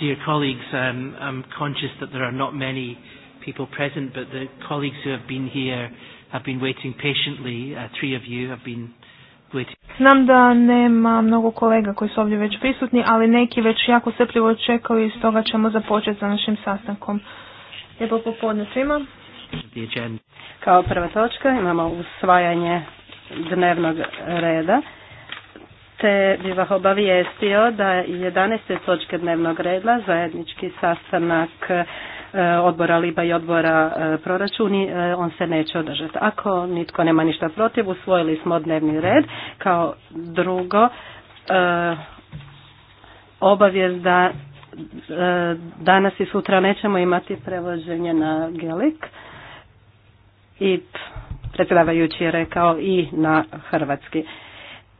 Dear colleagues, um, I'm conscious that there are not many people present, but the colleagues who have been here have been waiting patiently. Uh, three of you have been waiting. Znam da nema mnogo kolega koji su ovdje već prisutni, ali neki već jako strpljivo čekaju i stoga ćemo započeti sa našim sastankom. Lijepo popodne svima. Kao prva točka imamo usvajanje dnevnog reda te bih vas obavijestio da 11. točke dnevnog reda zajednički sastanak e, odbora Liba i odbora e, proračuni, e, on se neće održati. Ako nitko nema ništa protiv, usvojili smo dnevni red. Kao drugo, obavijest da danas i sutra nećemo imati prevođenje na gelik i predsjedavajući je rekao i na hrvatski.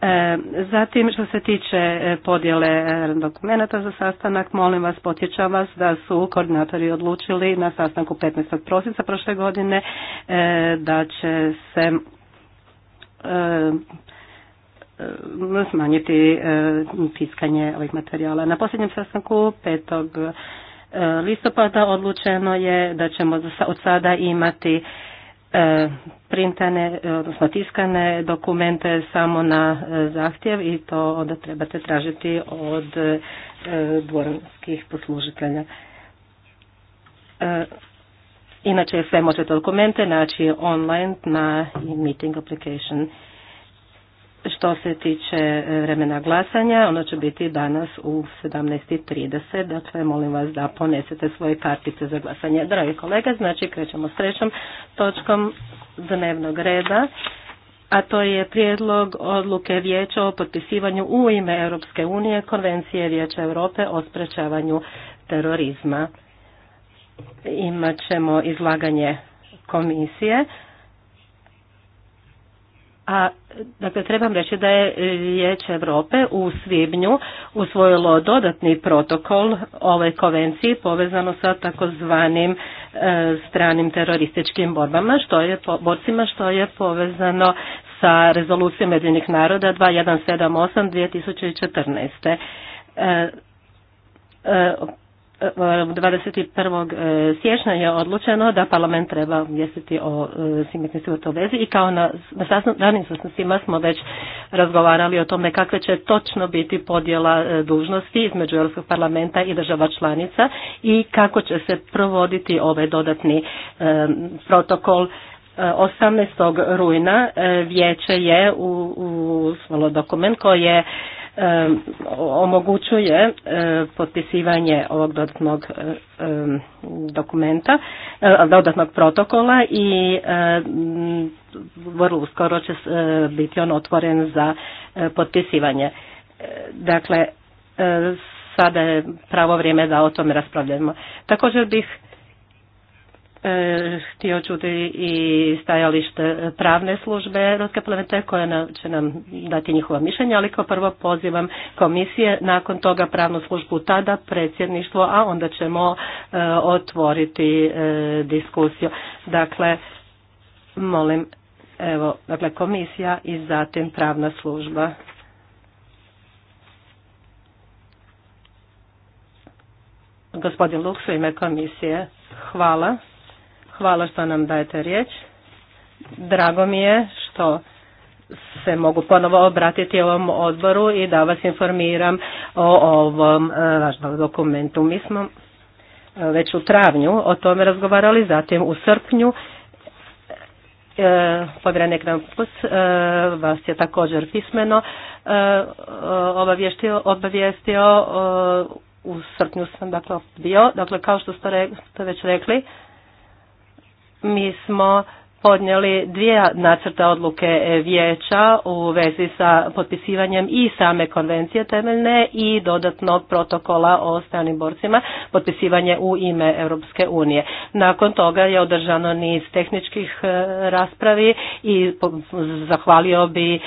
E, zatim što se tiče e, podjele e, dokumenta za sastanak, molim vas, podsjećam vas da su koordinatori odlučili na sastanku 15. prosinca prošle godine da će se smanjiti tiskanje ovih materijala. Na posljednjem sastanku 5. listopada odlučeno je da ćemo od sada imati E, printane, e, odnosno tiskane dokumente samo na e, zahtjev i to onda trebate tražiti od dvoranskih poslužitelja. Inače sve možete dokumente naći online na meeting application. Što se tiče e, vremena glasanja, ono će biti danas u 17.30, dakle molim vas da ponesete svoje kartice za glasanje. Dragi kolega, znači krećemo s trećom točkom dnevnog reda, a to je prijedlog odluke vijeća o potpisivanju u ime Europske unije konvencije Vijeća Europe o sprečavanju terorizma. Imat ćemo izlaganje komisije a dakle trebam reći da je e, Vijeće Europe u svibnju usvojilo dodatni protokol ovoj konvenciji povezano sa takozvanim e, stranim terorističkim borbama, što je borcima što je povezano sa rezolucijom Ujedinjenih naroda 2178 2014. E, e, 21. E, siječnja je odlučeno da parlament treba mjestiti o e, simetnici u vezi i kao na, na danim smo već razgovarali o tome kakve će točno biti podjela e, dužnosti između Europskog parlamenta i država članica i kako će se provoditi ovaj dodatni protokol 18. rujna vijeće je u, u dokument koji je omogućuje potpisivanje ovog dodatnog dokumenta, dodatnog protokola i vrlo uskoro će biti on otvoren za potpisivanje. Dakle, sada je pravo vrijeme da o tome raspravljamo. Također bih E, htio čuti i stajalište pravne službe Europske parlamenta koja će nam dati njihova mišljenja, ali kao prvo pozivam komisije, nakon toga pravnu službu tada, predsjedništvo, a onda ćemo e, otvoriti e, diskusiju. Dakle, molim, evo, dakle komisija i zatim pravna služba. Gospodin Luksu ime komisije. Hvala. Hvala što nam dajete riječ. Drago mi je što se mogu ponovo obratiti ovom odboru i da vas informiram o ovom e, važnom dokumentu. Mi smo e, već u travnju o tome razgovarali, zatim u srpnju e, povjerenik Rampus vas je također pismeno obavijestio, u srpnju sam dakle bio, dakle kao što ste već rekli mi smo podnijeli dvije nacrta odluke e, vijeća u vezi sa potpisivanjem i same konvencije temeljne i dodatnog protokola o stranim borcima, potpisivanje u ime Europske unije. Nakon toga je održano niz tehničkih e, raspravi i zahvalio bi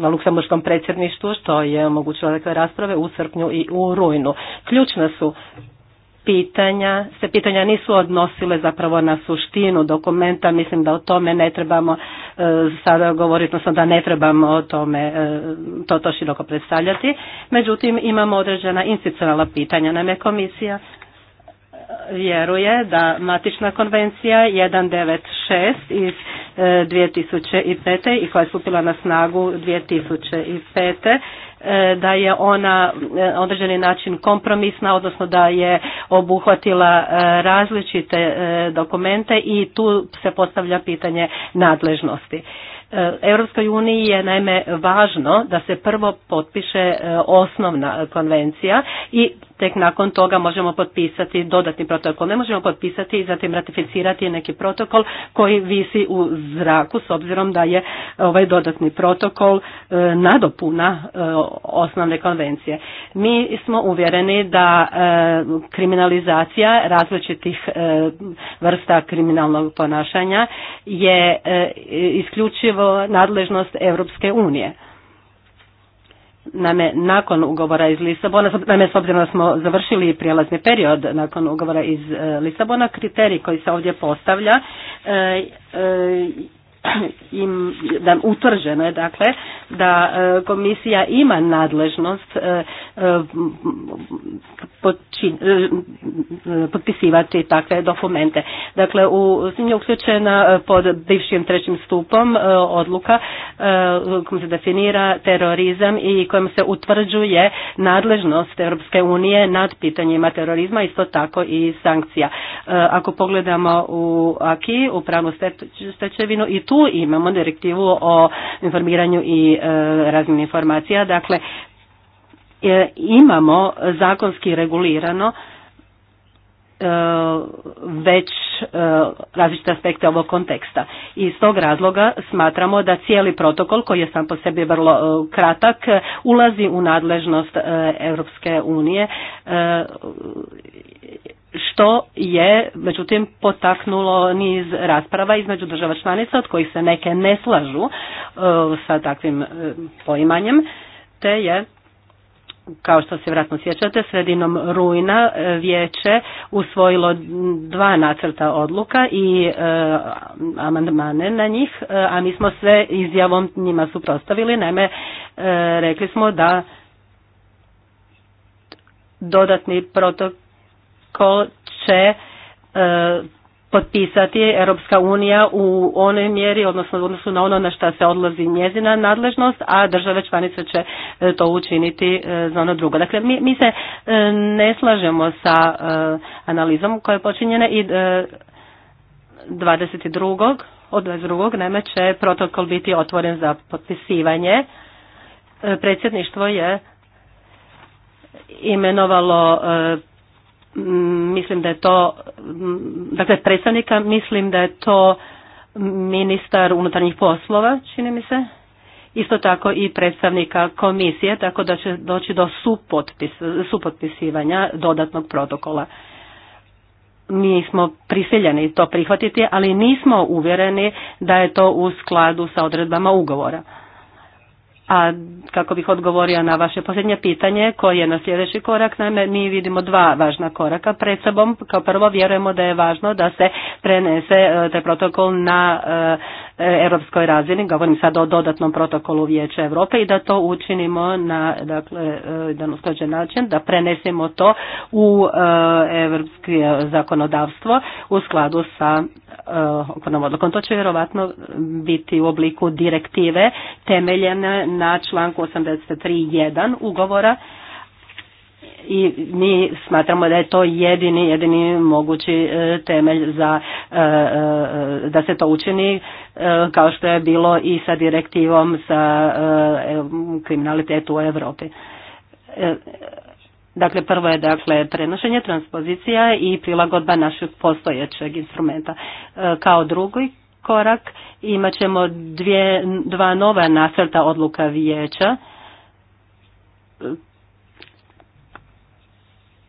na e, Luksemburskom predsjedništvu što je omogućilo takve rasprave u srpnju i u rujnu. Ključna su pitanja, se pitanja nisu odnosile zapravo na suštinu dokumenta, mislim da o tome ne trebamo e, sada govoriti, odnosno da ne trebamo o tome e, to, to široko predstavljati. Međutim, imamo određena institucionalna pitanja. Naime, komisija vjeruje da matična konvencija 196 iz 2005. E, i koja je stupila na snagu 2005. E, da je ona e, određeni način kompromisna, odnosno da je obuhvatila e, različite dokumente i tu se postavlja pitanje nadležnosti. Europskoj uniji je naime važno da se prvo potpiše osnovna konvencija i tek nakon toga možemo potpisati dodatni protokol. Ne možemo potpisati i zatim ratificirati neki protokol koji visi u zraku s obzirom da je ovaj dodatni protokol e, nadopuna e, osnovne konvencije. Mi smo uvjereni da e, kriminalizacija različitih vrsta kriminalnog ponašanja je isključivo nadležnost Europske unije. Naime, nakon ugovora iz Lisabona, naime, s obzirom da smo završili prijelazni period nakon ugovora iz e, Lisabona, kriterij koji se ovdje postavlja e, e, im, da utvrđeno je dakle da e, komisija ima nadležnost e, e, potpisivati takve dokumente. Dakle, u svim je uključena pod bivšim trećim stupom odluka kojom se definira terorizam i kojom se utvrđuje nadležnost Europske unije nad pitanjima terorizma, isto tako i sankcija. Ako pogledamo u AKI, u pravnu stečevinu i tu imamo direktivu o informiranju i e, razmjeni informacija. Dakle, e, imamo zakonski regulirano e, već različite aspekte ovog konteksta. I iz tog razloga smatramo da cijeli protokol koji je sam po sebi vrlo kratak ulazi u nadležnost Europske unije što je međutim potaknulo niz rasprava između država članica od kojih se neke ne slažu e, sa takvim e, poimanjem, te je kao što se vratno sjećate, sredinom rujna e, vijeće usvojilo dva nacrta odluka i amandmane na njih, a mi smo sve izjavom njima suprostavili, naime e, rekli smo da dodatni protok ko će e, potpisati Europska unija u onoj mjeri, odnosno u odnosu na ono na što se odlazi njezina nadležnost, a države članice će e, to učiniti e, za ono drugo. Dakle, mi, mi se ne slažemo sa analizom koja je počinjena i 22. od 22. naime će protokol biti otvoren za potpisivanje. Predsjedništvo je imenovalo Mm, mislim da je to, mm, dakle predstavnika, mislim da je to ministar unutarnjih poslova, čini mi se, isto tako i predstavnika komisije, tako da će doći do supotpisivanja dodatnog protokola. Mi smo prisiljeni to prihvatiti, ali nismo uvjereni da je to u skladu sa odredbama ugovora. A kako bih odgovorio na vaše posljednje pitanje, koji je na sljedeći korak, naime mi vidimo dva važna koraka pred sobom. Kao prvo vjerujemo da je važno da se prenese e, taj protokol na e, e, europskoj razini, govorim sad o dodatnom protokolu Vijeća Europe i da to učinimo na dakle, jedan usklađen način, da prenesemo to u europsko zakonodavstvo u skladu sa Eh, odlukom. To će vjerovatno biti u obliku direktive temeljene na članku 83.1 ugovora i mi smatramo da je to jedini, jedini mogući eh, temelj za eh, da se to učini kao što je bilo i sa direktivom sa kriminalitetu u Europi Dakle, prvo je dakle prenošenje, transpozicija i prilagodba našeg postojećeg instrumenta. E, kao drugi korak imat ćemo dvije, dva nova nasrta odluka vijeća e,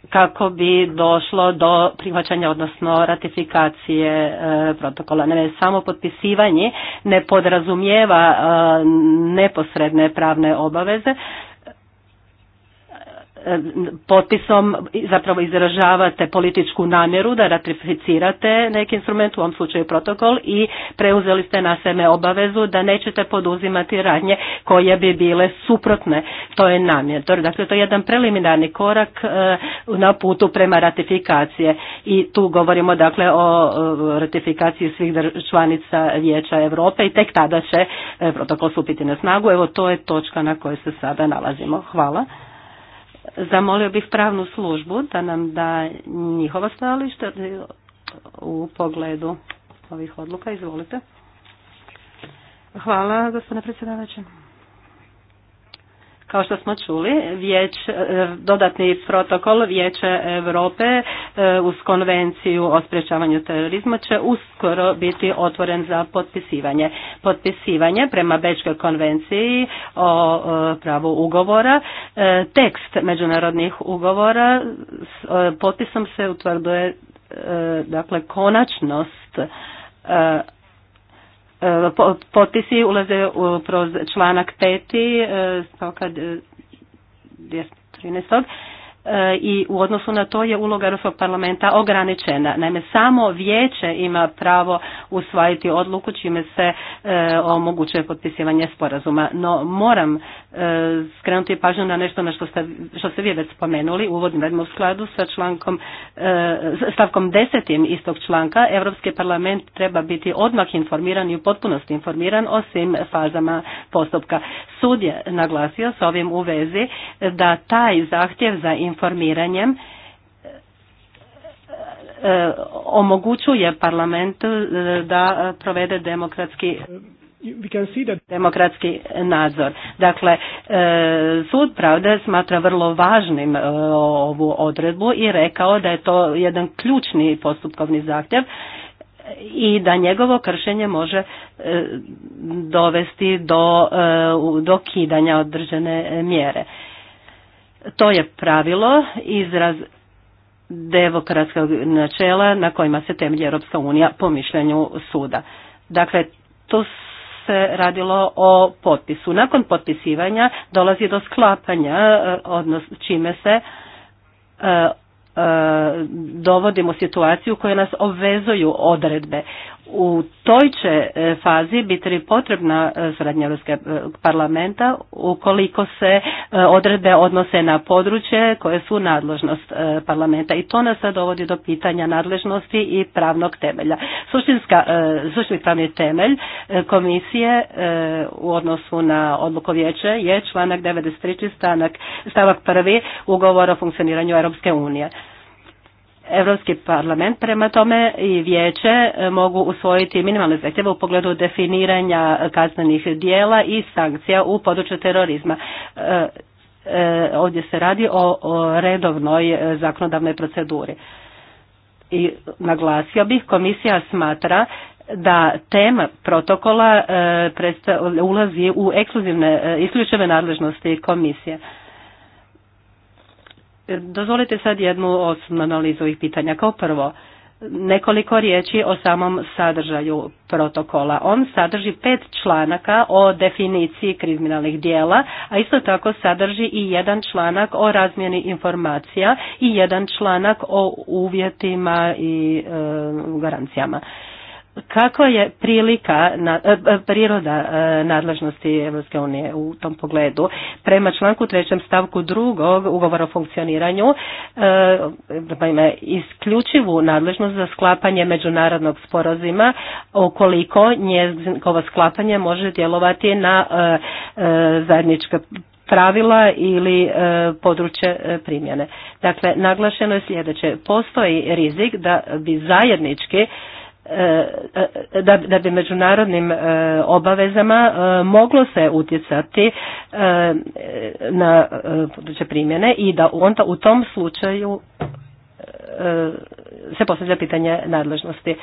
kako bi došlo do prihvaćanja, odnosno ratifikacije e, protokola. Ne, samo potpisivanje ne podrazumijeva neposredne pravne obaveze, potpisom zapravo izražavate političku namjeru da ratificirate neki instrument, u ovom slučaju protokol i preuzeli ste na sebe obavezu da nećete poduzimati radnje koje bi bile suprotne. To je namjer. Dakle, to je jedan preliminarni korak e, na putu prema ratifikacije i tu govorimo dakle o ratifikaciji svih članica Vijeća Europe i tek tada će e, protokol stupiti na snagu. Evo to je točka na kojoj se sada nalazimo. Hvala. Zamolio bih pravnu službu da nam da njihovo stajališta u pogledu ovih odluka. Izvolite. Hvala, gospodine predsjedavajući. Kao što smo čuli, vječ, e, dodatni protokol Vijeće Europe e, uz konvenciju o sprječavanju terorizma će uskoro biti otvoren za potpisivanje. Potpisivanje prema Bečkoj konvenciji o e, pravu ugovora, tekst međunarodnih ugovora s potpisom se utvrđuje dakle konačnost E, potpisi ulaze kroz članak peti e, stoka e, I u odnosu na to je uloga Europskog parlamenta ograničena. Naime, samo vijeće ima pravo usvajiti odluku čime se omogućuje potpisivanje sporazuma. No moram skrenuti pažnju na nešto na što ste, što ste vi već spomenuli, uvodimo u skladu sa člankom, eh, stavkom desetim istog članka, Europski parlament treba biti odmah informiran i u potpunosti informiran o svim fazama postupka. Sud je naglasio s ovim u vezi da taj zahtjev za informiranjem eh, eh, omogućuje parlamentu da provede demokratski demokratski nadzor. Dakle, e, sud pravde smatra vrlo važnim e, ovu odredbu i rekao da je to jedan ključni postupkovni zahtjev i da njegovo kršenje može e, dovesti do kidanja određene mjere. To je pravilo izraz demokratskog načela na kojima se temelji Europska unija po mišljenju suda. Dakle, to se radilo o potpisu. Nakon potpisivanja dolazi do sklapanja, e, odnos čime se e, e, dovodimo situaciju koje nas obvezuju odredbe. U toj će e, fazi biti potrebna e, suradnja Europskog e, parlamenta ukoliko se odredbe odnose na područje koje su nadležnost parlamenta i to nas sad dovodi do pitanja nadležnosti i pravnog temelja. Suštinska, suštinski pravni temelj komisije u odnosu na odluku vijeća je članak 93. Stanak, stavak 1. ugovora o funkcioniranju Europske unije. Europski parlament prema tome i vijeće e, mogu usvojiti minimalne zahtjeve u pogledu definiranja kaznenih dijela i sankcija u području terorizma. E, e, ovdje se radi o, o redovnoj zakonodavnoj proceduri. I naglasio bih, komisija smatra da tema protokola ulazi u ekskluzivne isključive nadležnosti komisije. Dozvolite sad jednu osnovnu analizu ovih pitanja. Kao prvo, nekoliko riječi o samom sadržaju protokola. On sadrži pet članaka o definiciji kriminalnih dijela, a isto tako sadrži i jedan članak o razmjeni informacija i jedan članak o uvjetima i e, garancijama. Kako je prilika e, e, priroda e, nadležnosti Europske unije u tom pogledu? Prema članku trećem stavku drugog ugovora o funkcioniranju pa isključivu nadležnost za sklapanje međunarodnog sporazima ukoliko njegovo sklapanje može djelovati na zajednička pravila ili područje primjene. Dakle, naglašeno je sljedeće. Postoji rizik da bi zajednički E, e, da, da bi međunarodnim e, obavezama moglo se utjecati na područje primjene i da onda u tom slučaju se postavlja pitanje nadležnosti.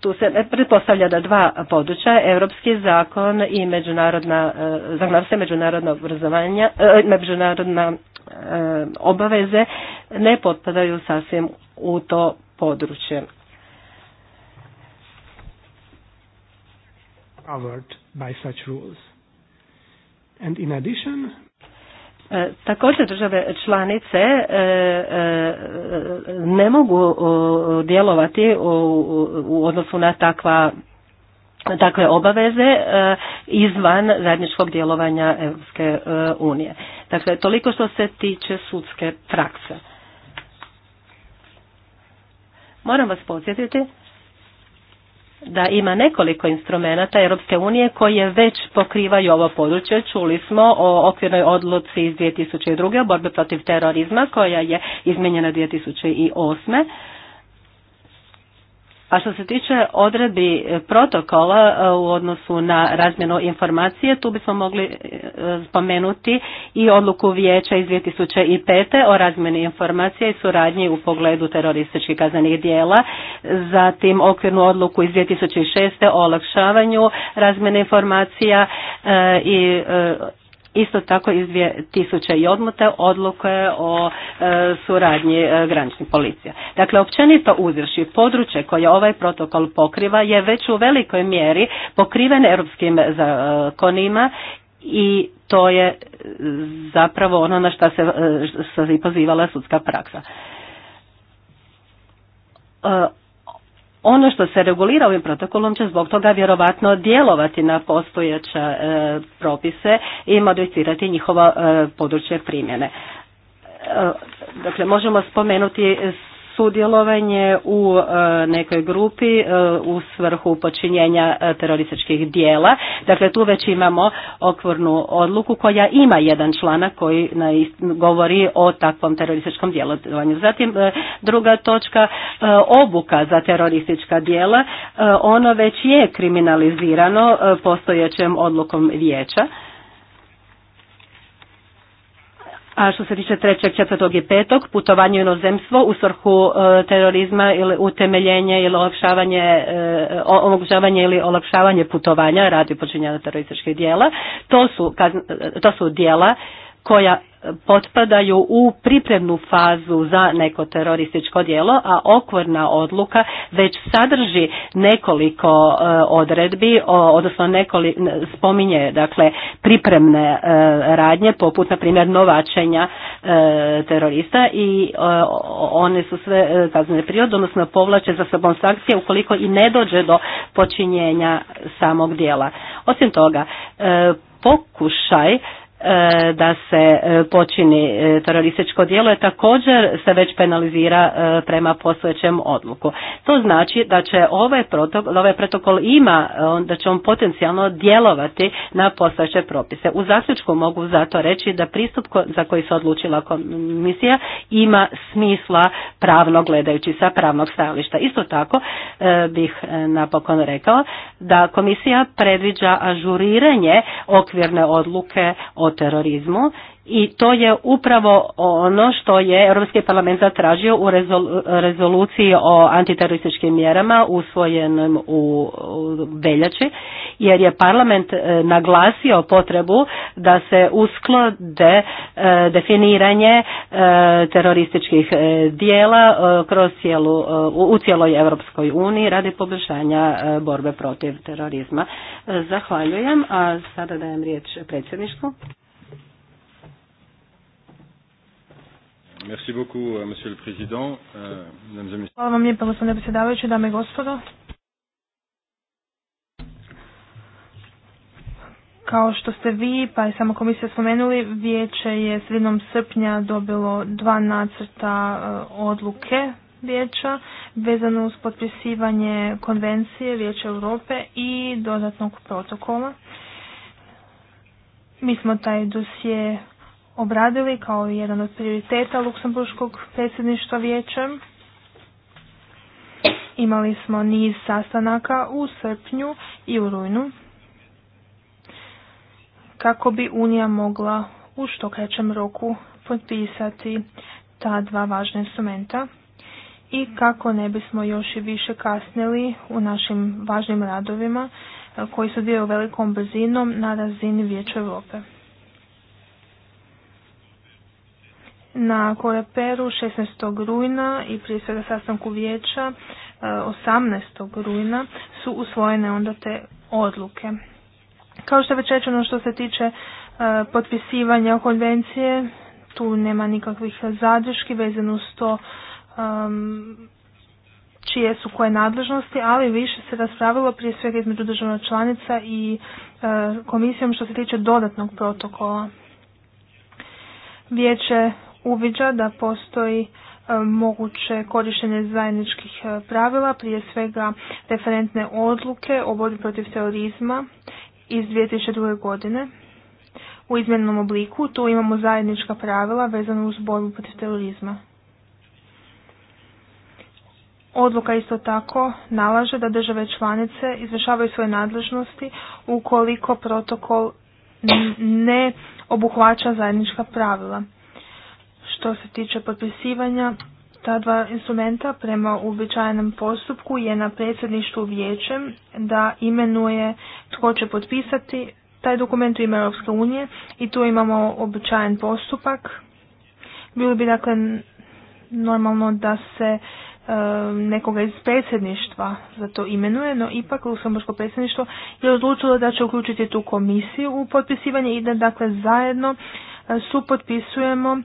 Tu se pretpostavlja da dva područja, Europski zakon i međunarodna, zakonodavstvo međunarodno obrazovanja, međunarodna obaveze ne potpadaju sasvim u to područje. E, također države članice e, e, ne mogu djelovati u odnosu na takva takve obaveze izvan zajedničkog djelovanja Europske unije. Dakle, toliko što se tiče sudske prakse. Moram vas podsjetiti da ima nekoliko instrumenata Europske unije koje već pokrivaju ovo područje. Čuli smo o okvirnoj odluci iz 2002. o borbi protiv terorizma koja je izmenjena 2008. A što se tiče odredbi e, protokola e, u odnosu na razmjenu informacije, tu bismo mogli e, spomenuti i odluku vijeća iz 2005. o razmjeni informacija i suradnji u pogledu terorističkih kaznenih dijela, zatim okvirnu odluku iz 2006. o olakšavanju razmjene informacija i isto tako iz 2000 odmute odluke o e, suradnji e, graničnih policija. Dakle, općenito uzrši područje koje ovaj protokol pokriva je već u velikoj mjeri pokriven europskim zakonima i to je zapravo ono na e, što se, se pozivala sudska praksa ono što se regulira ovim protokolom će zbog toga vjerovatno djelovati na postojeće e, propise i modificirati njihova e, područje primjene. E, dakle, možemo spomenuti sudjelovanje u e, nekoj grupi e, u svrhu počinjenja e, terorističkih dijela. Dakle, tu već imamo okvornu odluku koja ima jedan članak koji govori o takvom terorističkom djelovanju. Zatim, druga točka, obuka za teroristička dijela. Ono već je kriminalizirano postojećem odlukom vijeća a što se tiče trećeg, četvrtog i petog, putovanje u inozemstvo u svrhu e, terorizma ili utemeljenje ili olakšavanje, e, omogućavanje ili olakšavanje putovanja radi počinjenja terorističkih dijela, to su, e, to su dijela koja potpadaju u pripremnu fazu za neko terorističko djelo, a okvorna odluka već sadrži nekoliko e, odredbi, odnosno nekoliko, spominje dakle pripremne e, radnje poput na primjer novačenja e, terorista i one su sve kaznene prirode, odnosno povlače za sobom sankcije ukoliko i ne dođe do počinjenja samog djela. Osim toga, pokušaj E, da se e, počini e, terorističko djelo je također se već penalizira prema postojećem odluku. To znači da će ovaj protokol, ovaj protokol ima, da će on potencijalno djelovati na postojeće propise. U zaključku mogu zato reći da pristup za koji se odlučila komisija ima smisla pravno gledajući sa pravnog stajališta. Isto tako bih napokon rekao da komisija predviđa ažuriranje okvirne odluke o terorizmu i to je upravo ono što je Europski parlament zatražio u rezoluciji o antiterorističkim mjerama usvojenom u veljači jer je parlament e, naglasio potrebu da se usklade e, definiranje e, terorističkih dijela kroz cijelu, u cijeloj Europskoj uniji radi poboljšanja borbe protiv terorizma. Zahvaljujem, a sada dajem riječ predsjedništvu. Euh, euh, Hvala vam lijepa, gospodine predsjedavajući, dame i gospodo. Kao što ste vi, pa i samo komisija spomenuli, vijeće je sredinom srpnja dobilo dva nacrta e, odluke vijeća vezano uz potpisivanje konvencije Vijeća Europe i dodatnog protokola. Mi smo taj dosje obradili kao jedan od prioriteta Luksemburškog predsjedništva vijećem. Imali smo niz sastanaka u srpnju i u rujnu kako bi Unija mogla u što krećem roku potpisati ta dva važna instrumenta i kako ne bismo još i više kasnili u našim važnim radovima eh, koji su dio velikom brzinom na razini Vijeća Europe. na Koreperu 16. rujna i prije svega sastanku vijeća 18. E, rujna su usvojene onda te odluke. Kao što je već rečeno što se tiče e, potpisivanja konvencije, tu nema nikakvih zadrški vezano uz to čije su koje nadležnosti, ali više se raspravilo prije svega između državna članica i e, komisijom što se tiče dodatnog protokola. Vijeće uviđa da postoji e, moguće korištenje zajedničkih e, pravila, prije svega referentne odluke o borbi protiv terorizma iz 2002. godine u izmjenom obliku. Tu imamo zajednička pravila vezana uz borbu protiv terorizma. Odluka isto tako nalaže da države članice izvršavaju svoje nadležnosti ukoliko protokol ne obuhvaća zajednička pravila. Što se tiče potpisivanja ta dva instrumenta prema uobičajenom postupku je na predsjedništvu vijećem da imenuje tko će potpisati taj dokument u ime Europske unije i tu imamo običajen postupak. Bilo bi dakle normalno da se e, nekoga iz predsjedništva za to imenuje, no ipak Luksemburško predsjedništvo je odlučilo da će uključiti tu komisiju u potpisivanje i da dakle zajedno e, supotpisujemo potpisujemo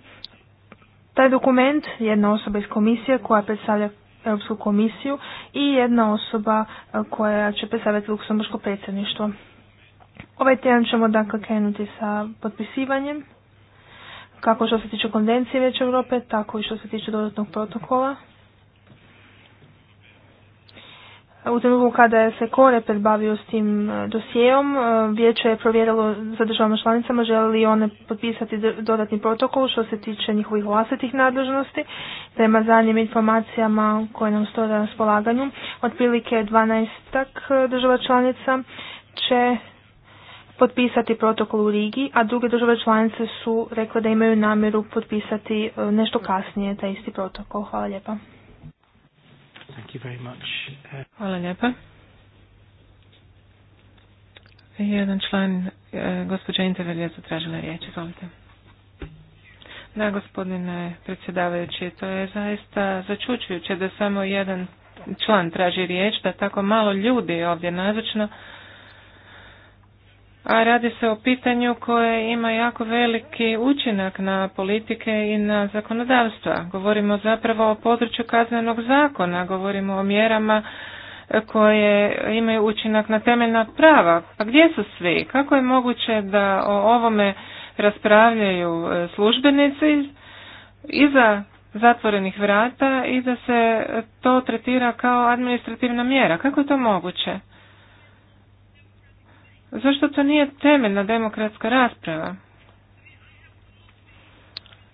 taj dokument, jedna osoba iz komisije koja predstavlja Europsku komisiju i jedna osoba e, koja će predstavljati Luksemburško predsjedništvo. Ovaj tjedan ćemo dakle krenuti sa potpisivanjem, kako što se tiče konvencije Vijeća Europe, tako i što se tiče dodatnog protokola u trenutku kada je se Kore bavio s tim e, dosijeom, e, vijeće je provjerilo za državama članicama žele li one potpisati dodatni protokol što se tiče njihovih vlastitih nadležnosti. Prema zadnjim informacijama koje nam stoje na raspolaganju, otprilike 12 e, država članica će potpisati protokol u Rigi, a druge države članice su rekle da imaju namjeru potpisati nešto kasnije taj isti protokol. Hvala lijepa. Thank you very much. Uh, Hvala lijepa. Jedan član, uh, gospođa Intervel, zatražila riječ. Izvolite. Da, gospodine predsjedavajući, to je zaista začučujuće da samo jedan član traži riječ, da tako malo ljudi ovdje nazočno a radi se o pitanju koje ima jako veliki učinak na politike i na zakonodavstva. Govorimo zapravo o području kaznenog zakona, govorimo o mjerama koje imaju učinak na temeljna prava. Pa gdje su svi? Kako je moguće da o ovome raspravljaju e, službenici iza zatvorenih vrata i da se to tretira kao administrativna mjera? Kako je to moguće? Zašto to nije temeljna demokratska rasprava?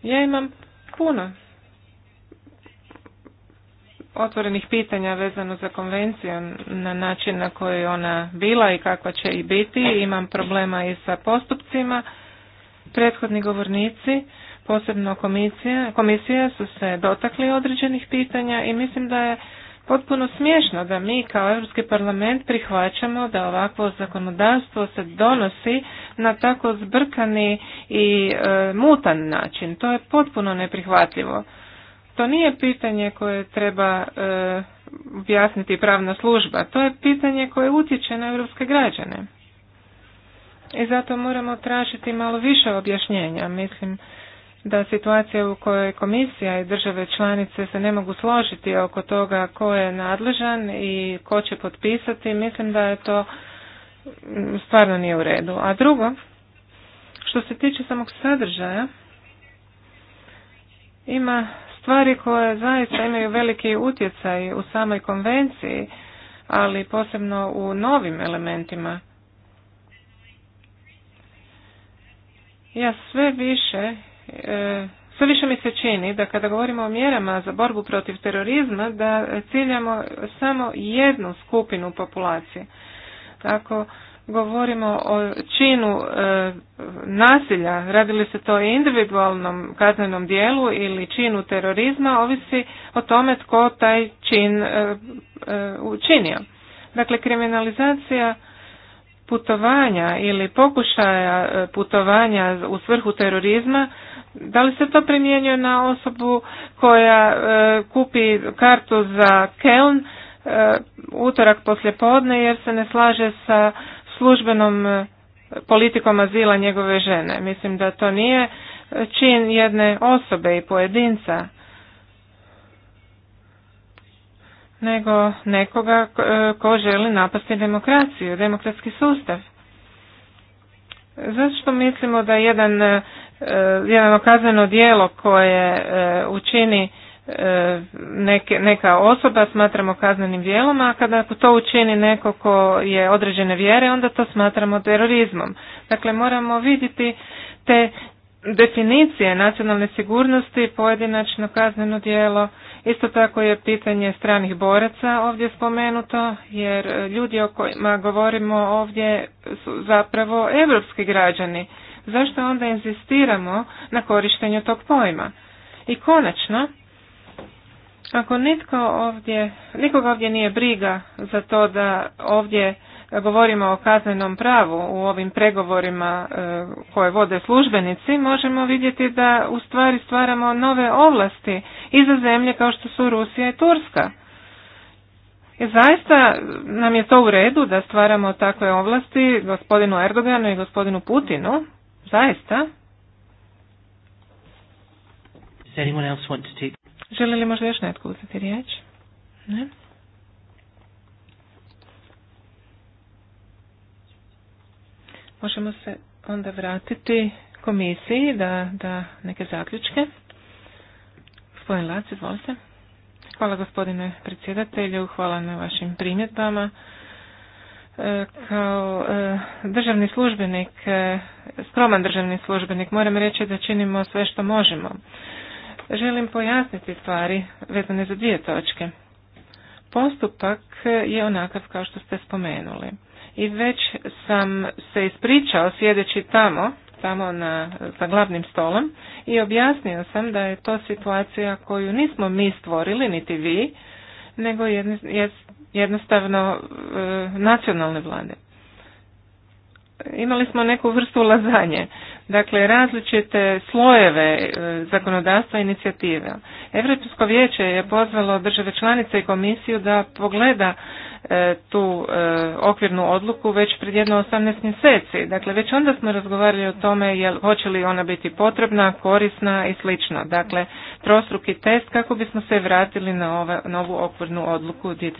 Ja imam puno otvorenih pitanja vezano za konvenciju na način na koji ona bila i kakva će i biti. Imam problema i sa postupcima. Prethodni govornici, posebno komisija, komisija su se dotakli određenih pitanja i mislim da je potpuno smiješno da mi kao Europski parlament prihvaćamo da ovakvo zakonodavstvo se donosi na tako zbrkani i e, mutan način. To je potpuno neprihvatljivo. To nije pitanje koje treba e, objasniti pravna služba, to je pitanje koje utječe na europske građane. I zato moramo tražiti malo više objašnjenja, mislim da situacija u kojoj komisija i države članice se ne mogu složiti oko toga ko je nadležan i ko će potpisati, mislim da je to mm, stvarno nije u redu. A drugo, što se tiče samog sadržaja, ima stvari koje zaista imaju veliki utjecaj u samoj konvenciji, ali posebno u novim elementima. Ja sve više E, sve više mi se čini da kada govorimo o mjerama za borbu protiv terorizma, da ciljamo samo jednu skupinu populacije. Ako govorimo o činu e, nasilja, radili se to o individualnom kaznenom dijelu ili činu terorizma, ovisi o tome tko taj čin e, učinio. Dakle, kriminalizacija putovanja ili pokušaja putovanja u svrhu terorizma da li se to primjenjuje na osobu koja e, kupi kartu za Keln e, utorak poslijepodne jer se ne slaže sa službenom e, politikom azila njegove žene? Mislim da to nije čin jedne osobe i pojedinca nego nekoga e, ko želi napasti demokraciju, demokratski sustav. Zašto mislimo da jedan Eh, jedno kazneno djelo koje eh, učini eh, neke, neka osoba smatramo kaznenim djelom, a kada to učini neko ko je određene vjere, onda to smatramo terorizmom. Dakle, moramo vidjeti te definicije nacionalne sigurnosti, pojedinačno kazneno djelo, isto tako je pitanje stranih boraca ovdje spomenuto, jer ljudi o kojima govorimo ovdje su zapravo evropski građani zašto onda inzistiramo na korištenju tog pojma? I konačno, ako nitko ovdje, nikoga ovdje nije briga za to da ovdje govorimo o kaznenom pravu u ovim pregovorima e, koje vode službenici, možemo vidjeti da u stvari stvaramo nove ovlasti i za zemlje kao što su Rusija i Turska. I zaista nam je to u redu da stvaramo takve ovlasti gospodinu Erdoganu i gospodinu Putinu, zaista. Želi li možda još netko uzeti riječ? Ne? Možemo se onda vratiti komisiji da, da neke zaključke. Gospodin Lac, Hvala gospodine predsjedatelju, hvala na vašim primjedbama. E, kao e, državni službenik, e, skroman državni službenik, moram reći da činimo sve što možemo. Želim pojasniti stvari vezane za dvije točke. Postupak je onakav kao što ste spomenuli. I već sam se ispričao sjedeći tamo, tamo na, za glavnim stolom i objasnio sam da je to situacija koju nismo mi stvorili, niti vi, nego je jest jednostavno e, nacionalne vlade. Imali smo neku vrstu ulazanje. dakle različite slojeve e, zakonodavstva i inicijative. Europsko vijeće je pozvalo države članice i komisiju da pogleda E, tu e, okvirnu odluku već pred jedno 18 mjeseci. Dakle, već onda smo razgovarali o tome jel, hoće li ona biti potrebna, korisna i slično. Dakle, trostruki test kako bismo se vratili na, ova, na ovu okvirnu odluku 2008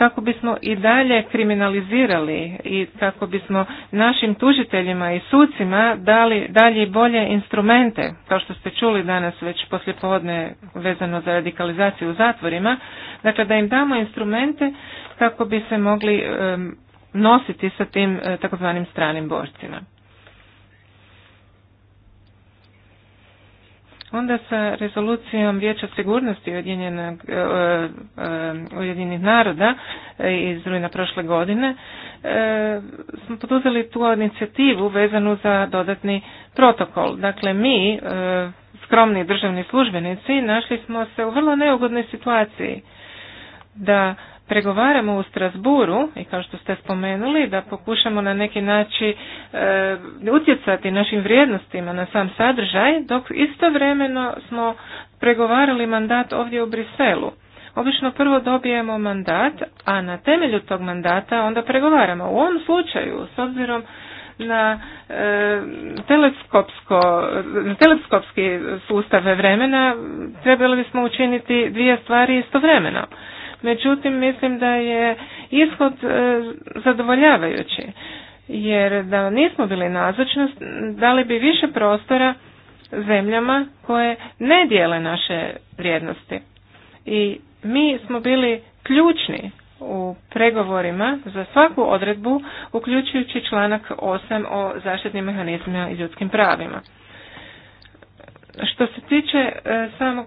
kako bismo i dalje kriminalizirali i kako bismo našim tužiteljima i sucima dali dalje i bolje instrumente, kao što ste čuli danas već podne vezano za radikalizaciju u zatvorima, dakle da im damo instrumente kako bi se mogli nositi sa tim eh, takozvanim stranim borcima. onda sa rezolucijom Vijeća sigurnosti Ujedinjenog, e, e, e, Ujedinjenih naroda iz rujna prošle godine smo poduzeli tu inicijativu vezanu za dodatni protokol. Dakle, mi, skromni državni službenici, našli smo se u vrlo neugodnoj situaciji da pregovaramo u Strasburu i kao što ste spomenuli da pokušamo na neki način e, utjecati našim vrijednostima na sam sadržaj dok istovremeno smo pregovarali mandat ovdje u Briselu. Obično prvo dobijemo mandat, a na temelju tog mandata onda pregovaramo. U ovom slučaju, s obzirom na e, teleskopsko, teleskopski sustave vremena, trebali bismo učiniti dvije stvari istovremeno. Međutim, mislim da je ishod e, zadovoljavajući, jer da nismo bili nazočnost, dali bi više prostora zemljama koje ne dijele naše vrijednosti. I mi smo bili ključni u pregovorima za svaku odredbu, uključujući članak 8 o zaštitnim mehanizmima i ljudskim pravima. Što se tiče e, samog,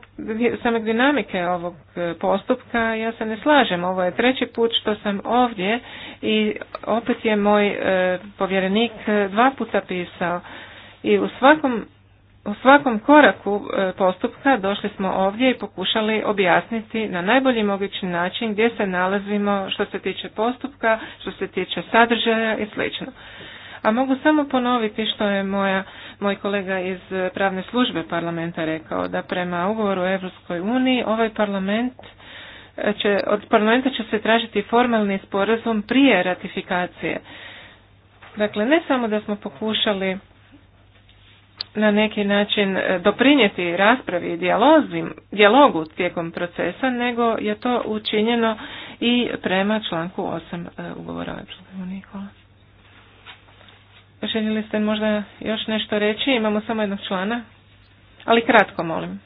same dinamike ovog e, postupka, ja se ne slažem. Ovo je treći put što sam ovdje i opet je moj e, povjerenik dva puta pisao i u svakom u svakom koraku postupka došli smo ovdje i pokušali objasniti na najbolji mogući način gdje se nalazimo što se tiče postupka, što se tiče sadržaja i sl. A mogu samo ponoviti što je moja moj kolega iz pravne službe parlamenta rekao da prema ugovoru o Europskoj uniji ovaj parlament e, će, od parlamenta će se tražiti formalni sporazum prije ratifikacije. Dakle, ne samo da smo pokušali na neki način e, doprinijeti raspravi i dijalogu tijekom procesa, nego je to učinjeno i prema članku 8 e, ugovora o uniji. Hvala. Željeli ste možda još nešto reći? Imamo samo jednog člana, ali kratko molim.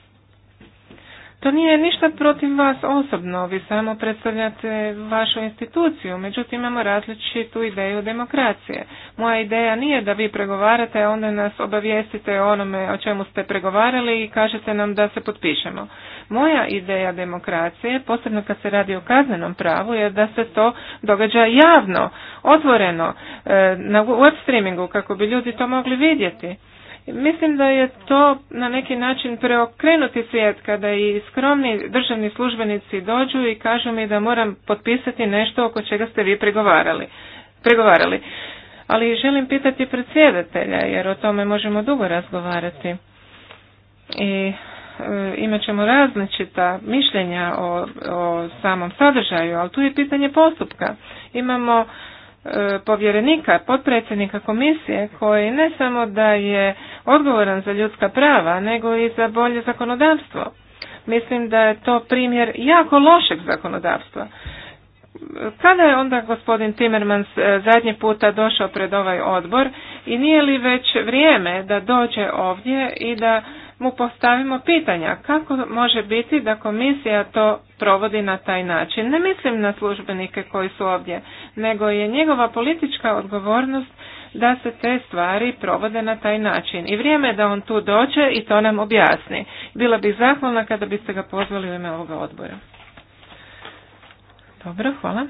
To nije ništa protiv vas osobno, vi samo predstavljate vašu instituciju, međutim imamo različitu ideju demokracije. Moja ideja nije da vi pregovarate, a onda nas obavijestite o onome o čemu ste pregovarali i kažete nam da se potpišemo. Moja ideja demokracije, posebno kad se radi o kaznenom pravu, je da se to događa javno, otvoreno, e, na web streamingu kako bi ljudi to mogli vidjeti. Mislim da je to na neki način preokrenuti svijet kada i skromni državni službenici dođu i kažu mi da moram potpisati nešto oko čega ste vi pregovarali. pregovarali. Ali želim pitati predsjedatelja jer o tome možemo dugo razgovarati. I e, imat ćemo različita mišljenja o, o samom sadržaju, ali tu je pitanje postupka. Imamo povjerenika, potpredsjednika komisije koji ne samo da je odgovoran za ljudska prava, nego i za bolje zakonodavstvo. Mislim da je to primjer jako lošeg zakonodavstva. Kada je onda gospodin Timmermans e, zadnji puta došao pred ovaj odbor i nije li već vrijeme da dođe ovdje i da mu postavimo pitanja kako može biti da komisija to provodi na taj način. Ne mislim na službenike koji su ovdje, nego je njegova politička odgovornost da se te stvari provode na taj način. I vrijeme je da on tu dođe i to nam objasni. Bila bih zahvalna kada biste ga pozvali u ime ovoga odbora. Dobro, hvala.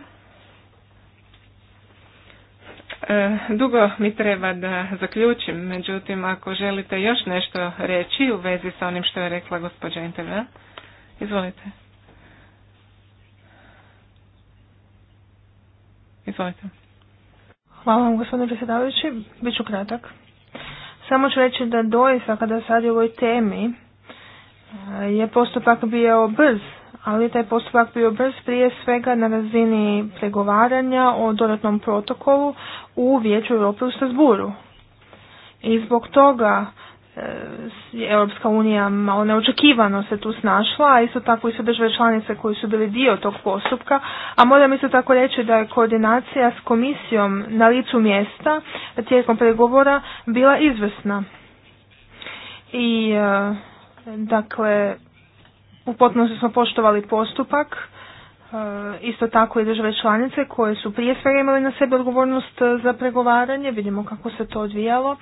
E, dugo mi treba da zaključim, međutim ako želite još nešto reći u vezi sa onim što je rekla gospođa Intervja, izvolite. Izvolite. Hvala vam gospodine predsjedavajući, bit ću kratak. Samo ću reći da doista kada sad je ovoj temi e, je postupak bio brz ali taj postupak bio brz prije svega na razini pregovaranja o dodatnom protokolu u Vijeću Europe u Strasburu. I zbog toga e, je Europska unija malo neočekivano se tu snašla, a isto tako i sve države članice koji su bili dio tog postupka, a moram isto tako reći da je koordinacija s komisijom na licu mjesta tijekom pregovora bila izvrsna. I e, dakle, u potpunosti smo poštovali postupak, e, isto tako i države članice koje su prije svega imali na sebe odgovornost e, za pregovaranje, vidimo kako se to odvijalo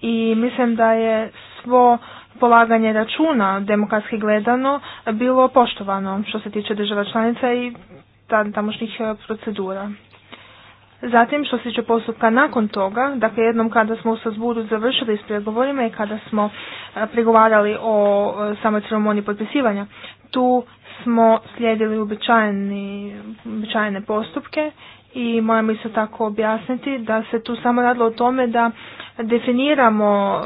i mislim da je svo polaganje računa demokratski gledano bilo poštovano što se tiče država članica i tamošnjih e, procedura. Zatim, što se tiče postupka nakon toga, dakle jednom kada smo u Sazbudu završili s pregovorima i kada smo e, pregovarali o e, samoj ceremoniji potpisivanja, tu smo slijedili uobičajene postupke i moram isto tako objasniti da se tu samo radilo o tome da definiramo e,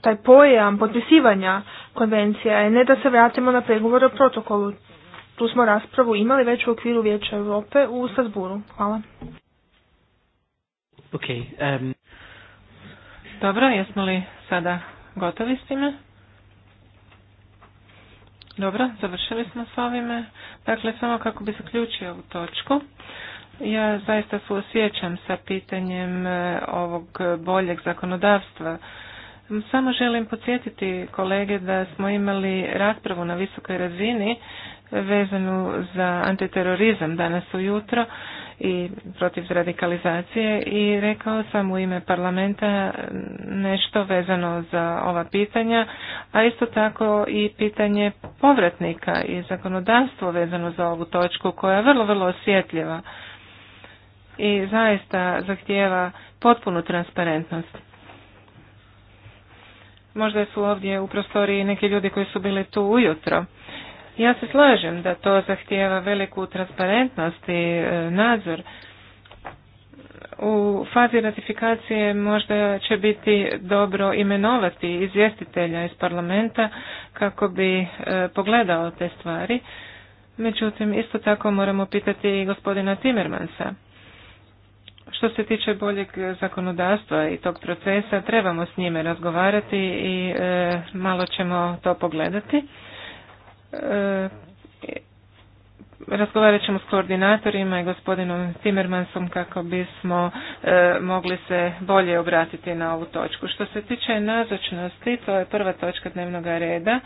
taj pojam potpisivanja konvencija, a ne da se vratimo na pregovore o protokolu. Tu smo raspravu imali već u okviru Vijeća Europe u sazburu Hvala ok um... Dobro, jesmo li sada gotovi s time? Dobro, završili smo s ovime. Dakle, samo kako bi zaključio ovu točku. Ja zaista osjećam sa pitanjem e, ovog boljeg zakonodavstva. Samo želim podsjetiti kolege da smo imali raspravu na visokoj razini vezanu za antiterorizam danas ujutro i protiv radikalizacije i rekao sam u ime parlamenta nešto vezano za ova pitanja, a isto tako i pitanje povratnika i zakonodavstvo vezano za ovu točku koja je vrlo, vrlo osjetljiva i zaista zahtijeva potpunu transparentnost. Možda su ovdje u prostoriji neki ljudi koji su bili tu ujutro ja se slažem da to zahtijeva veliku transparentnost i e, nadzor. U fazi ratifikacije možda će biti dobro imenovati izvjestitelja iz parlamenta kako bi e, pogledao te stvari. Međutim, isto tako moramo pitati i gospodina Timmermansa. Što se tiče boljeg zakonodavstva i tog procesa, trebamo s njime razgovarati i e, malo ćemo to pogledati. E, razgovarat ćemo s koordinatorima i gospodinom Timmermansom kako bismo e, mogli se bolje obratiti na ovu točku. Što se tiče nazočnosti, to je prva točka dnevnog reda.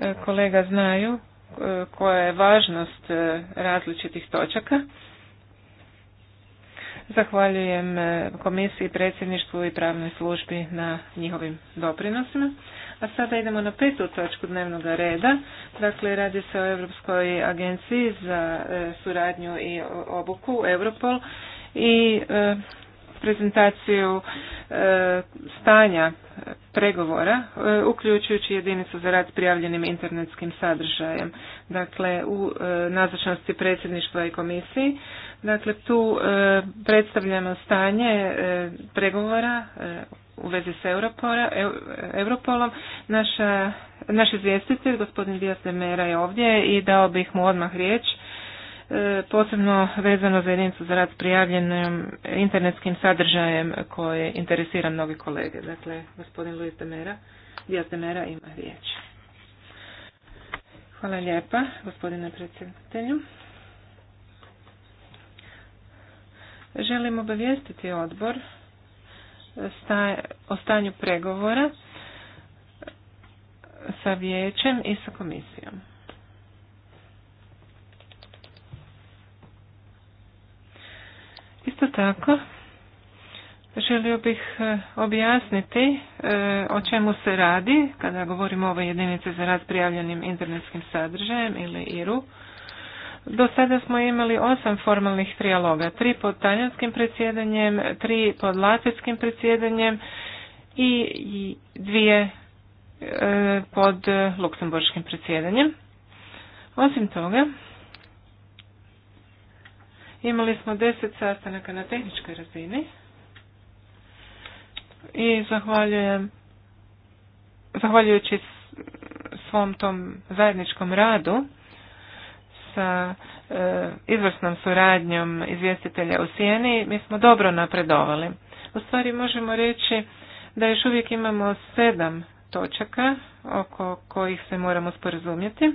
E, kolega znaju koja je važnost različitih točaka. Zahvaljujem komisiji, predsjedništvu i pravnoj službi na njihovim doprinosima. A sada idemo na petu točku dnevnog reda. Dakle, radi se o Europskoj agenciji za e, suradnju i obuku, Europol. I e, prezentaciju e, stanja e, pregovora, e, uključujući jedinicu za rad s prijavljenim internetskim sadržajem, dakle u nazočnosti predsjedništva i komisiji. Dakle, tu predstavljamo stanje pregovora u vezi s Europolom. Naša, naš izvjestitelj, gospodin Dijas Demera je ovdje i dao bih mu odmah riječ posebno vezano za jedinicu za rad s prijavljenim internetskim sadržajem koje interesira mnogi kolege. Dakle, gospodin Luis Demera, Dijas Demera ima riječ. Hvala lijepa, gospodine predsjedatelju. Želim obavijestiti odbor o stanju pregovora sa vijećem i sa komisijom. Isto tako, želio bih e, objasniti e, o čemu se radi kada govorimo o ovoj jedinici za rad prijavljenim internetskim sadržajem ili IRU. Do sada smo imali osam formalnih trijaloga, tri pod talijanskim predsjedanjem, tri pod latvijskim predsjedanjem i dvije e, pod luksemburškim predsjedanjem. Osim toga, Imali smo deset sastanaka na tehničkoj razini i zahvaljujem zahvaljujući svom tom zajedničkom radu sa e, izvrsnom suradnjom izvjestitelja u Sijeni, mi smo dobro napredovali. U stvari možemo reći da još uvijek imamo sedam točaka oko kojih se moramo sporazumjeti.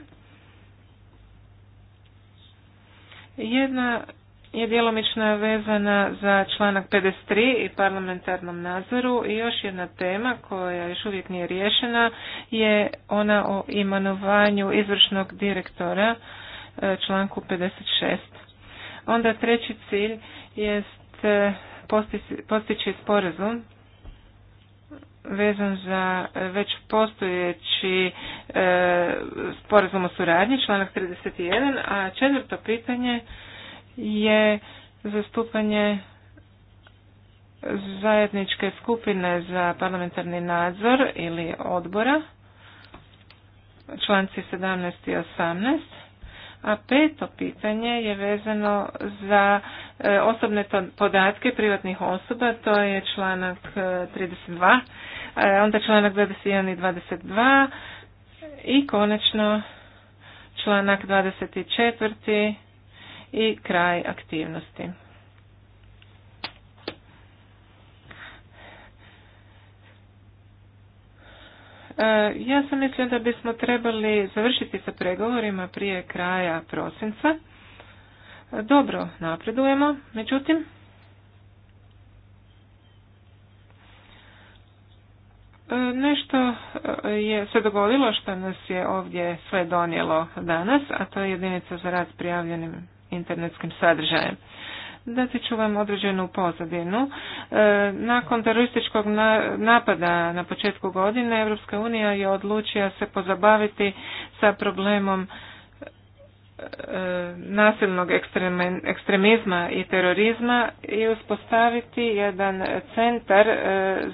Jedna je djelomično vezana za članak 53 i parlamentarnom nadzoru i još jedna tema koja još uvijek nije riješena je ona o imenovanju izvršnog direktora e, članku 56. Onda treći cilj jest e, postići sporazum vezan za e, već postojeći sporazum o suradnji, članak 31, a četvrto pitanje je zastupanje zajedničke skupine za parlamentarni nadzor ili odbora, članci 17 i 18, a peto pitanje je vezano za e, osobne podatke privatnih osoba, to je članak 32, e, e, onda članak 21 i 22 i konačno članak 24 i kraj aktivnosti. E, ja sam mislila da bismo trebali završiti sa pregovorima prije kraja prosinca. E, dobro napredujemo, međutim, e, nešto je se dogodilo što nas je ovdje sve donijelo danas, a to je jedinica za rad s prijavljenim internetskim sadržajem. Dati ću vam određenu pozadinu. E, nakon terorističkog napada na početku godine Europska unija je odlučila se pozabaviti sa problemom e, nasilnog ekstremizma i terorizma i uspostaviti jedan centar e,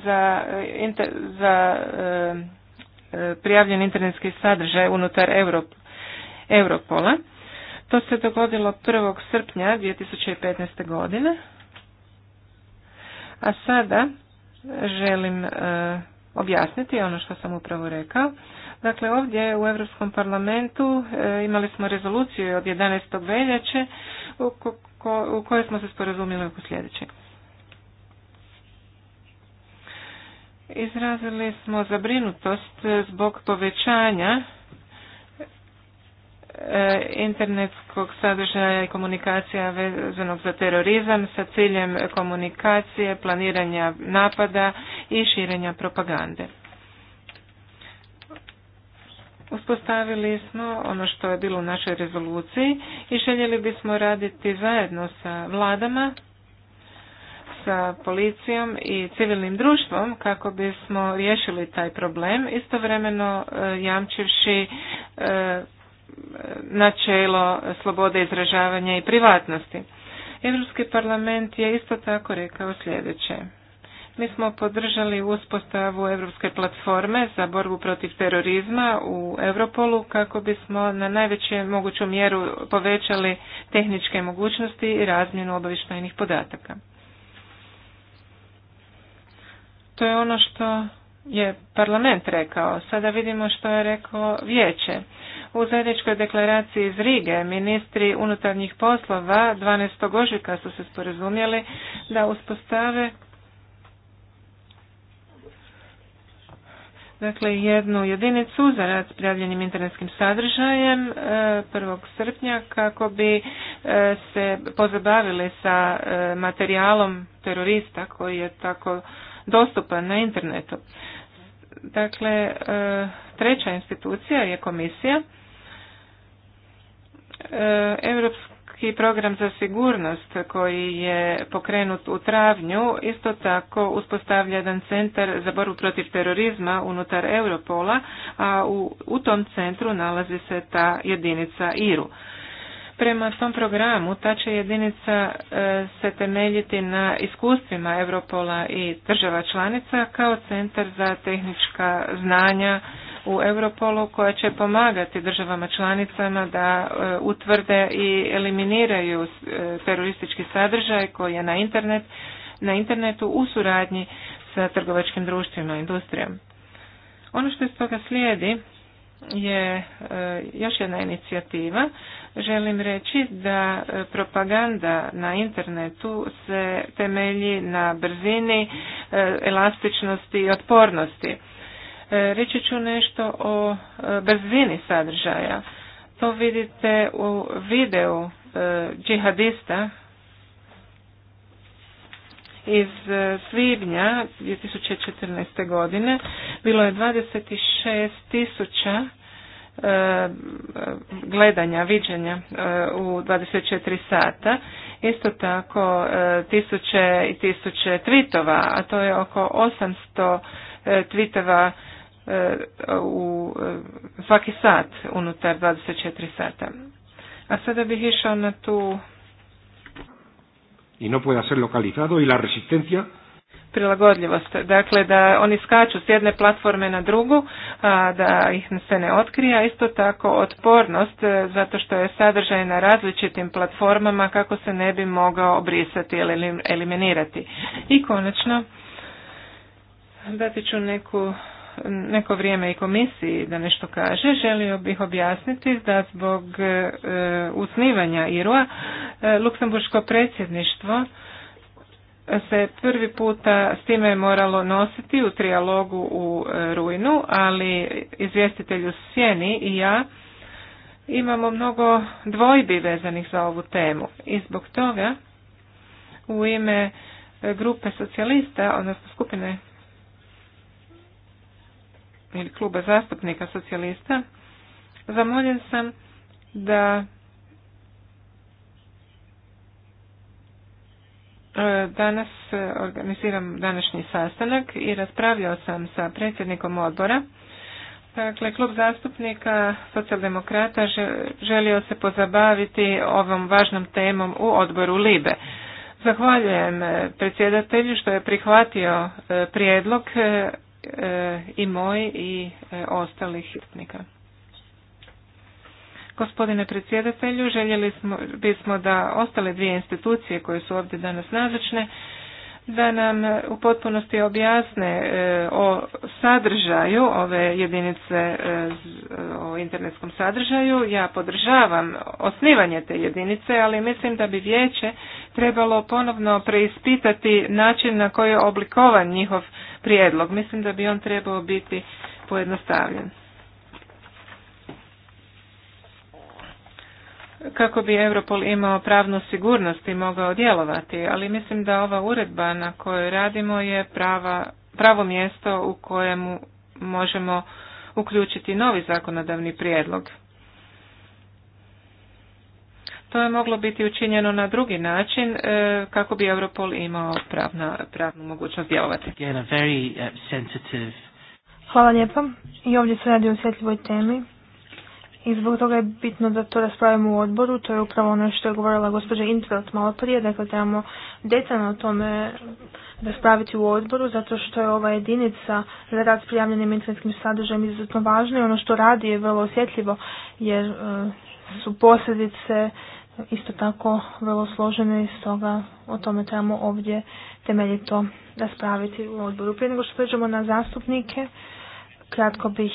za, za prijavljen internetski sadržaj unutar Europola to se dogodilo 1. srpnja 2015. godine. A sada želim e, objasniti ono što sam upravo rekao. Dakle, ovdje u Europskom parlamentu e, imali smo rezoluciju od 11. veljače u, u kojoj smo se sporazumili oko sljedećeg. Izrazili smo zabrinutost zbog povećanja E, internetskog sadržaja i komunikacija vezanog za terorizam sa ciljem komunikacije, planiranja napada i širenja propagande. Uspostavili smo ono što je bilo u našoj rezoluciji i željeli bismo raditi zajedno sa vladama, sa policijom i civilnim društvom kako bismo riješili taj problem, istovremeno e, jamčivši e, načelo slobode izražavanja i privatnosti. Europski parlament je isto tako rekao sljedeće. Mi smo podržali uspostavu Europske platforme za borbu protiv terorizma u Europolu kako bismo na najveću moguću mjeru povećali tehničke mogućnosti i razmjenu obavještajnih podataka. To je ono što je parlament rekao. Sada vidimo što je rekao vijeće. U zajedničkoj deklaraciji iz Rige ministri unutarnjih poslova 12. ožujka su se sporazumjeli da uspostave dakle jednu jedinicu za rad s prijavljenim internetskim sadržajem 1. E, srpnja kako bi e, se pozabavili sa e, materijalom terorista koji je tako dostupan na internetu. Dakle, treća institucija je komisija E, Europski program za sigurnost koji je pokrenut u travnju isto tako uspostavlja jedan centar za borbu protiv terorizma unutar Europola, a u, tom centru nalazi se ta jedinica IRU. Prema tom programu ta će jedinica e, se temeljiti na iskustvima Europola i država članica kao centar za tehnička znanja u Europolu koja će pomagati državama članicama da e, utvrde i eliminiraju e, teroristički sadržaj koji je na, internet, na internetu u suradnji sa trgovačkim društvima i industrijom. Ono što iz toga slijedi je e, još jedna inicijativa. Želim reći da propaganda na internetu se temelji na brzini, elastičnosti i otpornosti. E, reći ću nešto o e, brzini sadržaja. To vidite u videu e, džihadista iz svibnja 2014. godine. Bilo je 26 tisuća gledanja, viđenja u 24 sata. Isto tako tisuće i tisuće tvitova, a to je oko 800 tvitova u svaki sat unutar 24 sata. A sada bih išao na tu i no puede ser i la resistencia prilagodljivost. Dakle, da oni skaču s jedne platforme na drugu, a da ih se ne otkrija. Isto tako otpornost, e, zato što je sadržaj na različitim platformama kako se ne bi mogao obrisati ili eliminirati. I konačno, dati ću neku neko vrijeme i komisiji da nešto kaže, želio bih objasniti da zbog e, usnivanja IRUA e, Luksemburško predsjedništvo se prvi puta s time je moralo nositi u trijalogu u e, rujnu, ali izvjestitelju Sjeni i ja imamo mnogo dvojbi vezanih za ovu temu i zbog toga u ime grupe socijalista, odnosno skupine ili kluba zastupnika socijalista, zamoljen sam da e, danas organiziram današnji sastanak i raspravljao sam sa predsjednikom odbora. Dakle, klub zastupnika socijaldemokrata želio se pozabaviti ovom važnom temom u odboru LIBE. Zahvaljujem e, predsjedatelju što je prihvatio e, prijedlog i moj i e, ostalih hitnika. Gospodine predsjedatelju, željeli smo, bismo da ostale dvije institucije koje su ovdje danas nazočne, da nam u potpunosti objasne e, o sadržaju ove jedinice e, o internetskom sadržaju. Ja podržavam osnivanje te jedinice, ali mislim da bi vijeće trebalo ponovno preispitati način na koji je oblikovan njihov prijedlog. Mislim da bi on trebao biti pojednostavljen. kako bi Europol imao pravnu sigurnost i mogao djelovati, ali mislim da ova uredba na kojoj radimo je prava, pravo mjesto u kojemu možemo uključiti novi zakonodavni prijedlog. To je moglo biti učinjeno na drugi način e, kako bi Europol imao pravna, pravnu mogućnost djelovati. E, Hvala lijepa. I ovdje se radi o osjetljivoj temi. I zbog toga je bitno da to raspravimo u odboru. To je upravo ono što je govorila gospođa Intrat malo prije. Dakle, trebamo detaljno o tome raspraviti u odboru, zato što je ova jedinica za rad s prijavljenim internetskim sadržajem izuzetno važna i ono što radi je vrlo osjetljivo, jer e, su posljedice isto tako vrlo složene i stoga o tome trebamo ovdje temeljito raspraviti u odboru. Prije nego što pređemo na zastupnike, kratko bih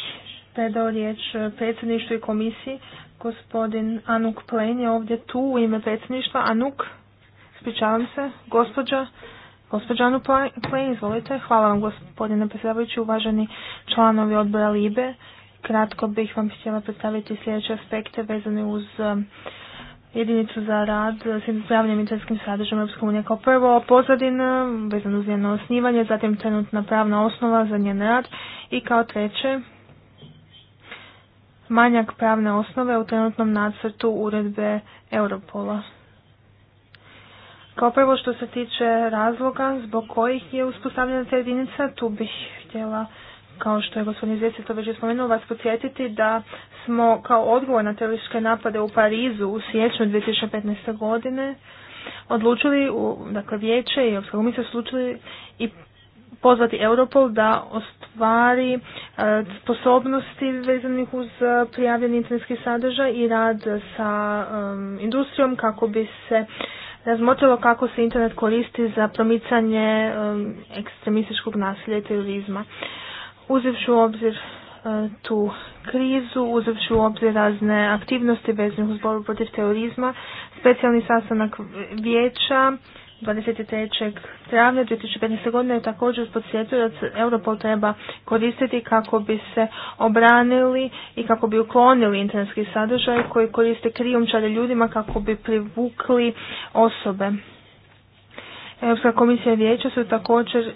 predao riječ predsjedništvu i komisiji. Gospodin Anuk Plen je ovdje tu u ime predsjedništva. Anuk, spričavam se, gospođa, gospođa Anuk Plen, izvolite. Hvala vam gospodine predsjedavajući, uvaženi članovi odbora LIBE. Kratko bih vam htjela predstaviti sljedeće aspekte vezane uz jedinicu za rad s pravnim internetskim sadržajem Europske unije. Kao prvo pozadina vezano uz njeno osnivanje, zatim trenutna pravna osnova za njen rad i kao treće manjak pravne osnove u trenutnom nacrtu uredbe Europola. Kao prvo što se tiče razloga zbog kojih je uspostavljena ta jedinica, tu bih htjela kao što je gospodin Zvijesti to već spomenuo, vas podsjetiti da smo kao odgovor na terorističke napade u Parizu u siječnju 2015. godine odlučili, u, dakle vijeće i Europska komisija su odlučili i pozvati Europol da ostvari e, sposobnosti vezanih uz e, prijavljeni internetski sadržaj i rad sa e, industrijom kako bi se razmotrilo kako se internet koristi za promicanje e, ekstremističkog nasilja i terorizma. Uzevši u obzir e, tu krizu, uzevši u obzir razne aktivnosti vezane uz borbu protiv terorizma, specijalni sastanak vijeća 23. travnja 2015. godine je također podsjetio da se Europol treba koristiti kako bi se obranili i kako bi uklonili internetski sadržaj koji koriste krijumčare ljudima kako bi privukli osobe. Europska komisija vijeća su također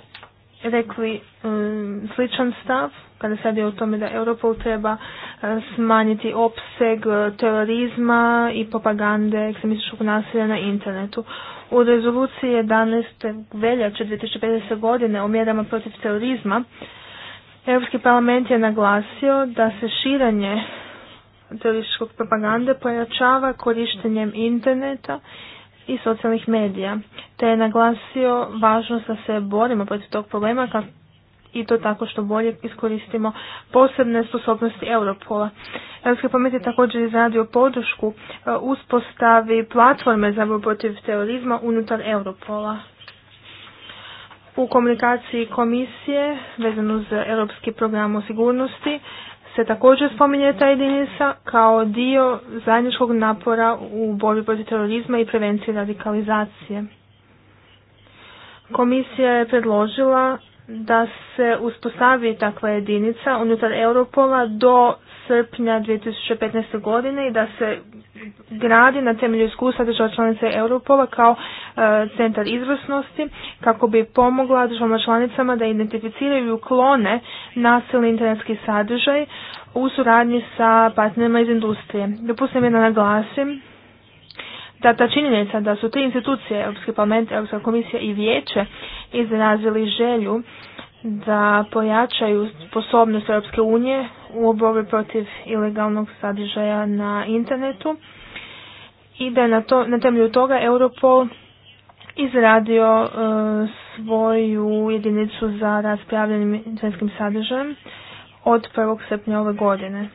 rekli mm, sličan stav kada se radi o tome da Europol treba e, smanjiti opseg e, terorizma i propagande ekstremističkog nasilja na internetu. U rezoluciji 11. veljače 2050. godine o mjerama protiv terorizma Europski parlament je naglasio da se širenje terorističkog propagande pojačava korištenjem interneta i socijalnih medija, te je naglasio važnost da se borimo protiv tog problema i to tako što bolje iskoristimo posebne sposobnosti Europola. Europski pamet je također izradio podršku e, uspostavi platforme za borbu protiv terorizma unutar Europola. U komunikaciji komisije vezano za Europski program o sigurnosti se također spominje ta jedinica kao dio zajedničkog napora u borbi protiv terorizma i prevenciji radikalizacije. Komisija je predložila da se uspostavi takva jedinica unutar Europola do srpnja 2015. godine i da se gradi na temelju iskustva država članica Europola kao e, centar izvrsnosti kako bi pomogla državama članicama da identificiraju klone uklone nasilni internetski sadržaj u suradnji sa partnerima iz industrije. Dopustim je da naglasim da ta činjenica da su tri institucije, Europski parlament, Europska komisija i vijeće izrazili želju da pojačaju sposobnost Europske unije u borbi protiv ilegalnog sadržaja na internetu i da je na, to, na temelju toga Europol izradio e, svoju jedinicu za raspravljenim internetskim sadržajem od 1. srpnja ove godine.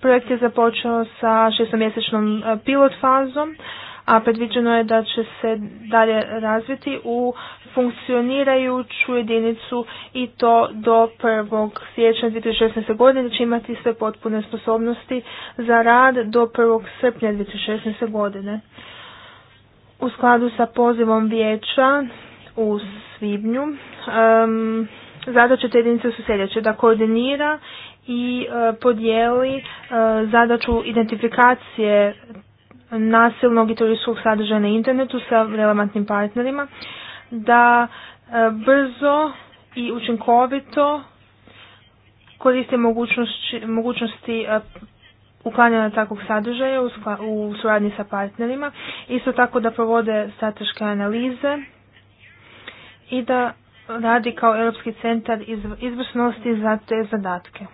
Projekt je započeo sa šestomjesečnom e, pilot fazom, a predviđeno je da će se dalje razviti u funkcionirajuću jedinicu i to do 1. siječnja 2016. godine će imati sve potpune sposobnosti za rad do 1. srpnja 2016. godine. U skladu sa pozivom vijeća u svibnju zadaće te jedinice su sljedeće da koordinira i e, podijeli e, zadaću identifikacije nasilnog i turističkog sadržaja na internetu sa relevantnim partnerima da e, brzo i učinkovito koriste mogućnosti, mogućnosti e, uklanjanja takvog sadržaja u suradnji sa partnerima, isto tako da provode strateške analize i da radi kao Europski centar izvrsnosti za te zadatke.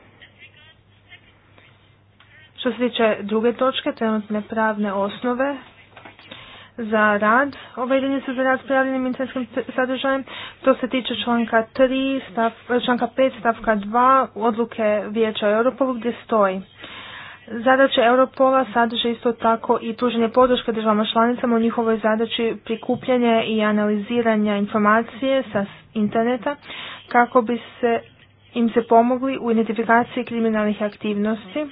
Što se tiče druge točke, trenutne pravne osnove za rad uvedeni su za rad s prijavljenim internetskim sadržajem. To se tiče članka, 3, stav, članka 5 stavka 2 odluke Vijeća Europolu gdje stoji. Zadaće Europola sadrže isto tako i tuženje podrške državama članicama u njihovoj zadaći prikupljanje i analiziranja informacije sa interneta kako bi se im se pomogli u identifikaciji kriminalnih aktivnosti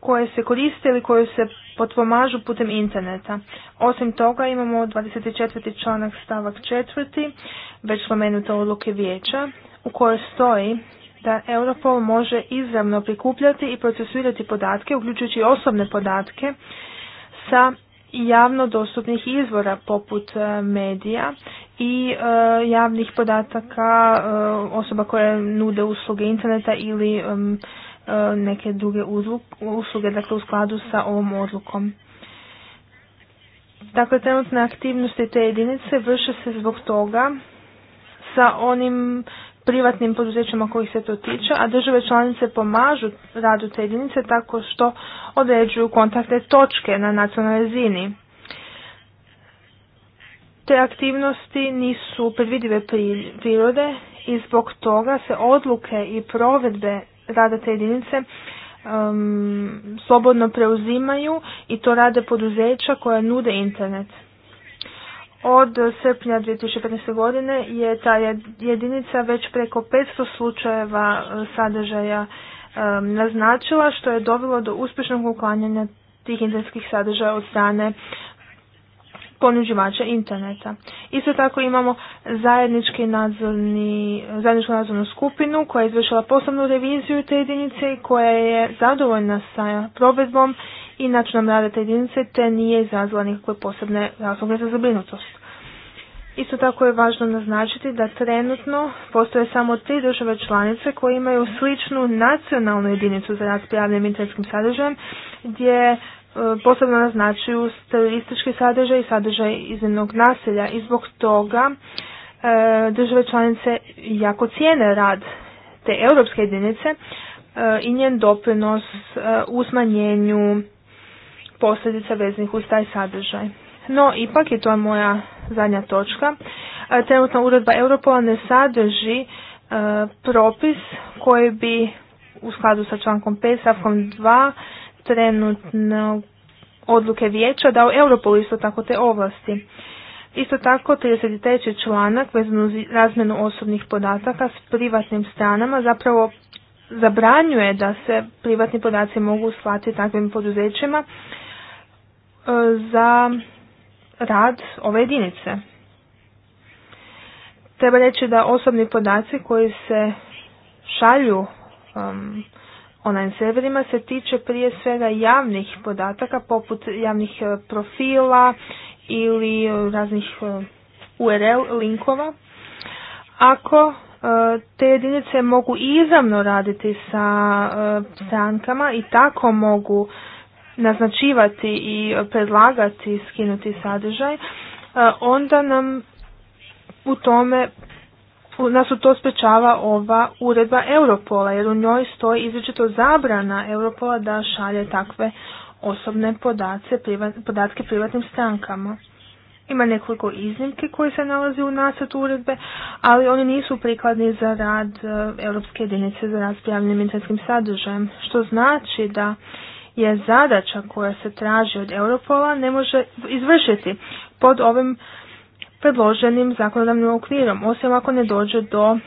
koje se koriste ili koje se potpomažu putem interneta. Osim toga imamo 24. članak stavak 4. već spomenute odluke vijeća u kojoj stoji da Europol može izravno prikupljati i procesuirati podatke, uključujući osobne podatke, sa javno dostupnih izvora poput e, medija i e, javnih podataka e, osoba koje nude usluge interneta ili E, neke druge usluge, dakle u skladu sa ovom odlukom. Dakle, trenutne aktivnosti te jedinice vrše se zbog toga sa onim privatnim poduzećima kojih se to tiče, a države članice pomažu radu te jedinice tako što određuju kontakte točke na nacionalnoj razini. Te aktivnosti nisu predvidive prirode i zbog toga se odluke i provedbe rada te jedinice um, slobodno preuzimaju i to rade poduzeća koja nude internet. Od srpnja 2015. godine je ta jedinica već preko 500 slučajeva uh, sadržaja um, naznačila što je dovelo do uspješnog uklanjanja tih internetskih sadržaja od strane ponuđivača interneta. Isto tako imamo zajedničku nadzornu skupinu koja je izvršila posebnu reviziju te jedinice i koja je zadovoljna sa provedbom i načinom rada te jedinice te nije izrazila nikakve posebne razloge za zabrinutost. Isto tako je važno naznačiti da trenutno postoje samo tri države članice koje imaju sličnu nacionalnu jedinicu za rad s internetskim sadržajem gdje E, posebno naznačuju stilistički sadržaj i sadržaj iznimnog naselja i zbog toga e, države članice jako cijene rad te europske jedinice e, i njen doprinos u smanjenju posljedica veznih uz taj sadržaj. No, ipak je to moja zadnja točka. Trenutna uredba Europola ne sadrži propis koji bi u skladu sa člankom 5 stavkom 2 trenutno odluke vijeća dao Europol isto tako te ovlasti. Isto tako 33. članak vezano uz razmjenu osobnih podataka s privatnim stranama zapravo zabranjuje da se privatni podaci mogu slati takvim poduzećima e, za rad ove jedinice. Treba reći da osobni podaci koji se šalju online serverima se tiče prije svega javnih podataka poput javnih e, profila ili e, raznih e, URL linkova. Ako te jedinice mogu izravno raditi sa strankama i tako mogu naznačivati i predlagati skinuti sadržaj, onda nam u tome nas u to sprečava ova uredba Europola, jer u njoj stoji izričito zabrana Europola da šalje takve osobne podatke privatnim strankama. Ima nekoliko iznimke koje se nalaze u nacrtu uredbe, ali oni nisu prikladni za rad e, Europske jedinice za rad s prijavljenim internetskim sadržajem, što znači da je zadaća koja se traži od Europola ne može izvršiti pod ovim predloženim zakonodavnim okvirom, osim ako ne dođe do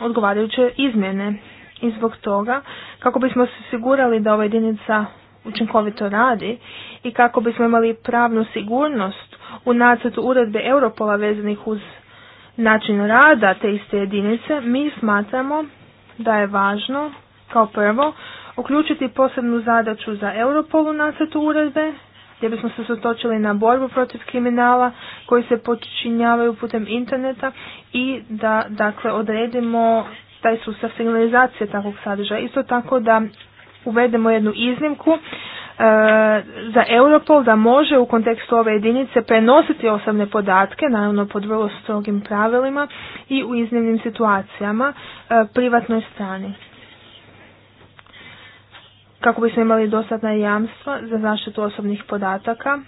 odgovarajuće izmjene. I zbog toga, kako bismo se sigurali da ova jedinica učinkovito radi i kako bismo imali pravnu sigurnost u nacrtu uredbe Europola vezanih uz način rada te iste jedinice, mi smatramo da je važno, kao prvo, uključiti posebnu zadaću za Europol u nacrtu uredbe gdje bismo se sotočili na borbu protiv kriminala koji se počinjavaju putem interneta i da dakle odredimo taj sustav signalizacije takvog sadržaja. Isto tako da uvedemo jednu iznimku e, za Europol da može u kontekstu ove jedinice prenositi osobne podatke, naravno pod vrlo strogim pravilima i u iznimnim situacijama e, privatnoj strani kako bismo imali dostatna jamstva za zaštitu osobnih podataka.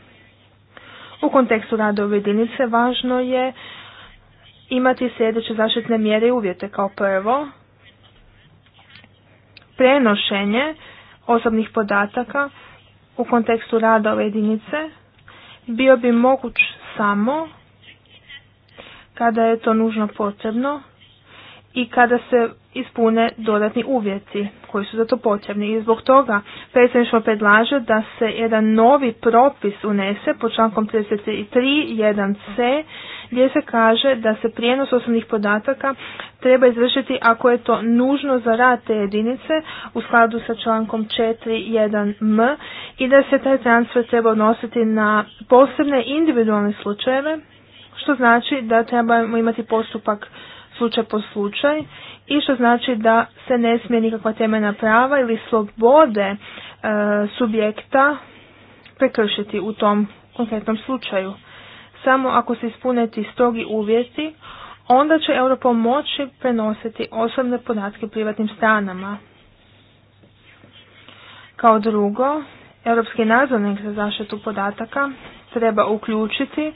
U kontekstu rada u jedinice važno je imati sljedeće zaštitne mjere i uvjete. Kao prvo, prenošenje osobnih podataka u kontekstu rada ove jedinice bio bi moguć samo kada je to nužno potrebno i kada se ispune dodatni uvjeti koji su za to potrebni. I zbog toga predsjedništvo predlaže da se jedan novi propis unese po člankom 33.1c gdje se kaže da se prijenos osobnih podataka treba izvršiti ako je to nužno za rad te jedinice u skladu sa člankom 4.1m i da se taj transfer treba odnositi na posebne individualne slučajeve što znači da trebamo imati postupak slučaj po slučaj i što znači da se ne smije nikakva temena prava ili slobode e, subjekta prekršiti u tom konkretnom slučaju. Samo ako se ispuneti strogi uvjeti, onda će Europom moći prenositi osobne podatke privatnim stranama. Kao drugo, Europski nadzornik za zaštitu podataka treba uključiti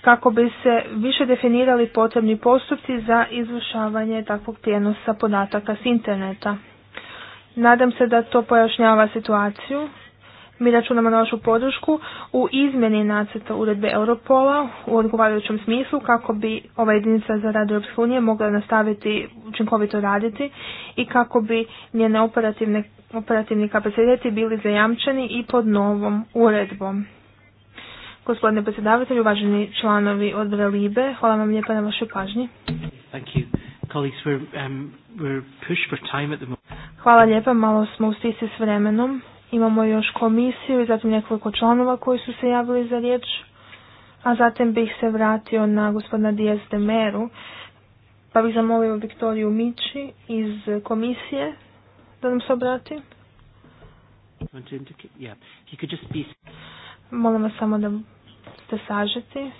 kako bi se više definirali potrebni postupci za izvršavanje takvog prijenosa podataka s interneta. Nadam se da to pojašnjava situaciju. Mi računamo na vašu podršku u izmjeni nacrta uredbe Europola u odgovarajućem smislu kako bi ova jedinica za rad Europske unije mogla nastaviti učinkovito raditi i kako bi njene operativne, operativni kapaciteti bili zajamčeni i pod novom uredbom. Gospodine predsjedavatelju, uvaženi članovi odbora Libe, hvala vam lijepa na vašoj pažnji. hvala lijepa, malo smo u stisi s vremenom. Imamo još komisiju i zatim nekoliko članova koji su se javili za riječ. A zatim bih se vratio na gospodina Dijez de Meru, pa bih zamolio Viktoriju Mići iz komisije da nam se obrati. Molim vas samo da ste sažeti,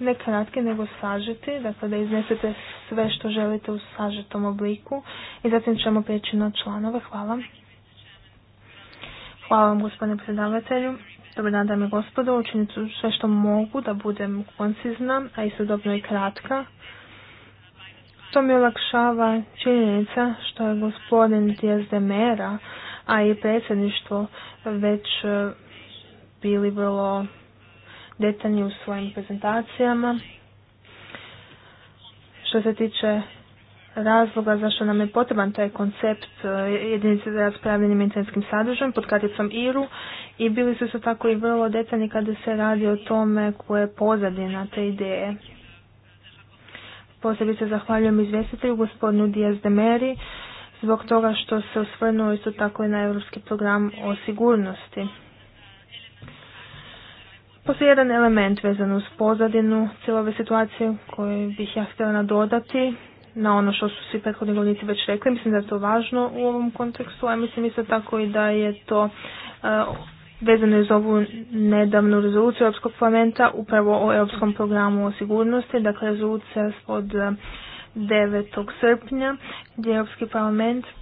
ne kratki nego sažeti, dakle da iznesete sve što želite u sažetom obliku i zatim ćemo prijeći na članove. Hvala. Hvala vam gospodine predavatelju. Dobar dan dame i gospodo, učinit ću sve što mogu da budem koncizna, a istodobno i kratka. To mi olakšava činjenica što je gospodin Dijez Mera, a i predsjedništvo već bili vrlo detaljni u svojim prezentacijama. Što se tiče razloga zašto nam je potreban taj koncept e, jedinice za raspravljanje internetskim sadržajem pod karticom IRU i bili su se tako i vrlo detaljni kada se radi o tome koje je pozadina te ideje. Posebice zahvaljujem izvjestitelju gospodinu Diaz de Meri zbog toga što se osvrnuo isto tako i na europski program o sigurnosti. Postoji jedan element vezan uz pozadinu cijelove situacije koje bih ja htjela nadodati na ono što su svi prethodni govornici već rekli. Mislim da je to važno u ovom kontekstu, a mislim isto tako i da je to e, vezano iz ovu nedavnu rezoluciju Europskog parlamenta upravo o Europskom programu o sigurnosti, dakle rezolucija od 9. srpnja gdje Europski parlament e,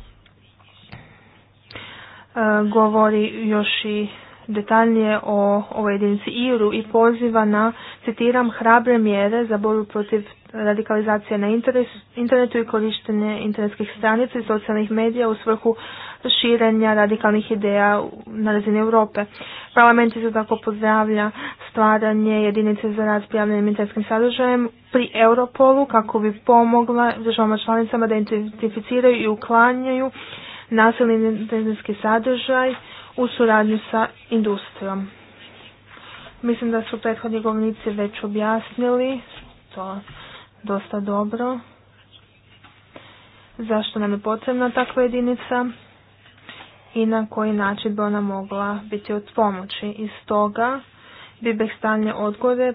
govori još i detaljnije o ovoj jedinici IRU i poziva na, citiram, hrabre mjere za borbu protiv radikalizacije na internetu i korištenje internetskih stranica i socijalnih medija u svrhu širenja radikalnih ideja na razini Europe. Parlament isto tako pozdravlja stvaranje jedinice za rad s prijavljenim internetskim sadržajem pri Europolu kako bi pomogla državama članicama da identificiraju i uklanjaju nasilni internetski sadržaj u suradnju sa industrijom. Mislim da su prethodni govornici već objasnili to dosta dobro. Zašto nam je potrebna takva jedinica i na koji način bi ona mogla biti od pomoći. Iz toga bi bez stalne odgode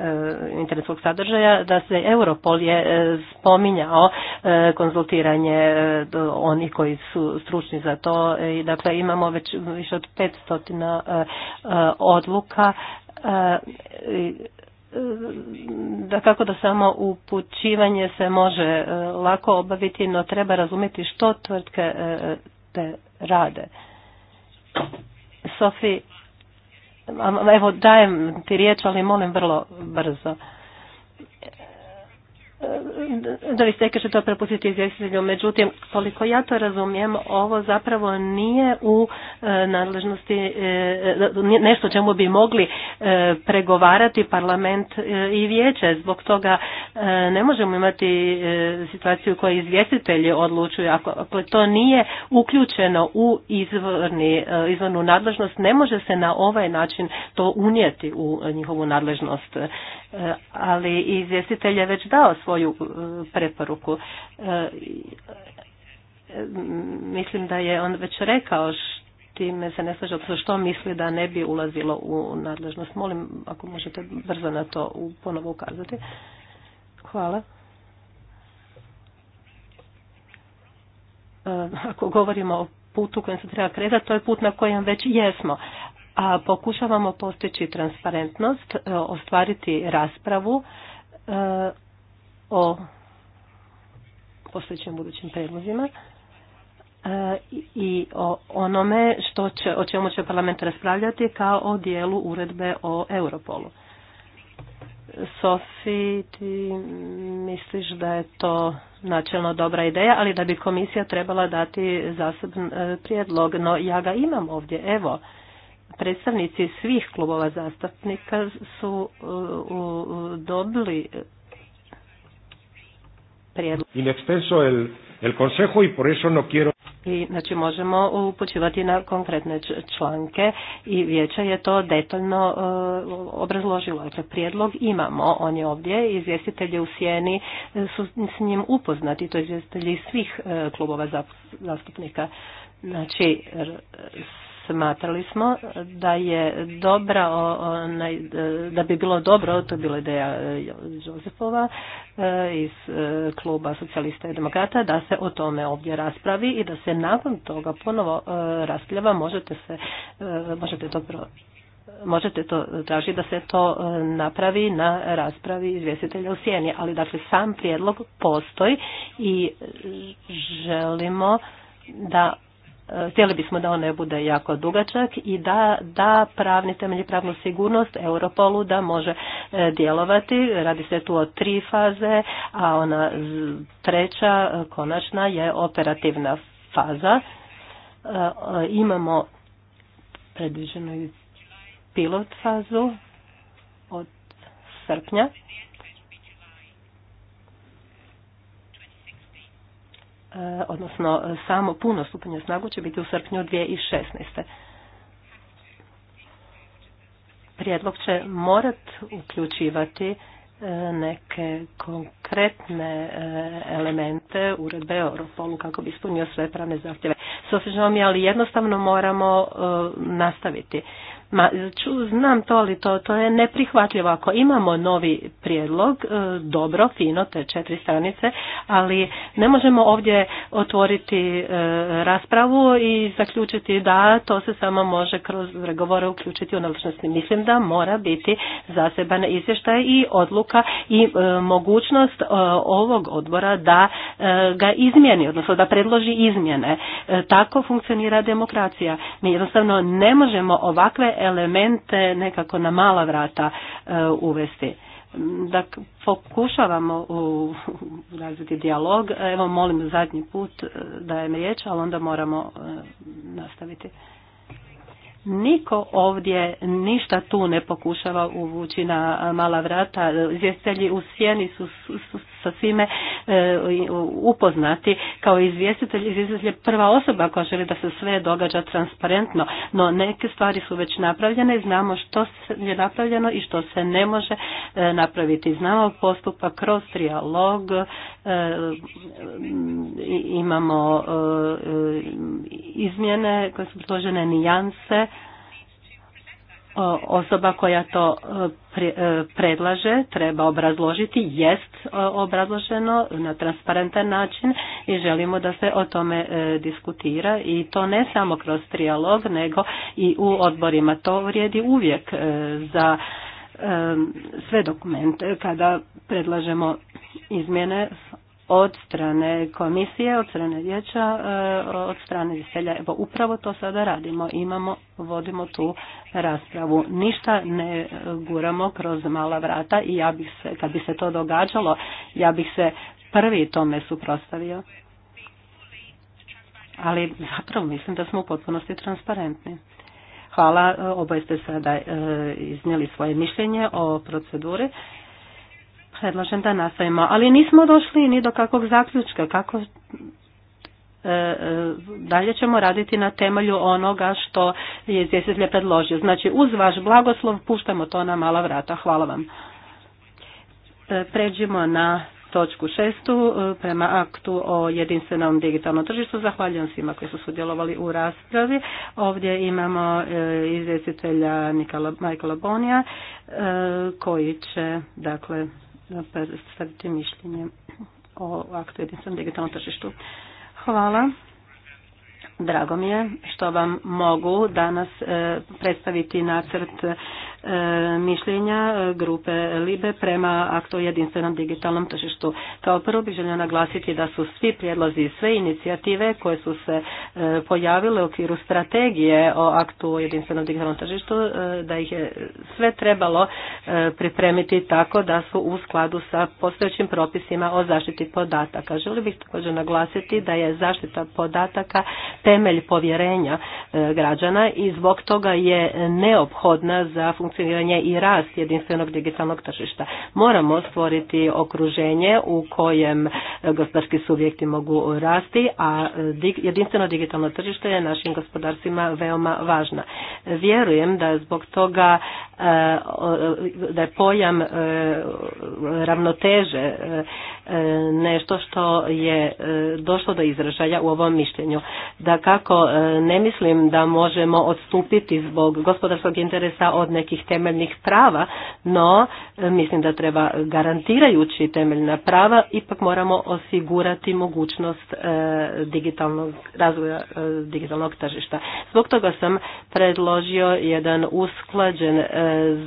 Eh, internetskog sadržaja da se Europol je eh, spominjao eh, konzultiranje onih koji su stručni za to i dakle imamo već više od 500 odluka da kako da samo upućivanje se može lako obaviti, no treba razumjeti što tvrtke te rade. Sofi Evo dajem ti riječ, ali molim vrlo brzo da li ste će to prepustiti izvjestitelju. Međutim, koliko ja to razumijem, ovo zapravo nije u e, nadležnosti e, e, nešto čemu bi mogli pregovarati parlament i vijeće. Zbog toga ne možemo imati situaciju koju izvjestitelji odlučuju. Ako, ako to nije uključeno u izvorni, izvornu nadležnost, ne može se na ovaj način to unijeti u njihovu nadležnost. Ali izvjestitelj je već dao svoju e, preporuku. E, mislim da je on već rekao time se ne slaže što misli da ne bi ulazilo u nadležnost. Molim ako možete brzo na to ponovo ukazati. Hvala. E, ako govorimo o putu kojem se treba kretati, to je put na kojem već jesmo. A pokušavamo postići transparentnost, ostvariti raspravu o postojećim budućim predlozima e, i o onome što će, o čemu će parlament raspravljati kao o dijelu uredbe o Europolu. Sofi, ti misliš da je to načelno dobra ideja, ali da bi komisija trebala dati zaseban e, prijedlog, no ja ga imam ovdje, evo. Predstavnici svih klubova zastupnika su e, dobili prijedlog. el, el consejo por eso no quiero... I, znači možemo upućivati na konkretne članke i vijeće je to detaljno e, obrazložilo. Dakle, prijedlog imamo, on je ovdje, izvjestitelji u sjeni e, su s njim upoznati, to je izvjestitelji svih e, klubova zastupnika. Znači, smatrali smo da je dobra, da bi bilo dobro, to je bila ideja e, Jozefova e, iz e, kluba socijalista i demokrata, da se o tome ovdje raspravi i da se nakon toga ponovo raspravlja, možete se, možete to možete to tražiti da se to napravi na raspravi izvjestitelja u sjeni, ali dakle sam prijedlog postoji i želimo da E, htjeli bismo da on ne bude jako dugačak i da da pravni temelji, pravnu sigurnost Europolu da može e, djelovati. Radi se tu o tri faze, a ona treća, e, konačna je operativna faza. Imamo predviđenu pilot fazu od srpnja E, odnosno e, samo puno stupanje snagu će biti u srpnju 2016. Prijedlog će morat uključivati e, neke konkretne e, elemente uredbe Europolu kako bi ispunio sve pravne zahtjeve. ali jednostavno moramo e, nastaviti. Ma, ču, znam to, ali to, to je neprihvatljivo. Ako imamo novi prijedlog, e, dobro, fino, te četiri stranice, ali ne možemo ovdje otvoriti raspravu i zaključiti da to se samo može kroz regovore uključiti u nadležnosti. Mislim da mora biti zaseban izvještaj i odluka i mogućnost E, ovog odbora da e, ga izmijeni, odnosno da predloži izmjene. E, tako funkcionira demokracija. Mi jednostavno ne možemo ovakve elemente nekako na mala vrata uvesti da pokušavamo u, razviti dijalog. Evo molim zadnji put dajem riječ, ali onda moramo nastaviti. Niko ovdje ništa tu ne pokušava uvući na mala vrata. zvjestelji u sjeni su sa svime e, upoznati. Kao izvjestitelj, izvjestitelj je prva osoba koja želi da se sve događa transparentno, no neke stvari su već napravljene i znamo što je napravljeno i što se ne može e, napraviti. Znamo postupak kroz e, imamo e, izmjene koje su predložene nijanse, osoba koja to e, e, predlaže treba obrazložiti, jest e, obrazloženo na transparentan način i želimo da se o tome diskutira i to ne samo kroz trijalog nego i u odborima. To vrijedi uvijek za sve dokumente kada predlažemo izmjene od strane komisije, od strane vijeća, e, od strane viselja. Evo, upravo to sada radimo. Imamo, vodimo tu raspravu. Ništa ne guramo kroz mala vrata i ja bih se, kad bi se to događalo, ja bih se prvi tome suprostavio. Ali zapravo mislim da smo u potpunosti transparentni. Hvala, e, oboje ste sada e, iznijeli svoje mišljenje o proceduri predlažem da nastavimo. Ali nismo došli ni do kakvog zaključka, kako e, e, dalje ćemo raditi na temelju onoga što je izvjestitelj predložio. Znači uz vaš blagoslov puštamo to na mala vrata. Hvala vam. E, pređimo na točku šestu prema aktu o jedinstvenom digitalnom tržištu. Zahvaljujem svima koji su sudjelovali u raspravi. Ovdje imamo izvjestitelja Michaela Bonija koji će dakle predstaviti mišljenje o aktu jedinstvenom digitalnom tržištu. Hvala. Drago mi je što vam mogu danas eh, predstaviti nacrt E, mišljenja e, grupe LIBE prema aktu o jedinstvenom digitalnom tržištu. Kao prvo bih željela naglasiti da su svi prijedlozi i sve inicijative koje su se e, pojavile u okviru strategije o aktu o jedinstvenom digitalnom tržištu, da ih je sve trebalo pripremiti tako da su u skladu sa postojećim propisima o zaštiti podataka. Želio bih također naglasiti da je zaštita podataka temelj povjerenja građana i zbog toga je neophodna za funkcioniranje i rast jedinstvenog digitalnog tržišta. Moramo stvoriti okruženje u kojem gospodarski subjekti mogu rasti, a jedinstveno digitalno tržište je našim gospodarstvima veoma važno. Vjerujem da zbog toga e, da je pojam e, ravnoteže e, nešto što je došlo do izražaja u ovom mišljenju. Da kako ne mislim da možemo odstupiti zbog gospodarskog interesa od nekih temeljnih prava, no e, mislim da treba garantirajući temeljna prava, ipak moramo osigurati mogućnost e, digitalnog razvoja e, digitalnog tržišta. Zbog toga sam predložio jedan usklađen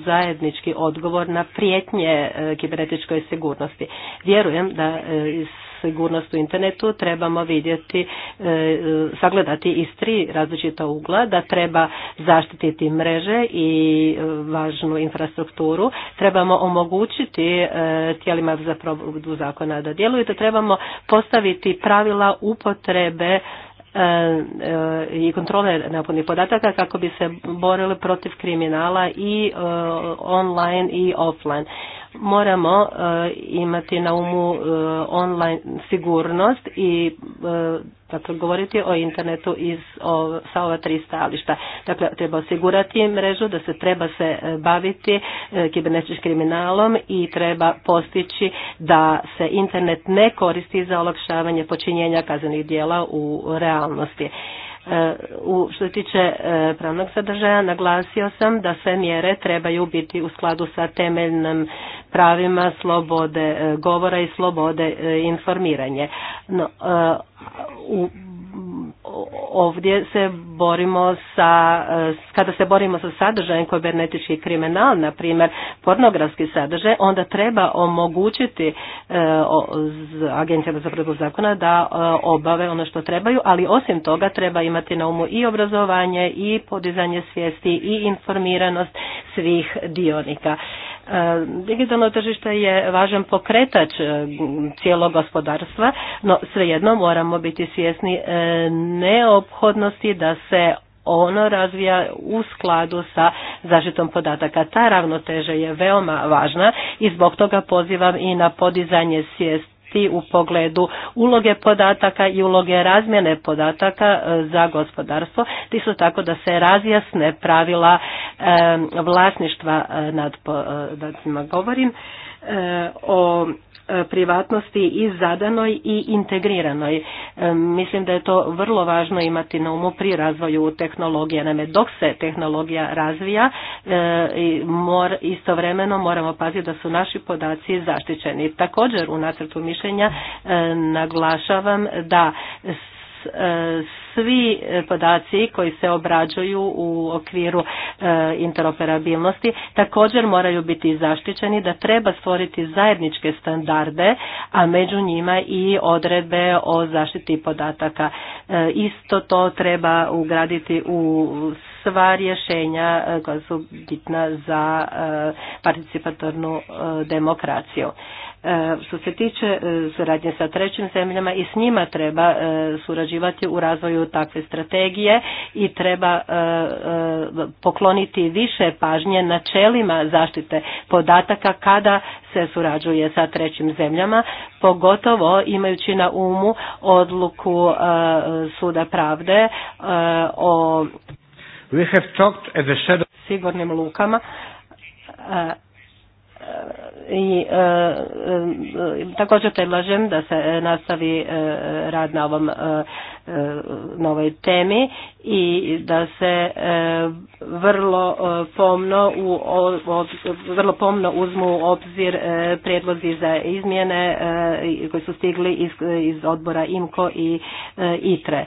zajednički odgovor na prijetnje kibernetičkoj sigurnosti. Vjerujem da sigurnost u internetu trebamo vidjeti, e, sagledati iz tri različita ugla, da treba zaštititi mreže i e, važnu infrastrukturu, trebamo omogućiti e, tijelima za provedbu zakona da djeluju, da trebamo postaviti pravila upotrebe i kontrole napodnih podataka kako bi se borili protiv kriminala i online i offline moramo e, imati na umu e, online sigurnost i e, dakle, govoriti o internetu iz, o, sa ova tri stajališta. Dakle, treba osigurati mrežu da se treba se baviti e, kibernetičkim kriminalom i treba postići da se internet ne koristi za olakšavanje počinjenja kaznenih dijela u realnosti. E, u što se tiče e, pravnog sadržaja, naglasio sam da sve mjere trebaju biti u skladu sa temeljnim pravima slobode e, govora i slobode informiranje. No, u ovdje se borimo sa, e, kada se borimo sa sadržajem kibernetički kriminal, na primjer pornografski sadržaj, onda treba omogućiti e, agencijama za provedbu zakona da e, obave ono što trebaju, ali osim toga treba imati na umu i obrazovanje i podizanje svijesti i informiranost svih dionika. Eh, digitalno tržište je važan pokretač eh, cijelog gospodarstva, no svejedno moramo biti svjesni eh, neophodnosti da se ono razvija u skladu sa zaštitom podataka. Ta ravnoteža je veoma važna i zbog toga pozivam i na podizanje svijesti i u pogledu uloge podataka i uloge razmjene podataka e, za gospodarstvo, ti su tako da se razjasne pravila e, vlasništva e, nad podacima. Govorim o E, privatnosti i zadanoj i integriranoj. E, mislim da je to vrlo važno imati na umu pri razvoju tehnologije. Naime, dok se tehnologija razvija, e, istovremeno moramo paziti da su naši podaci zaštićeni. Također u nacrtu mišljenja naglašavam da svi podaci koji se obrađuju u okviru e, interoperabilnosti također moraju biti zaštićeni da treba stvoriti zajedničke standarde, a među njima i odredbe o zaštiti podataka. E, isto to treba ugraditi u sva rješenja e, koja su bitna za participatornu demokraciju. E, što se tiče e, suradnje sa trećim zemljama i s njima treba e, surađivati u razvoju takve strategije i treba pokloniti više pažnje načelima zaštite podataka kada se surađuje sa trećim zemljama, pogotovo imajući na umu odluku Suda pravde o sigurnim lukama i e, e, također predlažem da se nastavi e, rad na ovom ovoj temi i da se vrlo pomno u vrlo pomno uzmu u obzir prijedlozi za izmjene koji su stigli iz, iz odbora IMKO i ITRE.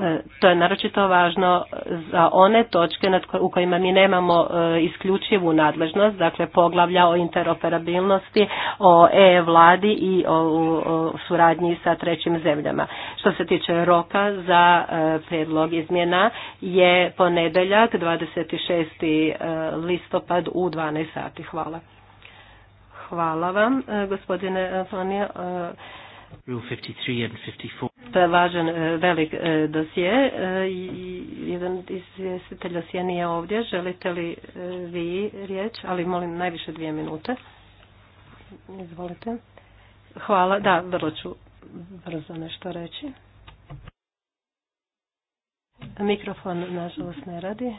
E, to je naročito važno za one točke u kojima mi nemamo e, isključivu nadležnost, dakle poglavlja o interoperabilnosti, o e-vladi i o suradnji sa trećim zemljama. Što se tiče roka za e, predlog izmjena je ponedeljak 26. listopad u 12 sati. Hvala. Hvala vam, gospodine Antonija. Rule 53 To je važan e, velik e, dosje. E, jedan izvjestitelj dosje nije ovdje. Želite li vi riječ? Ali molim najviše dvije minute. Izvolite. Hvala. Da, vrlo ću brzo nešto reći. Mikrofon nažalost ne radi.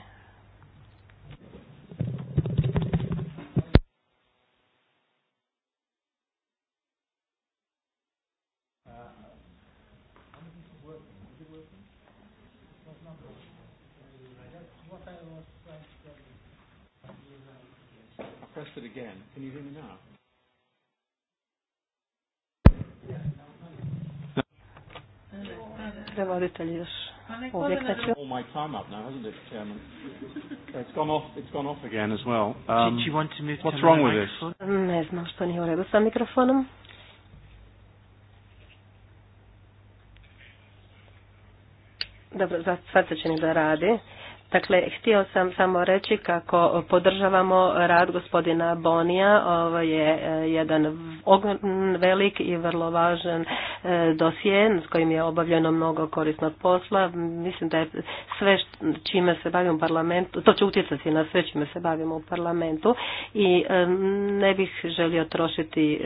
pressed it again. Can you hear me now? Pa All my time up now, hasn't it, Chairman? It's gone off, it's gone off again as well. Um, Did you um, want to move what's to wrong with this? Ne Dobro, sad se čini da radi. Dakle, htio sam samo reći kako podržavamo rad gospodina Bonija. Ovo je e, jedan velik i vrlo važan e, dosje s kojim je obavljeno mnogo korisnog posla. Mislim da je sve čime se bavimo u parlamentu, to će utjecati na sve čime se bavimo u parlamentu i e, ne bih želio trošiti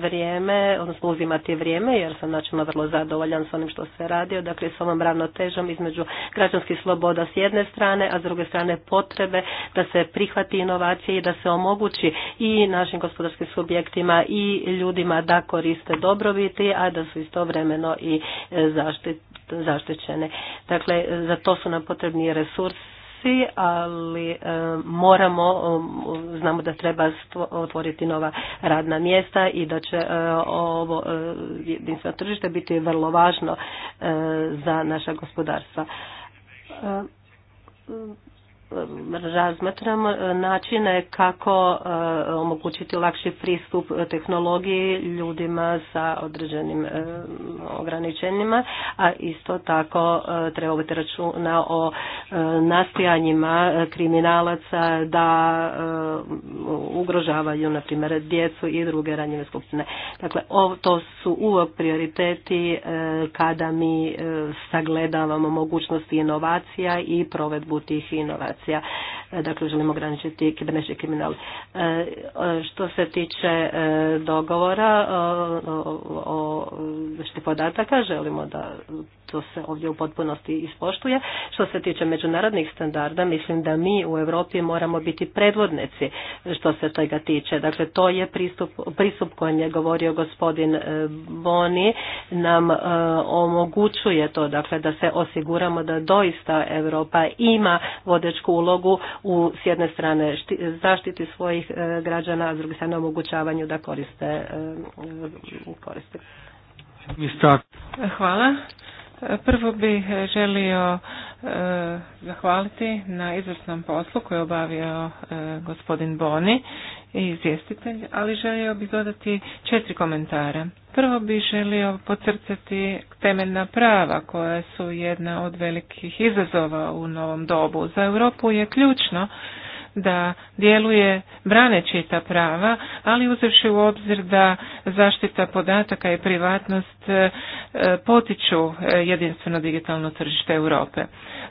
vrijeme, odnosno uzimati vrijeme jer sam načinno vrlo zadovoljan s onim što se radio, dakle s ovom ravnotežom između građanskih sloboda s jedne strane, a s druge strane potrebe da se prihvati inovacije i da se omogući i našim gospodarskim subjektima i ljudima da koriste dobrobiti, a da su istovremeno i e, zaštićene. Dakle, za to su nam potrebni resursi ali e, moramo, e, znamo da treba otvoriti nova radna mjesta i da će ovo jedinstveno tržište biti vrlo važno za naša gospodarstva mm Razmatram e, načine kako e, omogućiti lakši pristup tehnologiji ljudima sa određenim e, ograničenjima, a isto tako treba biti računa o nastojanjima kriminalaca da ugrožavaju, na primjer, djecu i druge ranjive skupine. Dakle, to su uvijek prioriteti kada mi sagledavamo mogućnosti inovacija i provedbu tih inovacija migracija. E, dakle želimo ograničiti kibernetički kriminal. E, što se tiče e, dogovora o zaštiti podataka, želimo da to se ovdje u potpunosti ispoštuje. Što se tiče međunarodnih standarda, mislim da mi u Europi moramo biti predvodnici što se toga tiče. Dakle, to je pristup, pristup kojem je govorio gospodin Boni, nam omogućuje to, dakle, da se osiguramo da doista Europa ima vodečku ulogu u s jedne strane šti, zaštiti svojih e, građana, a s druge strane omogućavanju da koriste. E, e koriste. Hvala. Prvo bih želio e, zahvaliti na izvrsnom poslu koji je obavio e, gospodin Boni i izvjestitelj, ali želio bih dodati četiri komentare. Prvo bih želio pocrcati temeljna prava koja su jedna od velikih izazova u novom dobu. Za Europu je ključno da djeluje braneći ta prava, ali uzevši u obzir da zaštita podataka i privatnost e, e, potiču e, jedinstveno digitalno tržište Europe.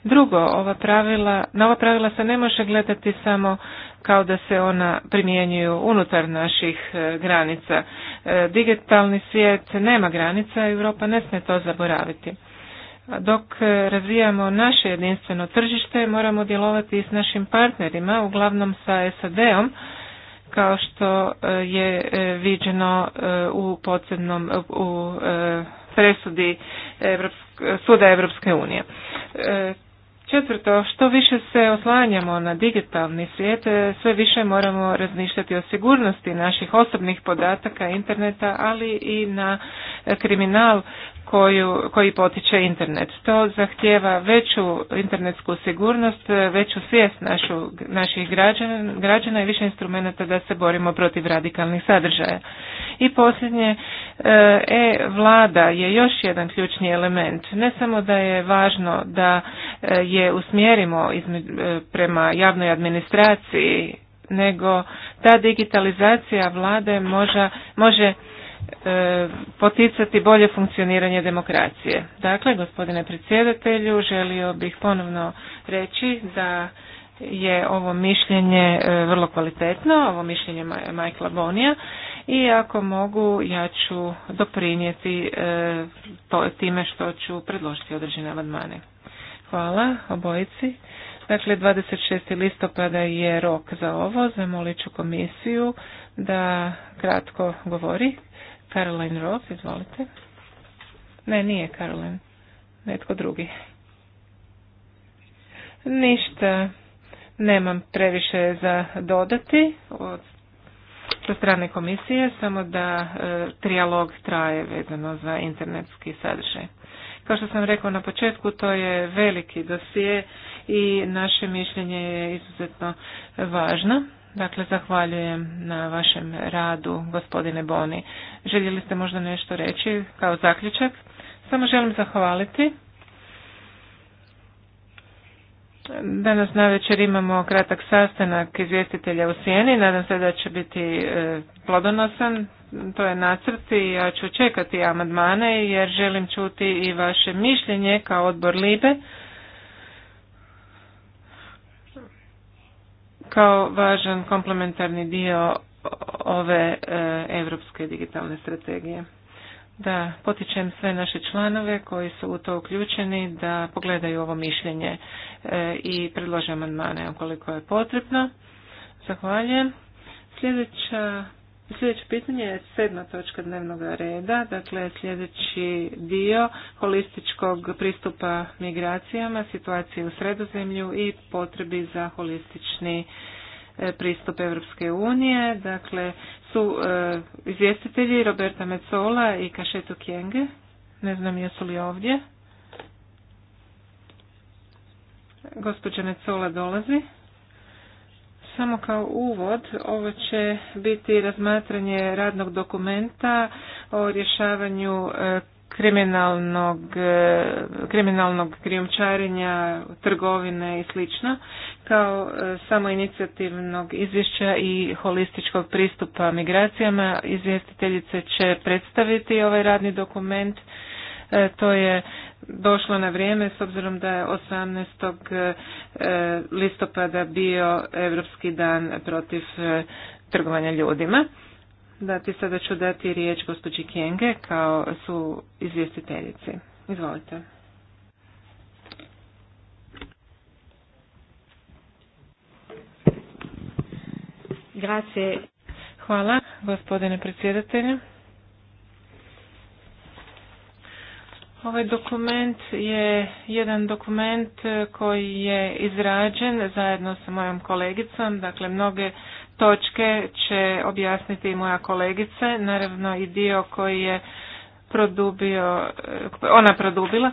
Drugo, ova pravila, na ova pravila se ne može gledati samo kao da se ona primjenjuju unutar naših granica. Digitalni svijet nema granica, Europa ne smije to zaboraviti dok e, razvijamo naše jedinstveno tržište moramo djelovati i s našim partnerima, uglavnom sa SAD-om kao što e, je e, viđeno u podsebnom u presudi Suda Evropske unije. Četvrto, što više se oslanjamo na digitalni svijet, sve više moramo razmišljati o sigurnosti naših osobnih podataka, interneta, ali i na kriminal koju, koji potiče internet. To zahtjeva veću internetsku sigurnost, veću svijest našu, naših građana, građana i više instrumenta da se borimo protiv radikalnih sadržaja. I posljednje, e, e-vlada je još jedan ključni element. Ne samo da je važno da e, je usmjerimo e, prema javnoj administraciji, nego ta digitalizacija vlade može, može E, poticati bolje funkcioniranje demokracije. Dakle, gospodine predsjedatelju, želio bih ponovno reći da je ovo mišljenje e, vrlo kvalitetno, ovo mišljenje Majkla Bonija i ako mogu ja ću doprinijeti e, to, time što ću predložiti određene amandmane. Hvala obojici. Dakle, 26. listopada je rok za ovo. Zamolit ću komisiju da kratko govori. Caroline Ross, izvolite. Ne, nije Caroline. Netko drugi. Ništa nemam previše za dodati od sa strane komisije, samo da e, trijalog traje vezano za internetski sadržaj. Kao što sam rekao na početku, to je veliki dosije i naše mišljenje je izuzetno važno. Dakle, zahvaljujem na vašem radu, gospodine Boni. Željeli ste možda nešto reći kao zaključak? Samo želim zahvaliti. Danas na večer imamo kratak sastanak izvjestitelja u Sijeni. Nadam se da će biti e, plodonosan. To je nacrt i ja ću čekati amandmane jer želim čuti i vaše mišljenje kao odbor Libe kao važan komplementarni dio ove europske digitalne strategije. Da potičem sve naše članove koji su u to uključeni da pogledaju ovo mišljenje e, i predlože amandmane ukoliko je potrebno. Zahvaljujem. Sljedeća Sljedeće pitanje je sedma točka dnevnog reda, dakle sljedeći dio holističkog pristupa migracijama, situacije u sredozemlju i potrebi za holistični e, pristup Evropske unije. Dakle, su e, izvjestitelji Roberta Mecola i Kašetu Kjenge. Ne znam jesu li ovdje. Gospođa Mecola dolazi. Samo kao uvod, ovo će biti razmatranje radnog dokumenta o rješavanju e, kriminalnog, e, kriminalnog krijumčarenja, trgovine i sl. kao e, samo inicijativnog izvješća i holističkog pristupa migracijama. Izvjestiteljice će predstaviti ovaj radni dokument E, to je došlo na vrijeme s obzirom da je 18. E, listopada bio Europski dan protiv e, trgovanja ljudima. Dati sada ću dati riječ gospođi Kenge kao su izvjestiteljici. Izvolite. Grazie. Hvala gospodine predsjedatelju. Ovaj dokument je jedan dokument e, koji je izrađen zajedno sa mojom kolegicom, dakle mnoge točke će objasniti i moja kolegica, naravno i dio koji je produbio, e, ona produbila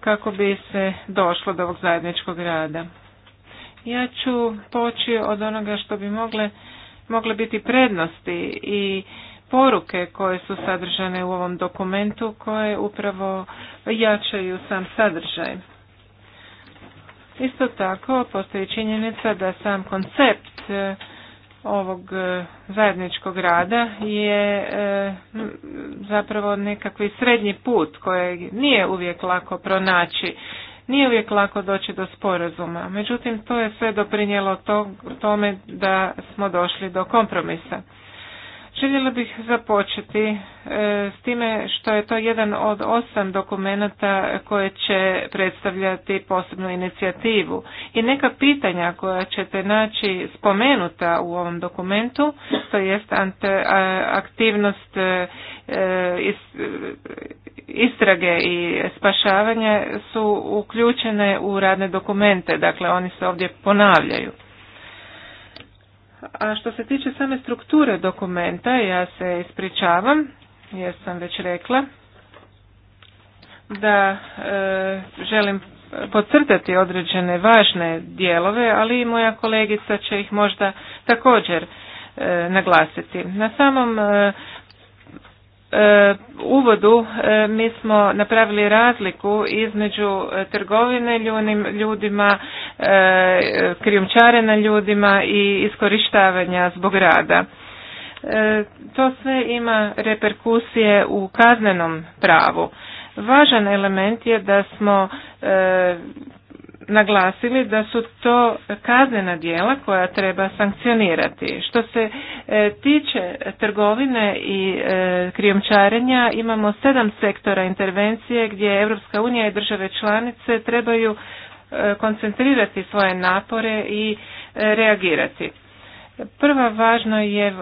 kako bi se došlo do ovog zajedničkog rada. Ja ću poći od onoga što bi mogle, mogle biti prednosti i poruke koje su sadržane u ovom dokumentu koje upravo jačaju sam sadržaj. Isto tako postoji činjenica da sam koncept e, ovog e, zajedničkog rada je e, zapravo nekakvi srednji put koji nije uvijek lako pronaći. Nije uvijek lako doći do sporazuma, međutim to je sve doprinijelo tome da smo došli do kompromisa. Željela bih započeti e, s time što je to jedan od osam dokumenata koje će predstavljati posebnu inicijativu i neka pitanja koja ćete naći spomenuta u ovom dokumentu, to jest aktivnost e, e, istrage i spašavanje su uključene u radne dokumente, dakle oni se ovdje ponavljaju. A što se tiče same strukture dokumenta, ja se ispričavam, jer sam već rekla da e, želim podcrtati određene važne dijelove, ali i moja kolegica će ih možda također e, naglasiti. Na samom e, E, uvodu e, mi smo napravili razliku između e, trgovine ljudima, krijumčare na ljudima i iskorištavanja zbog rada. To sve ima reperkusije u kaznenom pravu. Važan element je da smo naglasili da su to kaznena djela koja treba sankcionirati. Što se e, tiče trgovine i e, krijomčarenja, imamo sedam sektora intervencije gdje Europska unija i države članice trebaju e, koncentrirati svoje napore i reagirati. Prva važna je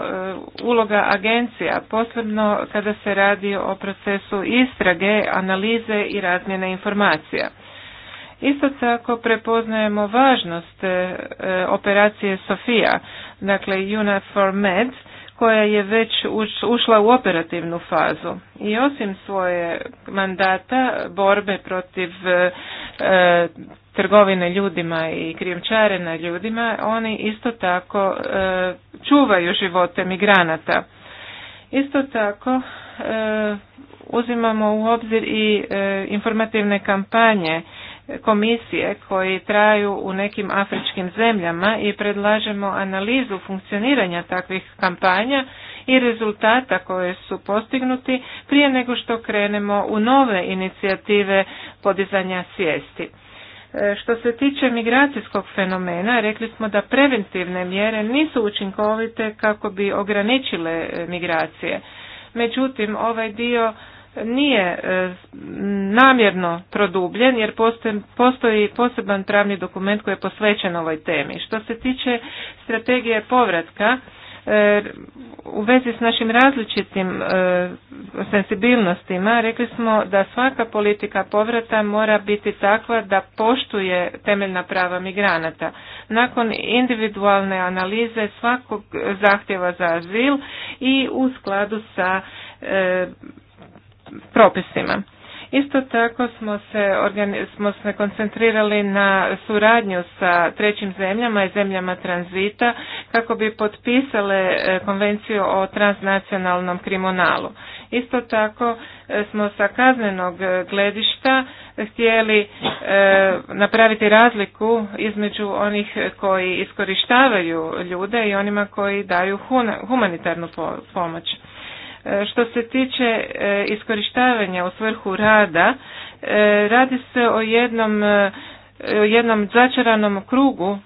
uloga agencija, posebno kada se radi o procesu istrage, analize i razmjene informacija. Isto tako prepoznajemo važnost e, operacije Sofia, dakle UNAFOR Med, koja je već ušla u operativnu fazu. I osim svoje mandata borbe protiv e, e, trgovine ljudima i krijumčarenja ljudima, oni isto tako čuvaju živote migranata. Isto tako uzimamo u obzir i informativne kampanje komisije koji traju u nekim afričkim zemljama i predlažemo analizu funkcioniranja takvih kampanja i rezultata koje su postignuti prije nego što krenemo u nove inicijative podizanja svijesti. E, što se tiče migracijskog fenomena, rekli smo da preventivne mjere nisu učinkovite kako bi ograničile migracije. Međutim, ovaj dio nije e, namjerno produbljen jer postoji poseban pravni dokument koji je posvećen ovoj temi. Što se tiče strategije povratka, e, u vezi s našim različitim e, sensibilnostima rekli smo da svaka politika povrata mora biti takva da poštuje temeljna prava migranata. Nakon individualne analize svakog zahtjeva za azil i u skladu sa propisima. Isto tako smo se, smo se koncentrirali na suradnju sa trećim zemljama i zemljama tranzita kako bi potpisale e, konvenciju o transnacionalnom kriminalu. Isto tako e, smo sa kaznenog e, gledišta htjeli napraviti razliku između onih koji iskorištavaju ljude i onima koji daju humanitarnu pomoć. Što se tiče e, iskorištavanja u svrhu rada, e, radi se o jednom, e, o jednom začaranom krugu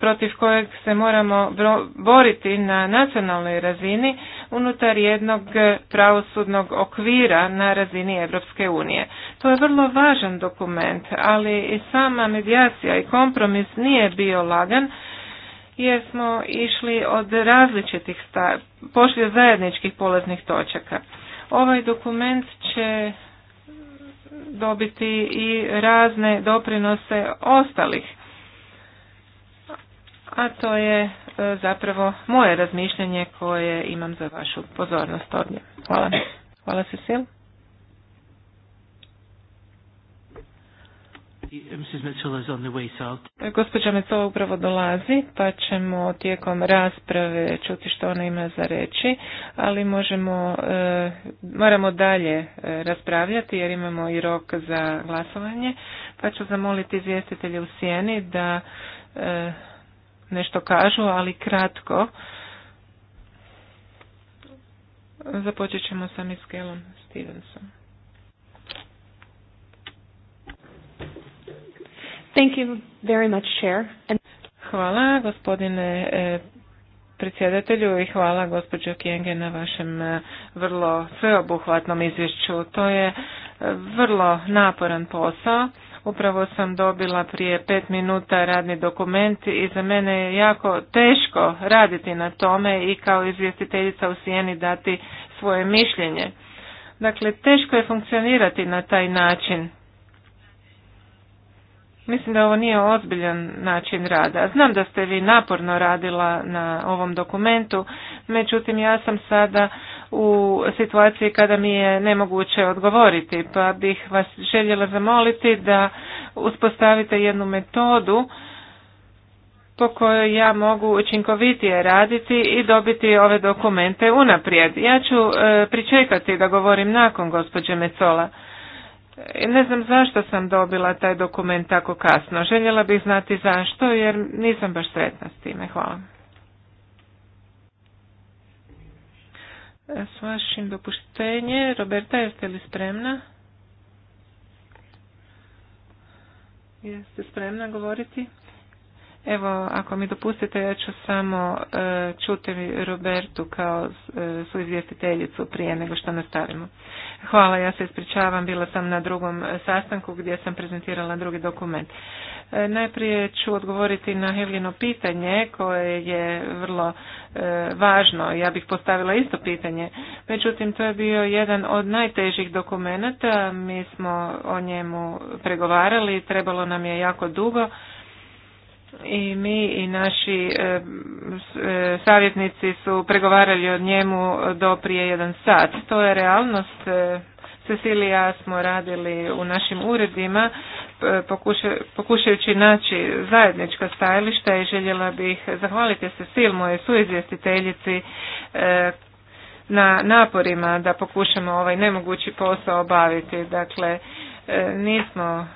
protiv kojeg se moramo boriti na nacionalnoj razini unutar jednog pravosudnog okvira na razini Europske unije. To je vrlo važan dokument, ali i sama medijacija i kompromis nije bio lagan jer smo išli od različitih, pošli od zajedničkih polaznih točaka. Ovaj dokument će dobiti i razne doprinose ostalih. A to je e, zapravo moje razmišljanje koje imam za vašu pozornost ovdje. Hvala. Hvala Cecil. Gospođa Mecola upravo dolazi, pa ćemo tijekom rasprave čuti što ona ima za reći, ali možemo, e, moramo dalje e, raspravljati jer imamo i rok za glasovanje, pa ću zamoliti izvjestitelje u sjeni da e, nešto kažu, ali kratko. Započet ćemo sa Miskelom Stevensom. Thank you very much, Chair. Hvala gospodine e, predsjedatelju i hvala gospođo Kjenge na vašem e, vrlo sveobuhvatnom izvješću. To je e, vrlo naporan posao. Upravo sam dobila prije pet minuta radni dokument i za mene je jako teško raditi na tome i kao izvjestiteljica u Sijeni dati svoje mišljenje. Dakle, teško je funkcionirati na taj način Mislim da ovo nije ozbiljan način rada. Znam da ste vi naporno radila na ovom dokumentu, međutim ja sam sada u situaciji kada mi je nemoguće odgovoriti, pa bih vas željela zamoliti da uspostavite jednu metodu po kojoj ja mogu učinkovitije raditi i dobiti ove dokumente unaprijed. Ja ću e, pričekati da govorim nakon gospođe Mecola. Ne znam zašto sam dobila taj dokument tako kasno. Željela bih znati zašto jer nisam baš sretna s time. Hvala. S vašim dopuštenje. Roberta, jeste li spremna? Jeste spremna govoriti? Evo, ako mi dopustite, ja ću samo e, čuti Robertu kao e, su izvjestiteljicu prije nego što nastavimo. Hvala, ja se ispričavam, bila sam na drugom sastanku gdje sam prezentirala drugi dokument. E, najprije ću odgovoriti na Hevljino pitanje koje je vrlo važno, ja bih postavila isto pitanje. Međutim, to je bio jedan od najtežih dokumenata, mi smo o njemu pregovarali, trebalo nam je jako dugo i mi i naši e, e, savjetnici su pregovarali o njemu do prije jedan sat. To je realnost. E, Cecilija smo radili u našim uredima pokuša, pokušajući naći zajednička stajališta i željela bih zahvaliti Silmo moje suizvjestiteljici e, na naporima da pokušamo ovaj nemogući posao obaviti. Dakle, nismo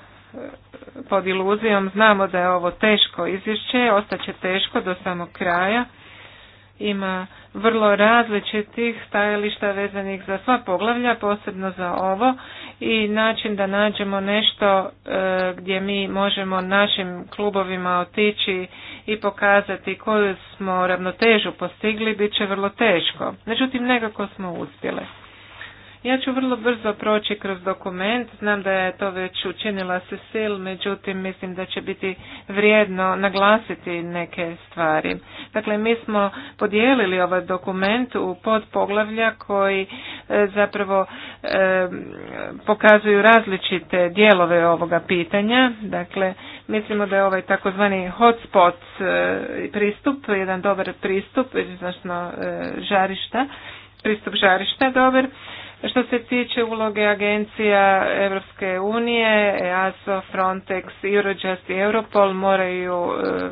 pod iluzijom, znamo da je ovo teško izvješće, ostaće teško do samog kraja. Ima vrlo različitih stajališta vezanih za sva poglavlja, posebno za ovo i način da nađemo nešto e, gdje mi možemo našim klubovima otići i pokazati koju smo ravnotežu postigli, bit će vrlo teško. Međutim, nekako smo uspjele. Ja ću vrlo brzo proći kroz dokument, znam da je to već učinila sil, međutim mislim da će biti vrijedno naglasiti neke stvari. Dakle, mi smo podijelili ovaj dokument u podpoglavlja koji e, zapravo e, pokazuju različite dijelove ovoga pitanja. Dakle, mislimo da je ovaj takozvani hotspot e, pristup, jedan dobar pristup, značno žarišta, pristup žarišta dobar. Što se tiče uloge agencija Europske unije, EASO, Frontex, Eurojust i Europol moraju e,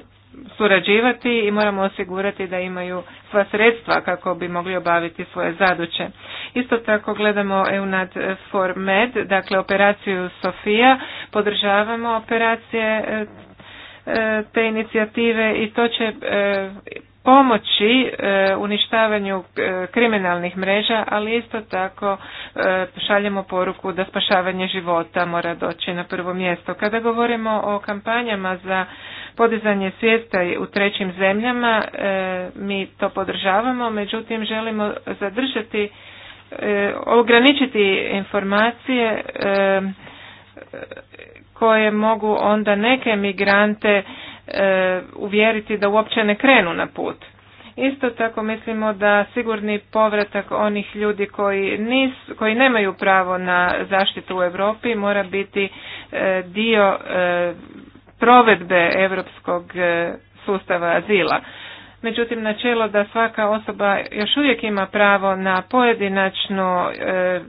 surađivati i moramo osigurati da imaju sva sredstva kako bi mogli obaviti svoje zaduće. Isto tako gledamo EUNAD for Med, dakle operaciju Sofia, podržavamo operacije e, e, te inicijative i to će pomoći e, uništavanju e, kriminalnih mreža, ali isto tako e, šaljemo poruku da spašavanje života mora doći na prvo mjesto. Kada govorimo o kampanjama za podizanje svijesta u trećim zemljama, mi to podržavamo, međutim želimo zadržati, ograničiti informacije koje mogu onda neke migrante E, uvjeriti da uopće ne krenu na put. Isto tako mislimo da sigurni povratak onih ljudi koji, nis, koji nemaju pravo na zaštitu u Europi mora biti e, dio e, provedbe europskog sustava azila. Međutim, načelo da svaka osoba još uvijek ima pravo na pojedinačno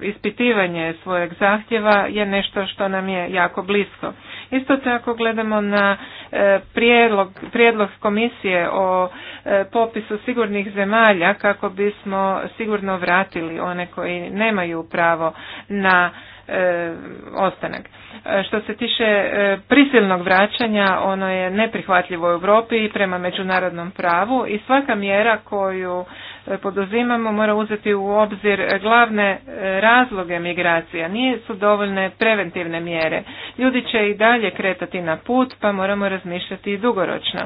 ispitivanje svojeg zahtjeva je nešto što nam je jako blisko. Isto tako gledamo na e, prijedlog, prijedlog komisije o e, popisu sigurnih zemalja kako bismo sigurno vratili one koji nemaju pravo na e, ostanak. Što se tiče prisilnog vraćanja, ono je neprihvatljivo u Europi i prema međunarodnom pravu i svaka mjera koju E, poduzimamo mora uzeti u obzir glavne e, razloge migracija. Nisu dovoljne preventivne mjere. Ljudi će i dalje kretati na put pa moramo razmišljati i dugoročno.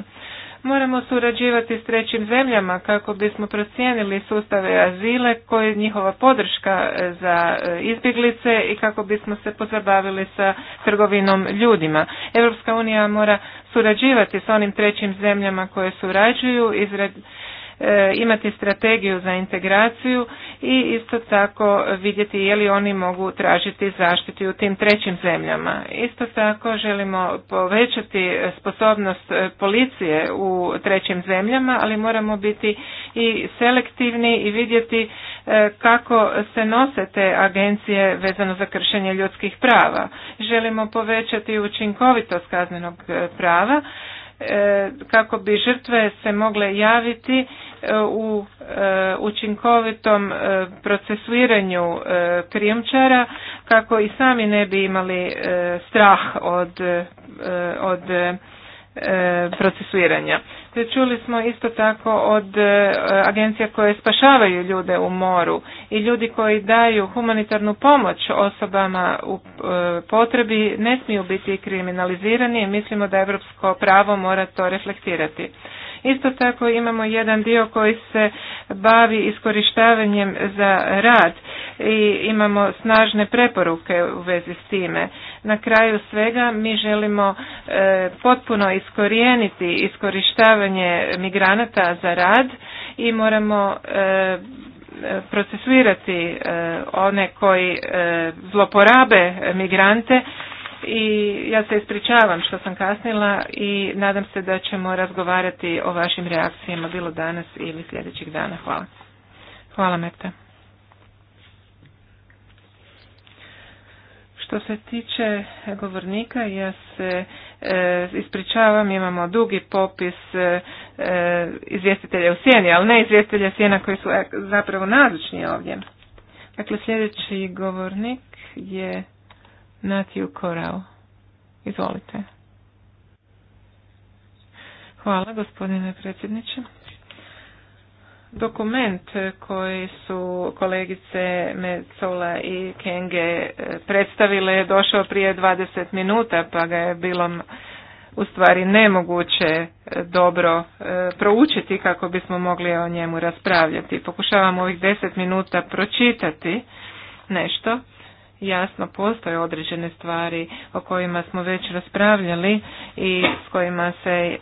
Moramo surađivati s trećim zemljama kako bismo procijenili sustave azile koje je njihova podrška e, za izbjeglice i kako bismo se pozabavili sa trgovinom ljudima. Europska unija mora surađivati s onim trećim zemljama koje surađuju, izrađuju E, imati strategiju za integraciju i isto tako vidjeti je li oni mogu tražiti zaštitu u tim trećim zemljama. Isto tako želimo povećati sposobnost e, policije u trećim zemljama, ali moramo biti i selektivni i vidjeti e, kako se nose te agencije vezano za kršenje ljudskih prava. Želimo povećati učinkovitost kaznenog prava, E, kako bi žrtve se mogle javiti e, u e, učinkovitom procesuiranju krijumčara kako i sami ne bi imali strah od, od procesuiranja. Dakle, čuli smo isto tako od e, agencija koje spašavaju ljude u moru i ljudi koji daju humanitarnu pomoć osobama u e, potrebi ne smiju biti kriminalizirani i mislimo da europsko pravo mora to reflektirati. Isto tako imamo jedan dio koji se bavi iskorištavanjem za rad i imamo snažne preporuke u vezi s time. Na kraju svega mi želimo e, potpuno iskorijeniti iskorištavanje migranata za rad i moramo e, procesuirati e, one koji zloporabe migrante i ja se ispričavam što sam kasnila i nadam se da ćemo razgovarati o vašim reakcijama bilo danas ili sljedećih dana. Hvala. Hvala Meta. Što se tiče govornika, ja se e, ispričavam, imamo dugi popis e, e, izvjestitelja u sjeni, ali ne izvjestitelja sjena koji su zapravo nazočni ovdje. Dakle, sljedeći govornik je Natiju Korao. Izvolite. Hvala gospodine predsjedniče. Dokument koji su kolegice Metzola i Kenge eh, predstavile je došao prije 20 minuta pa ga je bilo u stvari nemoguće eh, dobro eh, proučiti kako bismo mogli o njemu raspravljati. Pokušavam ovih deset minuta pročitati nešto jasno postoje određene stvari o kojima smo već raspravljali i s kojima se e,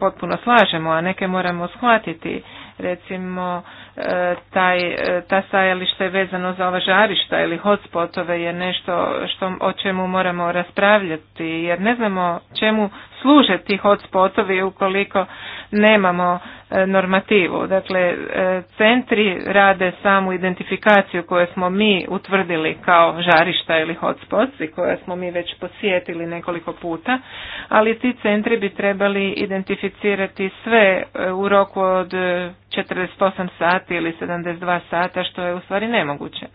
potpuno slažemo, a neke moramo shvatiti. Recimo, e, taj, e, ta stajalište vezano za ova žarišta ili hotspotove je nešto što, o čemu moramo raspravljati, jer ne znamo čemu služe ti hotspotovi ukoliko nemamo E, normativu. Dakle, e, centri rade samu identifikaciju koju smo mi utvrdili kao žarišta ili hotspots i koje smo mi već posjetili nekoliko puta, ali ti centri bi trebali identificirati sve e, u roku od 48 sati ili 72 sata, što je u stvari nemoguće.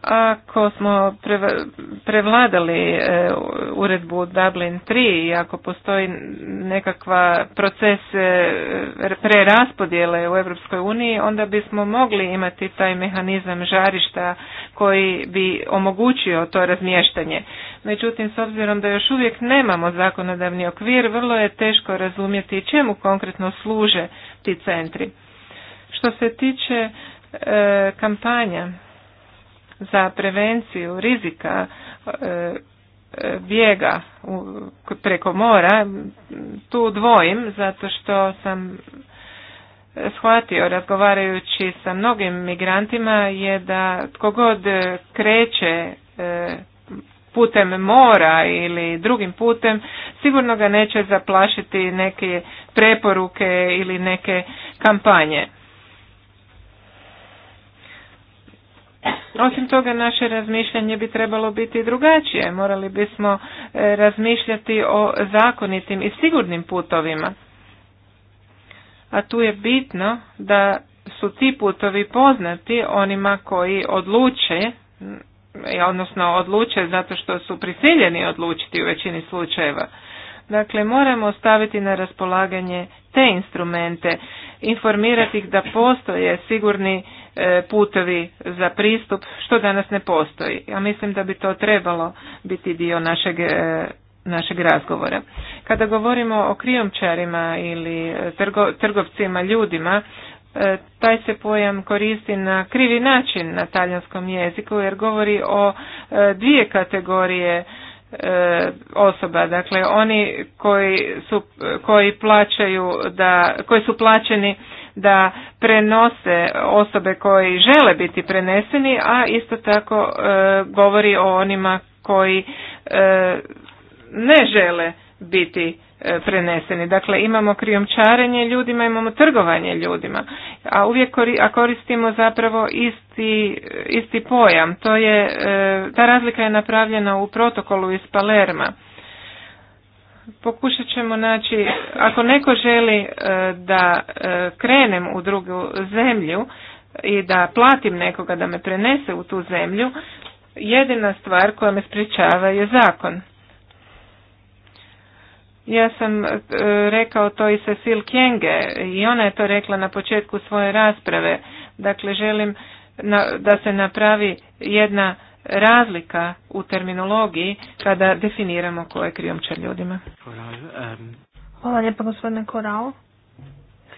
ako smo prevladali e, uredbu Dublin 3 i ako postoji nekakva proces e, preraspodjele u Europskoj uniji, onda bismo mogli imati taj mehanizam žarišta koji bi omogućio to razmještanje. Međutim, s obzirom da još uvijek nemamo zakonodavni okvir, vrlo je teško razumjeti čemu konkretno služe ti centri. Što se tiče e, kampanja za prevenciju rizika e, e, bijega preko mora, tu dvojim zato što sam shvatio razgovarajući sa mnogim migrantima je da tko god kreće e, putem mora ili drugim putem sigurno ga neće zaplašiti neke preporuke ili neke kampanje. Osim toga, naše razmišljanje bi trebalo biti drugačije. Morali bismo e, razmišljati o zakonitim i sigurnim putovima. A tu je bitno da su ti putovi poznati onima koji odluče, e, odnosno odluče zato što su prisiljeni odlučiti u većini slučajeva. Dakle, moramo staviti na raspolaganje te instrumente, informirati ih da postoje sigurni e, putovi za pristup, što danas ne postoji. Ja mislim da bi to trebalo biti dio našeg e, našeg razgovora. Kada govorimo o krijomčarima ili e, trgovcima ljudima, taj se pojam koristi na krivi način na talijanskom jeziku jer govori o dvije kategorije E, osoba. Dakle, oni koji su, koji plaćaju da, koji su plaćeni da prenose osobe koji žele biti preneseni, a isto tako e, govori o onima koji e, ne žele biti E, preneseni. Dakle, imamo krijomčarenje ljudima, imamo trgovanje ljudima, a uvijek koristimo zapravo isti, isti pojam. To je, e, ta razlika je napravljena u protokolu iz Palerma. Pokušat ćemo naći, ako neko želi e, da krenem u drugu zemlju i da platim nekoga da me prenese u tu zemlju, jedina stvar koja me sprječava je zakon. Ja sam e, rekao to i Cecil Kjenge i ona je to rekla na početku svoje rasprave. Dakle, želim da se napravi jedna razlika u terminologiji kada definiramo ko je krijomčar ljudima. Hvala lijepa gospodine Korao.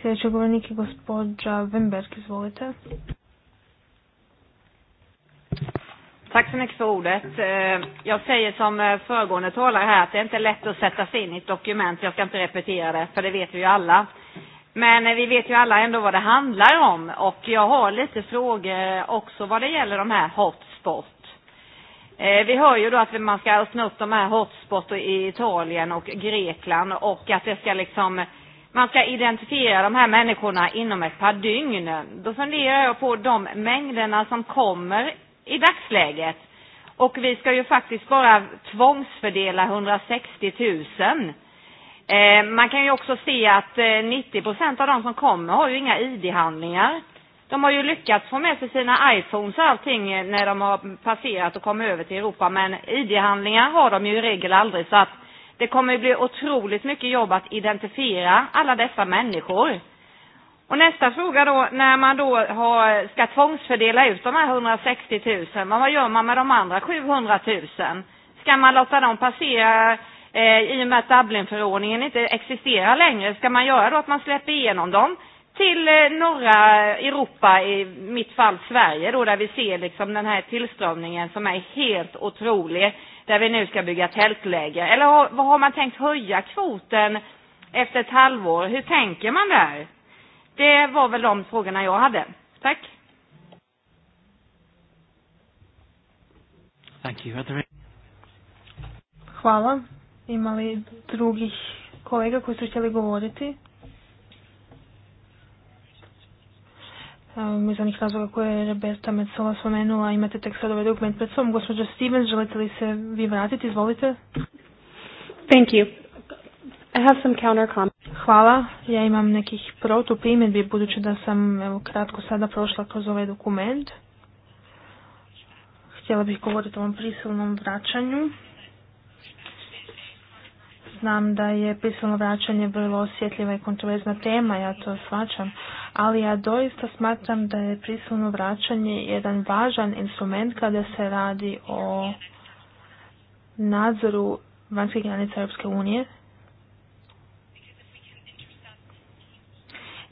Sljedeći govornik je gospođa Wimberg, izvolite. Tack så mycket för ordet. Eh, jag säger som eh, föregående talare här att det är inte lätt att sätta sig in i ett dokument. Jag ska inte repetera det, för det vet vi ju alla. Men eh, vi vet ju alla ändå vad det handlar om. Och jag har lite frågor också vad det gäller de här hotspot. Vi hör ju då att man ska öppna upp de här hotspot i Italien och Grekland och att det ska liksom man ska identifiera de här människorna inom ett par dygn. Då funderar jag på de mängderna som kommer i dagsläget. Och vi ska ju faktiskt bara tvångsfördela 160 000. Eh, man kan ju också se att 90 eh, procent av de som kommer har ju inga ID-handlingar. De har ju lyckats få med sig sina iPhones och allting eh, när de har passerat och kommit över till Europa. Men ID-handlingar har de ju i regel aldrig. Så att det kommer ju bli otroligt mycket jobb att identifiera alla dessa människor. Och nästa fråga då, när man då har, ska tvångsfördela ut de här 160 000, vad gör man med de andra 700 000? Ska man låta dem passera eh, i och med att Dublinförordningen inte existerar längre? Ska man göra då att man släpper igenom dem till eh, norra Europa, i mitt fall Sverige då, där vi ser liksom den här tillströmningen som är helt otrolig, där vi nu ska bygga tältläger? Eller vad har man tänkt höja kvoten efter ett halvår? Hur tänker man där? Det var väl de frågorna jag hade. Tack. Thank you. There... Hvala. Ima li drugih kolega koji su htjeli govoriti? Um, iz onih razloga koje je Roberta Metzola spomenula, imate tek sad ovaj dokument pred sobom. Gospođa Stevens, želite li se vi vratiti? Izvolite. Thank you. I have some counter Hvala. Ja imam nekih protu primjedbi budući da sam evo, kratko sada prošla kroz ovaj dokument. Htjela bih govoriti o ovom prisilnom vraćanju. Znam da je prisilno vraćanje vrlo osjetljiva i kontroverzna tema, ja to svačam, ali ja doista smatram da je prisilno vraćanje jedan važan instrument kada se radi o nadzoru vanjskih granica Europske unije,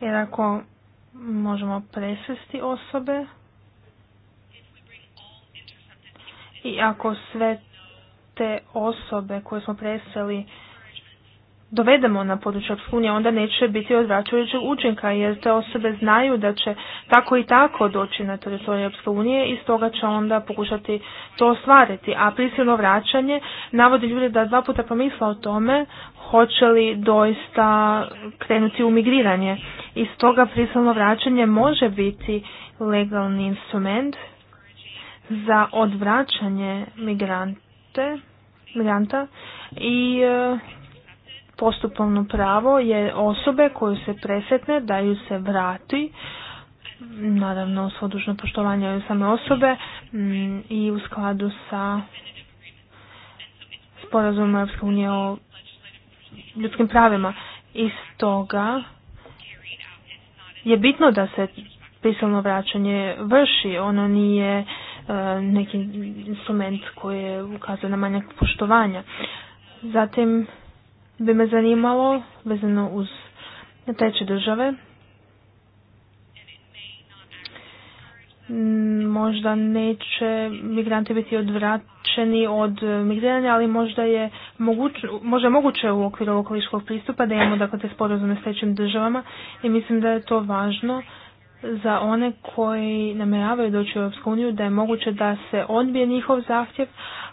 Jer ako možemo presvesti osobe i ako sve te osobe koje smo presveli dovedemo na područje Europske onda neće biti odvraćajućeg učinka jer te osobe znaju da će tako i tako doći na teritoriju Europske unije i stoga će onda pokušati to ostvariti. A prisilno vraćanje navodi ljude da dva puta pomisla o tome hoće li doista krenuti u migriranje. I stoga prisilno vraćanje može biti legalni instrument za odvraćanje migrante, migranta i e, postupovno pravo je osobe koju se presetne da ju se vrati naravno svo dužno poštovanje same osobe mm, i u skladu sa sporazumom Europske unije o ljudskim pravima. Iz toga je bitno da se prisilno vraćanje vrši. Ono nije e, neki instrument koji ukazuje na manjak poštovanja. Zatim bi me zanimalo vezano uz treće države. Mm, možda neće migranti biti odvraćeni od e, migriranja, ali možda je moguće, možda je moguće u okviru okoliškog pristupa da imamo dakle, te sporazume s trećim državama i mislim da je to važno za one koji namjeravaju doći u Europsku uniju da je moguće da se odbije njihov zahtjev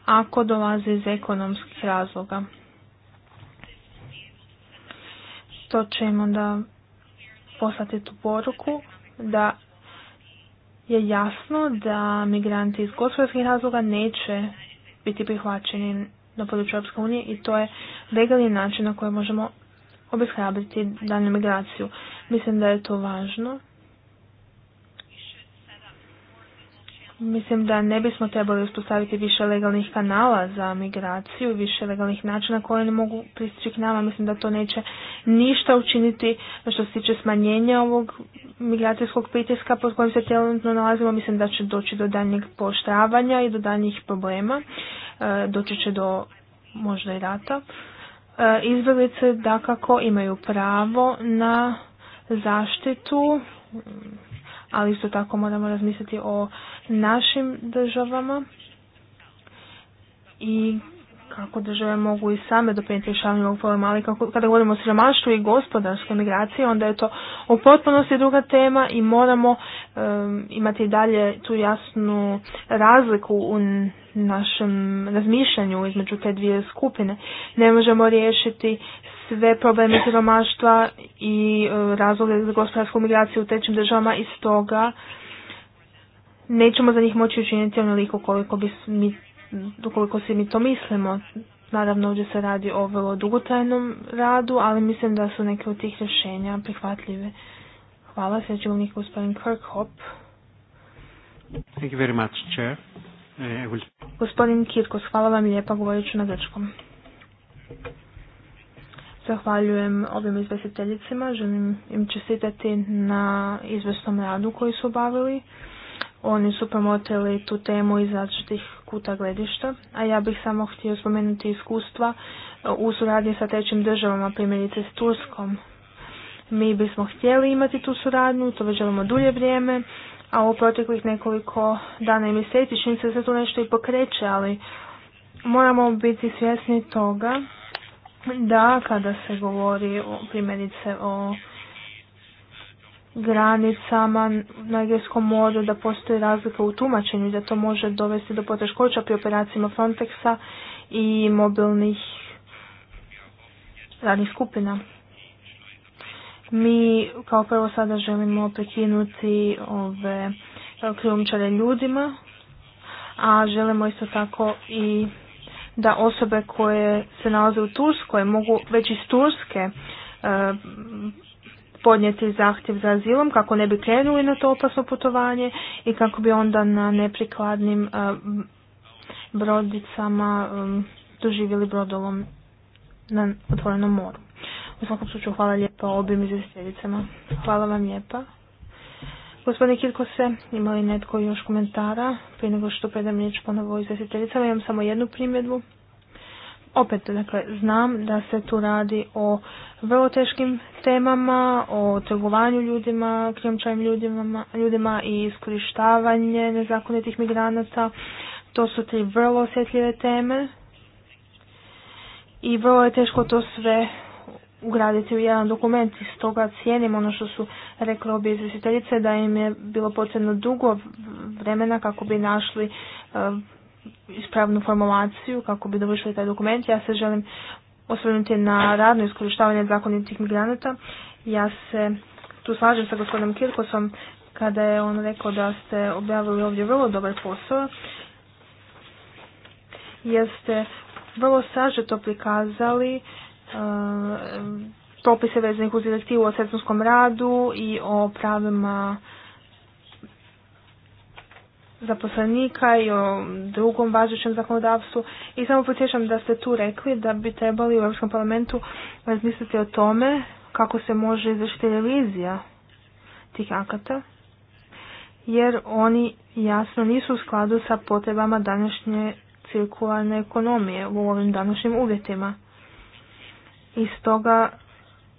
ako dolaze iz ekonomskih razloga. To će im onda poslati tu poruku da je jasno da migranti iz gospodarskih razloga neće biti prihvaćeni na području Europske unije i to je legalni način na koji možemo obeshrabriti daljnju migraciju. Mislim da je to važno Mislim da ne bismo trebali uspostaviti više legalnih kanala za migraciju, više legalnih načina koje ne mogu pristići k nama. Mislim da to neće ništa učiniti što se tiče smanjenja ovog migracijskog pritiska pod kojim se trenutno nalazimo. Mislim da će doći do daljnjeg poštravanja i do daljnjih problema. E, doći će do možda i rata. E, izbjeglice dakako imaju pravo na zaštitu ali isto tako moramo razmisliti o našim državama i kako države mogu i same doprinijeti rješavanju ovog problema, ali kako, kada govorimo o siromaštvu i gospodarskoj migraciji, onda je to u potpunosti druga tema i moramo imati dalje tu jasnu razliku u našem razmišljanju između te dvije skupine. Ne možemo riješiti sve probleme siromaštva i e, razloge za gospodarsku migraciju u trećim državama i stoga nećemo za njih moći učiniti onoliko koliko, bi mi, koliko si mi to mislimo. Naravno ovdje se radi o vrlo dugotrajnom radu, ali mislim da su neke od tih rješenja prihvatljive. Hvala, sljedeći govornik gospodin Thank you very much, chair. Eh, gospodin Kirkos, hvala vam lijepa, govorit ću na grčkom. Zahvaljujem ovim izvjestiteljicima, želim im čestitati na izvrsnom radu koji su obavili. Oni su promotili tu temu iz različitih kuta gledišta, a ja bih samo htio spomenuti iskustva u suradnji sa trećim državama, primjerice s Turskom. Mi bismo htjeli imati tu suradnju, to već želimo dulje vrijeme, a u proteklih nekoliko dana i mjeseci se se tu nešto i pokreće, ali moramo biti svjesni toga da kada se govori o primjerice o granicama na Egejskom moru, da postoji razlika u tumačenju i da to može dovesti do poteškoća pri operacijama Frontexa i mobilnih radnih skupina. Mi kao prvo sada želimo prekinuti ove e, krijumčare ljudima, a želimo isto tako i da osobe koje se nalaze u Turskoj mogu već iz Turske e, podnijeti zahtjev za azilom kako ne bi krenuli na to opasno putovanje i kako bi onda na neprikladnim e, brodicama doživjeli brodolom na otvorenom moru. U svakom slučaju hvala lijepa obim izvjestiteljicama. Hvala vam lijepa. Gospodine Kirkose, ima li netko još komentara? Prije nego što predam riječ ponovo izvjestiteljicama, imam samo jednu primjedbu. Opet, dakle, znam da se tu radi o vrlo teškim temama, o trgovanju ljudima, krijomčajim ljudima, ljudima i iskorištavanje nezakonitih migranata. To su tri vrlo osjetljive teme i vrlo je teško to sve ugraditi u jedan dokument i stoga cijenim ono što su rekli obje da im je bilo potrebno dugo vremena kako bi našli e, ispravnu formulaciju, kako bi dovršili taj dokument. Ja se želim osvrnuti na radno iskorištavanje zakonitih migranata. Ja se tu slažem sa gospodinom Kirkosom kada je on rekao da ste objavili ovdje vrlo dobar posao. Jeste vrlo sažeto prikazali E, propise vezanih uz direktivu o sezonskom radu i o pravima zaposlenika i o drugom važećem zakonodavstvu. I samo podsjećam da ste tu rekli da bi trebali u Europskom parlamentu razmisliti o tome kako se može izvršiti revizija tih akata, jer oni jasno nisu u skladu sa potrebama današnje cirkularne ekonomije u ovim današnjim uvjetima i stoga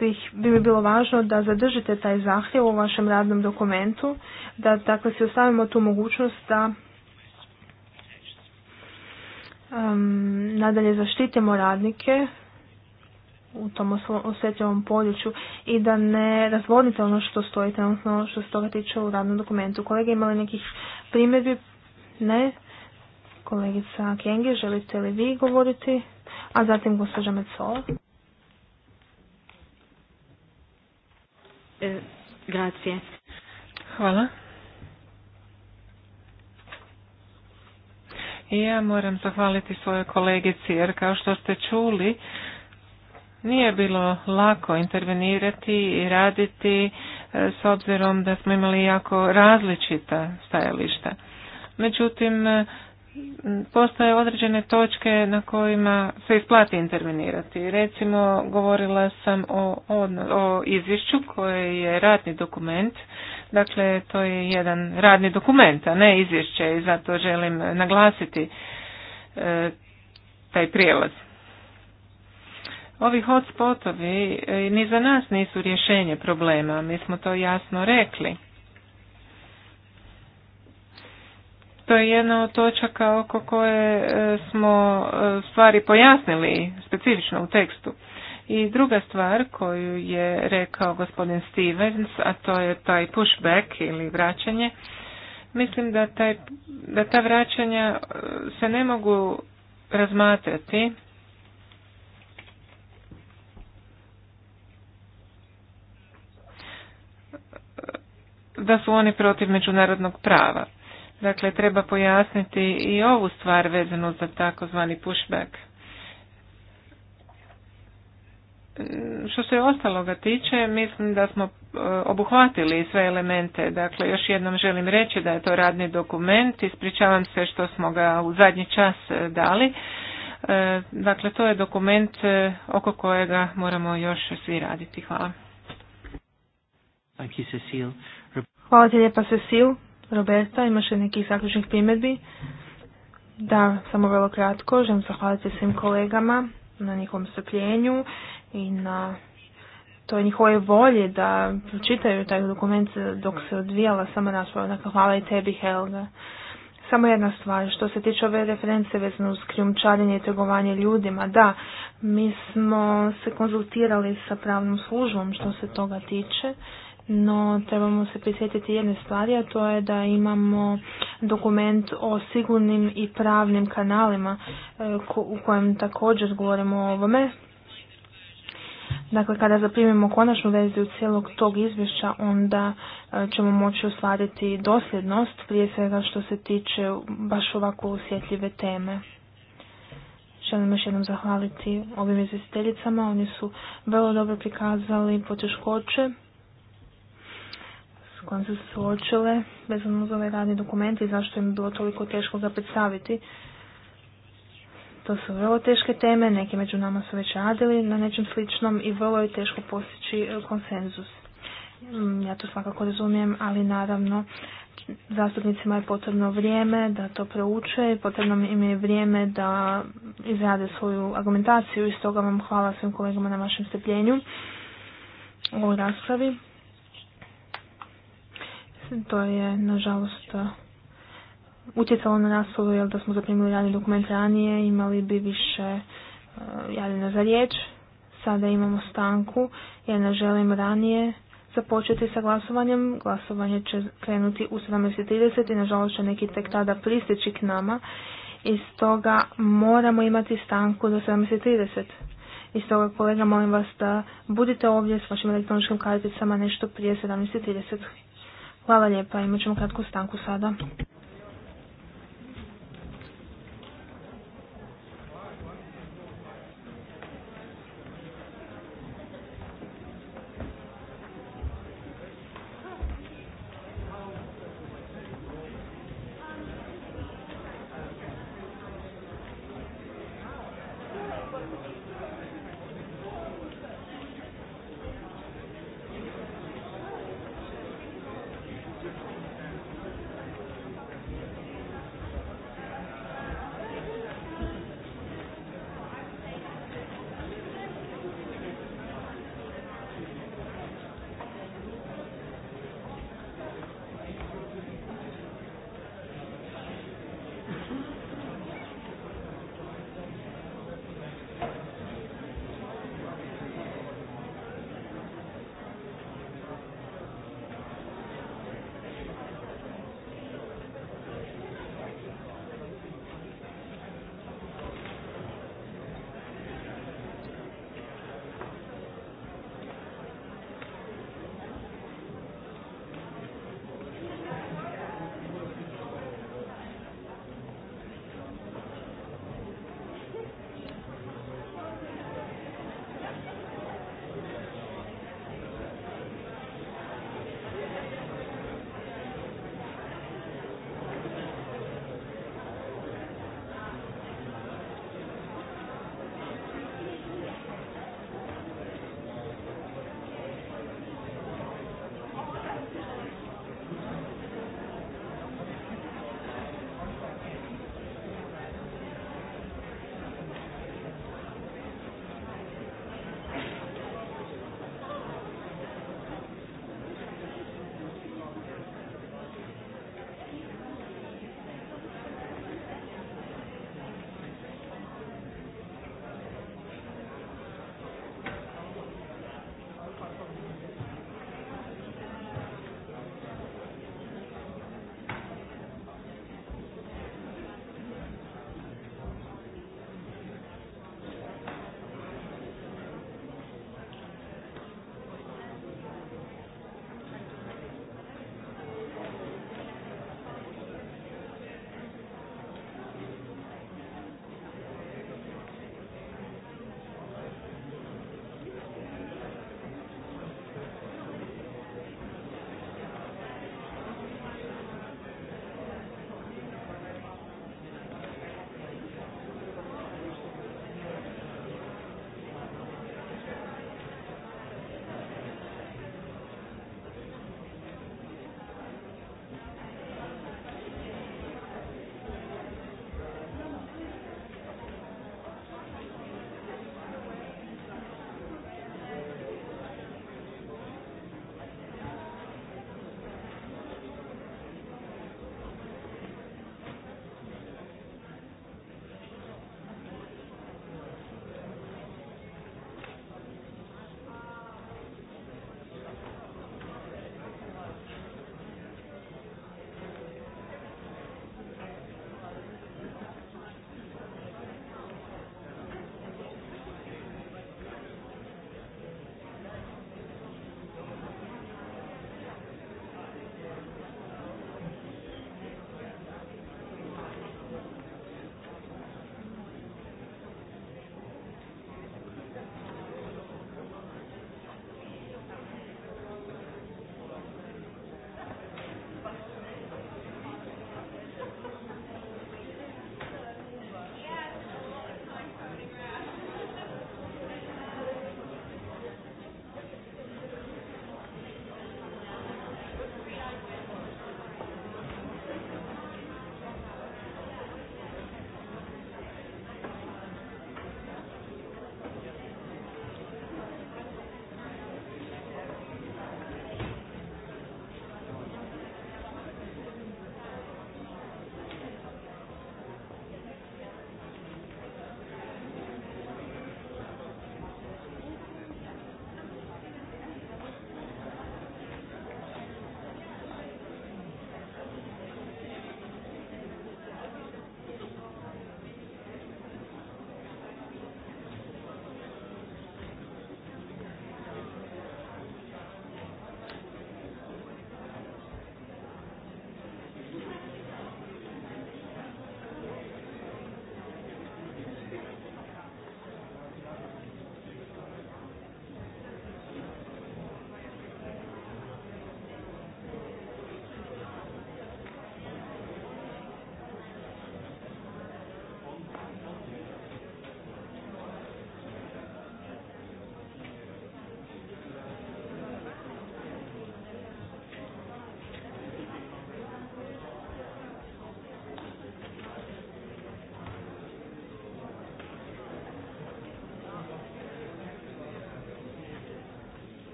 bih, bi mi bilo važno da zadržite taj zahtjev u vašem radnom dokumentu, da dakle si ostavimo tu mogućnost da um, nadalje zaštitimo radnike u tom osjetljivom području i da ne razvodite ono što stoji trenutno što se toga tiče u radnom dokumentu. Kolege, imali nekih primjedbi? Ne. Kolegica Kenge, želite li vi govoriti? A zatim gospođa Mecola. E, grazie. Hvala. I ja moram zahvaliti svojoj kolegici jer kao što ste čuli nije bilo lako intervenirati i raditi e, s obzirom da smo imali jako različita stajališta. Međutim, postoje određene točke na kojima se isplati intervenirati. Recimo, govorila sam o, o izvješću koje je radni dokument, dakle to je jedan radni dokument, a ne izvješće i zato želim naglasiti e, taj prijelaz. Ovi hotspotovi e, ni za nas nisu rješenje problema, mi smo to jasno rekli. To je jedna od točaka oko koje e, smo e, stvari pojasnili specifično u tekstu. I druga stvar koju je rekao gospodin Stevens, a to je taj pushback ili vraćanje, mislim da, taj, da ta vraćanja e, se ne mogu razmatrati da su oni protiv međunarodnog prava. Dakle, treba pojasniti i ovu stvar vezanu za takozvani pushback. Što se ostaloga tiče, mislim da smo e, obuhvatili sve elemente. Dakle, još jednom želim reći da je to radni dokument. Ispričavam se što smo ga u zadnji čas e, dali. E, dakle, to je dokument oko kojega moramo još svi raditi. Hvala. Hvala ti lijepa, Cecil. Roberta, imaš li nekih zaključnih primjedbi? Da, samo vrlo kratko. Želim zahvaliti svim kolegama na njihovom strpljenju i na to je njihove volje da pročitaju taj dokument dok se odvijala samo rasprava. Dakle, hvala i tebi, Helga. Samo jedna stvar, što se tiče ove reference vezano uz krijumčarenje i trgovanje ljudima, da, mi smo se konzultirali sa pravnom službom što se toga tiče no trebamo se prisjetiti jedne stvari, a to je da imamo dokument o sigurnim i pravnim kanalima e, u kojem također govorimo o ovome. Dakle, kada zaprimimo konačnu verziju cijelog tog izvješća, onda e, ćemo moći ostvariti dosljednost, prije svega što se tiče baš ovako osjetljive teme. Želim još jednom zahvaliti ovim izvjestiteljicama, oni su vrlo dobro prikazali poteškoće kojom su se suočile vezano za ovaj radni i zašto im je bilo toliko teško ga predstaviti. To su vrlo teške teme, neki među nama su već radili na nečem sličnom i vrlo je teško postići e, konsenzus. Mm, ja to svakako razumijem, ali naravno zastupnicima je potrebno vrijeme da to preuče i potrebno im je vrijeme da izrade svoju argumentaciju i stoga vam hvala svim kolegama na vašem strpljenju u ovoj raspravi. To je, nažalost, utjecalo na raspravu, jer da smo zaprimili radni dokument ranije, imali bi više javljena za riječ. Sada imamo stanku, jer ne želim ranije započeti sa glasovanjem. Glasovanje će krenuti u 17.30 i nažalost će neki tek tada pristići k nama. I stoga moramo imati stanku do 17.30. I stoga kolega molim vas da budite ovdje s vašim elektroničkim karticama nešto prije 17.30. Hvala lijepa, imat ćemo kratku stanku sada.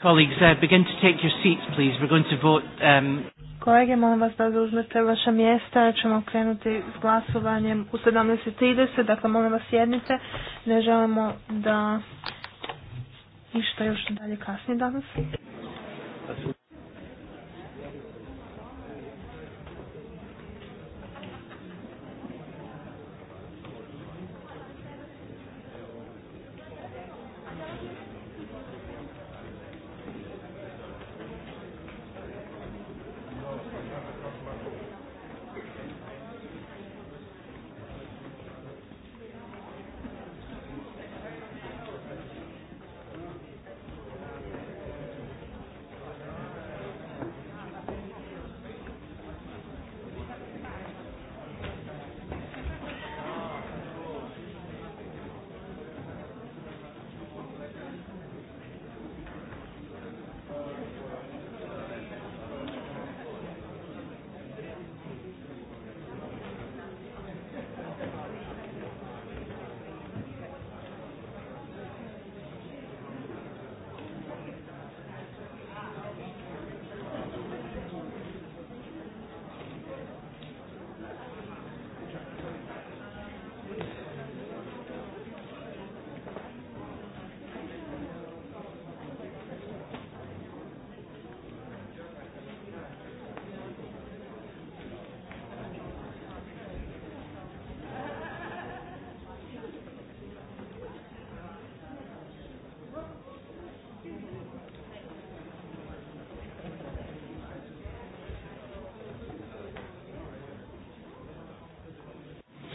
Colleagues, uh, begin to take your seats, please. We're going to vote. Um... Kolege, molim vas da zauzmete vaša mjesta, ćemo krenuti s glasovanjem u 17.30, dakle molim vas sjednite, ne želimo da ništa još dalje kasnije danas.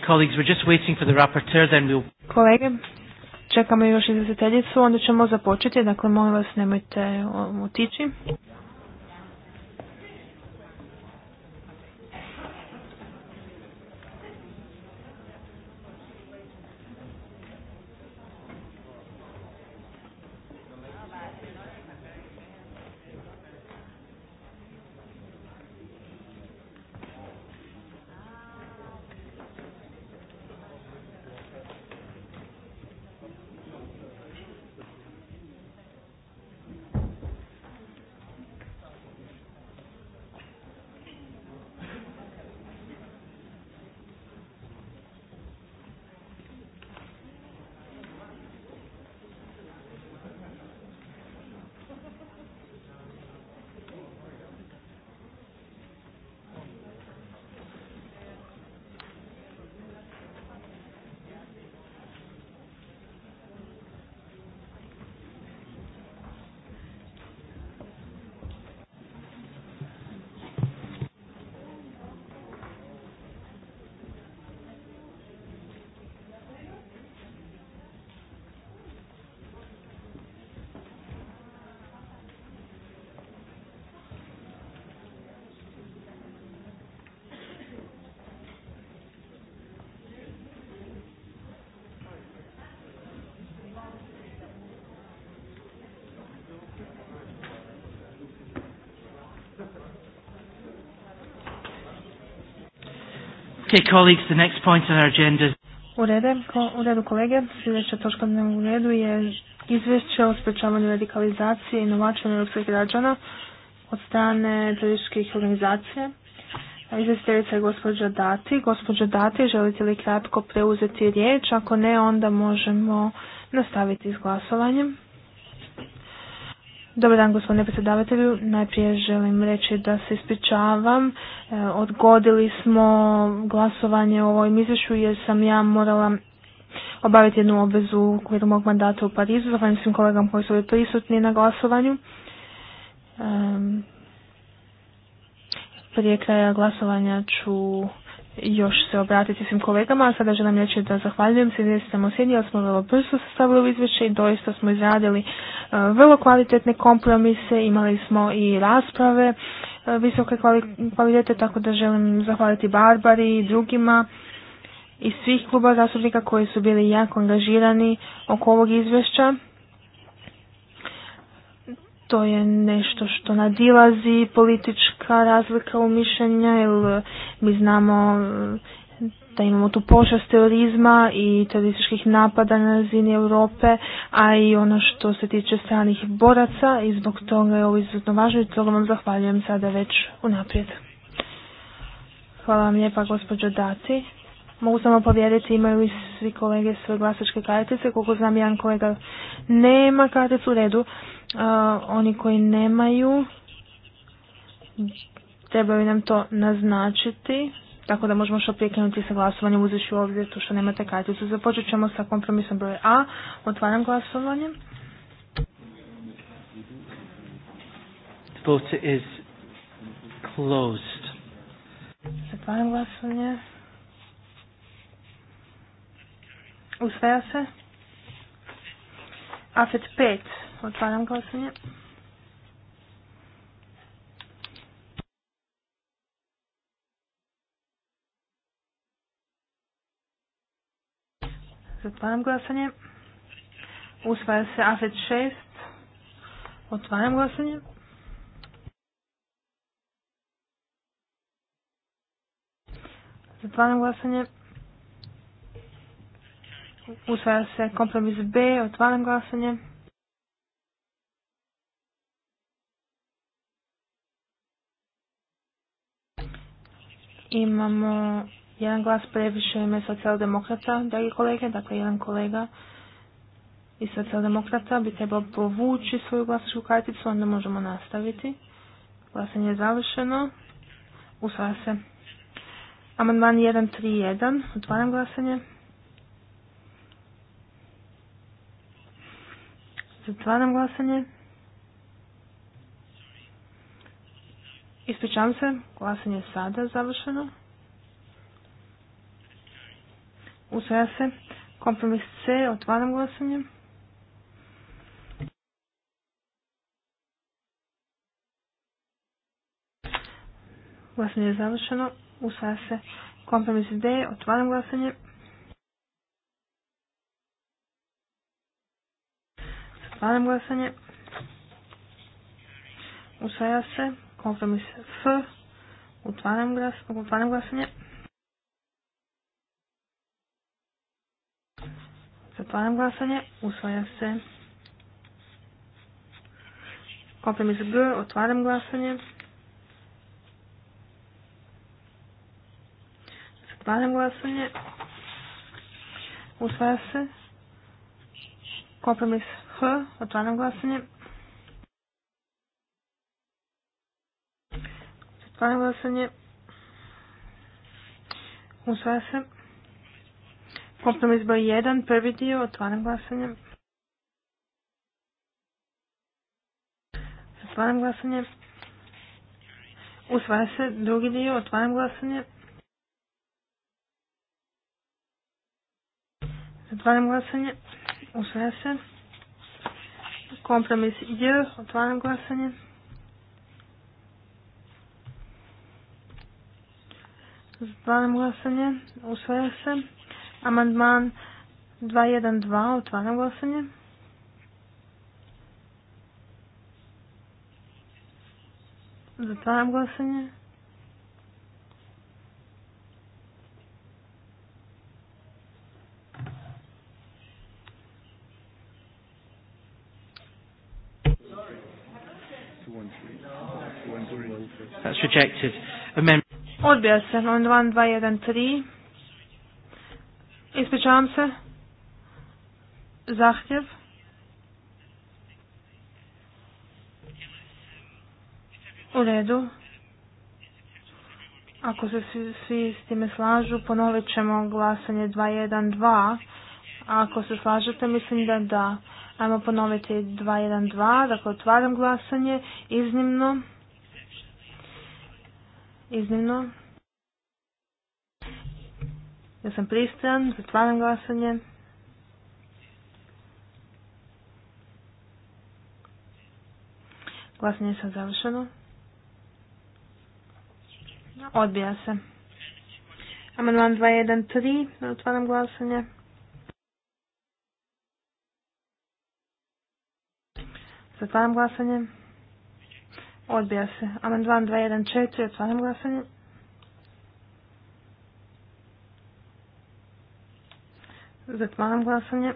Colleagues, we're just waiting for the rapporteur, then we'll... Kolege, čekamo još izvjestiteljicu, onda ćemo započeti, dakle molim vas nemojte um, otići. Okay, colleagues, the next point on our agenda U, redu kolege, sljedeća točka u redu je izvješće o sprečavanju radikalizacije i inovačenju europskih građana od strane tradičkih organizacija. Izvjestiteljica je gospođa Dati. Gospođa Dati, želite li kratko preuzeti riječ? Ako ne, onda možemo nastaviti s glasovanjem. Dobar dan, gospodine predsjedavatelju. Najprije želim reći da se ispričavam E, odgodili smo glasovanje o ovom izvješću jer sam ja morala obaviti jednu obvezu u okviru mog mandata u Parizu. Zahvaljujem svim kolegama koji su ovdje prisutni na glasovanju. E, prije kraja glasovanja ću još se obratiti svim kolegama, a sada želim reći da zahvaljujem se gdje jer smo vrlo brzo sastavili izvješće i doista smo izradili e, vrlo kvalitetne kompromise, imali smo i rasprave visoke kvalitete, tako da želim zahvaliti Barbari i drugima iz svih kluba zastupnika koji su bili jako angažirani oko ovog izvješća. To je nešto što nadilazi politička razlika u mišljenja, jer mi znamo da imamo tu pošast terorizma i terorističkih napada na razini Europe, a i ono što se tiče stranih boraca i zbog toga je ovo izuzetno važno i toga vam zahvaljujem sada već unaprijed. Hvala vam lijepa gospođo Dati. Mogu samo povjeriti imaju li svi kolege svoje glasačke kartice. Koliko znam, jedan kolega nema karticu u redu. oni koji nemaju trebaju nam to naznačiti tako da možemo što prije sa glasovanjem, uzeći u obzir to što nemate karticu. Započet ćemo sa kompromisom broj A. Otvaram glasovanje. Vote is closed. Zatvaram glasovanje. Usvaja se. AFET 5. Otvaram glasovanje. Zatvaram glasanje. Usvaja se AFET 6. Otvaram glasanje. Zatvaram glasanje. Usvaja se kompromis B. Otvaram glasanje. Imamo jedan glas previše ime socijaldemokrata, dragi kolege, dakle jedan kolega iz socijaldemokrata bi trebao povući svoju glasačku karticu, onda možemo nastaviti. Glasanje je završeno. Usvaja se. Amandman 1.3.1. Otvaram glasanje. Zatvaram glasanje. Ispričavam se, glasanje je sada završeno. Usvaja se. Kompromis C. Otvaram glasanje. Glasanje je završeno. Usvaja se. Kompromis D. Otvaram glasanje. Otvaram glasanje. Usvaja se. Kompromis F. Otvaram glas, glasanje. Zatvaram glasanje. Usvaja se. Kompromis G. Otvaram glasanje. Zatvaram glasanje. Usvaja se. Kompromis H. Otvaram glasanje. Zatvaram glasanje. Usvaja se. Kompromis broj 1, prvi dio, otvaram glasanje. Otvaram glasanje. Usvaja se drugi dio, otvaram glasanje. Otvaram glasanje. Usvaja se. Kompromis J. Otvaram glasanje. Zatvaram glasanje. Usvaja se. Amandman 212, otvara glasanje. Zatvaram glasanje. That's rejected. Odbija se amandman 213. Ispričavam se. Zahtjev. U redu. Ako se svi, s time slažu, ponovit ćemo glasanje 212. Ako se slažete, mislim da da. Ajmo ponoviti 212, dakle otvaram glasanje, iznimno, iznimno, ja sam pristran, zatvaram glasanje. Glasanje je sad završeno. Odbija se. Amandman 213, otvaram glasanje. Zatvaram glasanje. Odbija se. Amandman 214, otvaram glasanje. Zatvaram glasanje.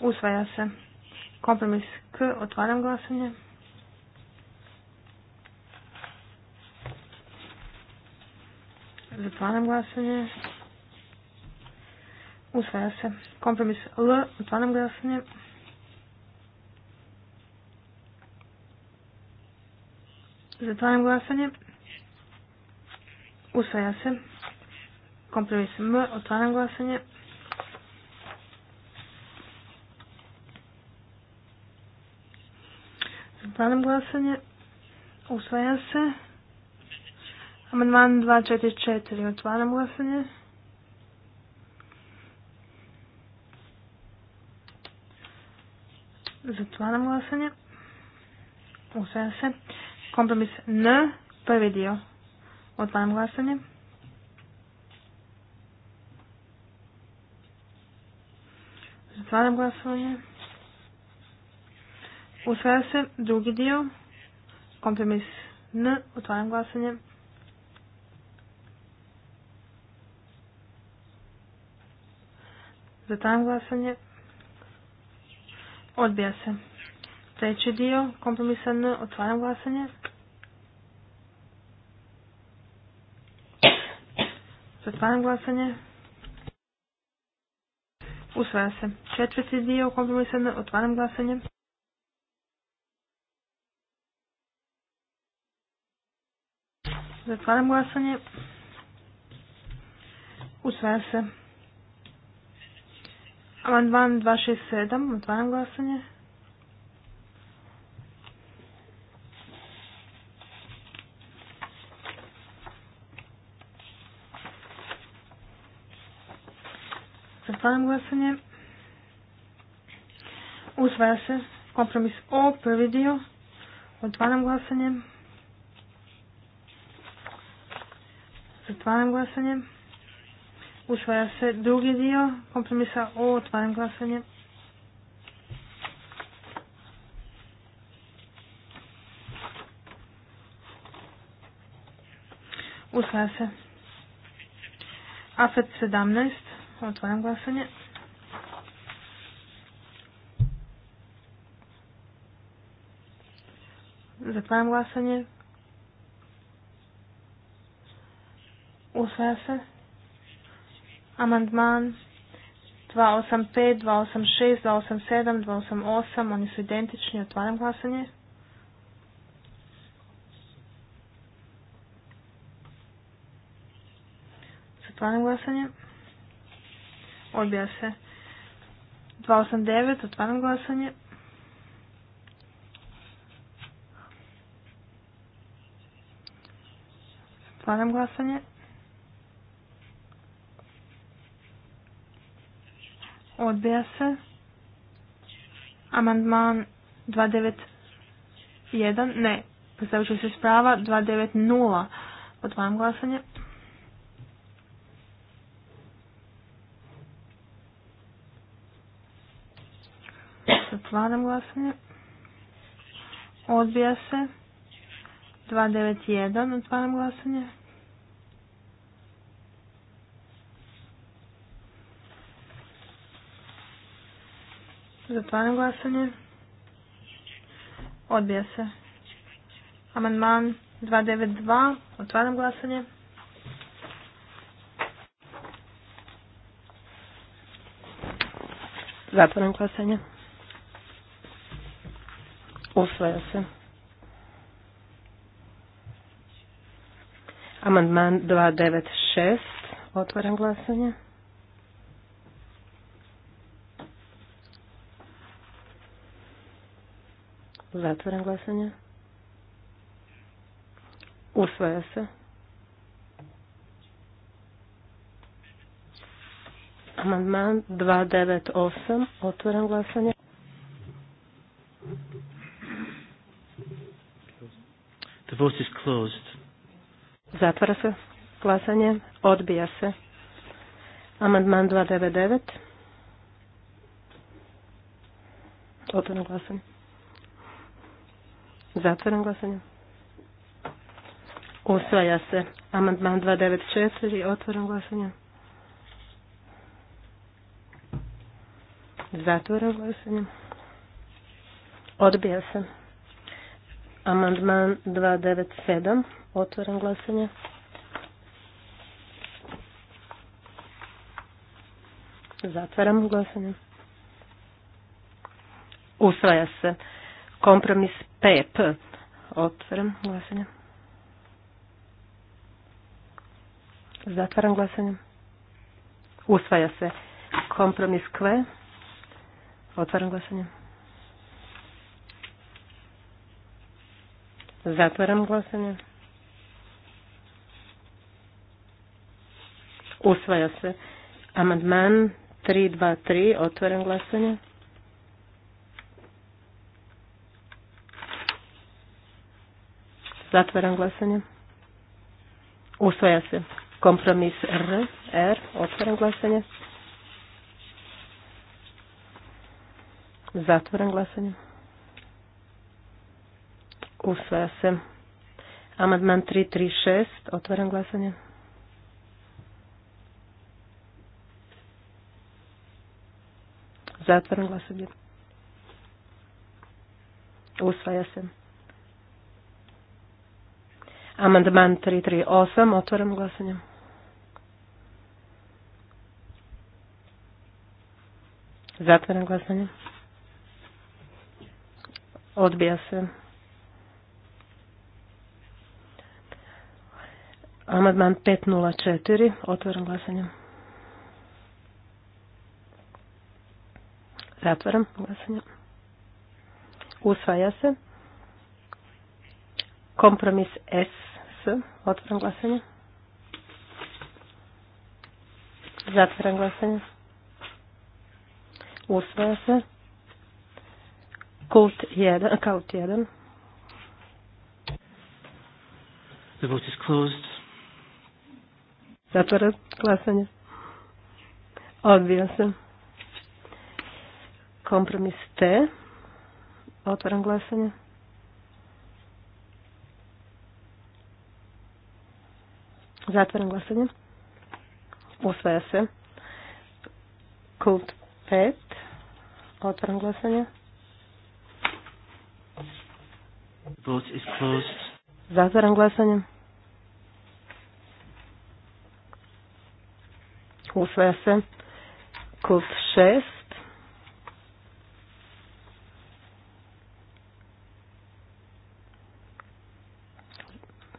Usvaja se. Kompromis K. Otvaram glasanje. Zatvaram glasanje. Usvaja se. Kompromis L. Otvaram glasanje. Zatvaram glasanje. Usvaja se. Kompromis M, otvaram glasanje. Zatvaram glasanje. Usvaja se. Amandman 244. Otvaram glasanje. Zatvaram glasanje. Usvaja se. Kompromis N. Prvi dio. Otvaram glasanje. Otvaram glasovanje. Usvaja se drugi dio. Kompromis N. Otvaram glasanje. Zatvaram glasanje. Odbija se. Treći dio. Kompromisa N. Otvaram glasanje. Zatvaram glasanje. Usvaja se. Četvrti dio kompromisan. Otvaram glasanje. Zatvaram glasanje. Usvaja se. Amandman 267. Otvaram glasanje. Zatvaram glasanje. Usvaja se kompromis O, prvi dio. Otvaram glasanje. Zatvaram glasanje. Usvaja se drugi dio kompromisa O, otvaram glasanje. Usvaja se. AFET 17, Otvaram glasanje. Zatvaram glasanje. Usvaja se. Amandman 285, 286, 287, 288. Oni su identični. Otvaram glasanje. Zatvaram glasanje. Odbija se. 289. Otvaram glasanje. Otvaram glasanje. Odbija se. Amandman 291. Ne. Postavit ću se sprava. 290. Otvaram glasanje. Otvaram glasanje. Odbija se. 291. Otvaram glasanje. Zatvaram glasanje. Odbija se. Amandman 292. Otvaram glasanje. Zatvaram glasanje. Usvaja se. Amandman 296. Otvaram glasanje. Zatvaram glasanje. Usvaja se. Amandman 298. Otvaram glasanje. vote is closed. Zatvara se glasanje. Odbija se. Amandman 299. Otvoreno glasanje. Zatvoreno glasanje. Usvaja se. Amandman 294. Otvoreno glasanje. Zatvoreno glasanje. Odbija se. Amandman 297. Otvoren glasanje. Zatvaram glasanje. Usvaja se. Kompromis PEP. Otvaram glasanje. Zatvaram glasanje. Usvaja se. Kompromis Q. Otvaram glasanje. Zatvaram glasanje. Usvaja se. Amandman 323. Otvaram glasanje. Zatvaram glasanje. Usvaja se. Kompromis R. R. Otvaram glasanje. Zatvaram glasanje. Usvaja se. Amandman 336. Otvaram glasanje. Zatvaram glasanje. Usvaja se. Amandman 338. Otvaram glasanje. Zatvaram glasanje. Odbija se. Amadman 504. Otvaram glasanje. Zatvaram glasanje. Usvaja se. Kompromis S. S. Otvaram glasanje. Zatvaram glasanje. Usvaja se. Kult 1. Kult 1. The vote is closed. Zatvara glasanje. Odbija se. Kompromis T. Otvaram glasanje. Zatvaram glasanje. Usvaja se. Kult 5. Otvaram glasanje. Zatvaram glasanje. usvaja se. Kult 6.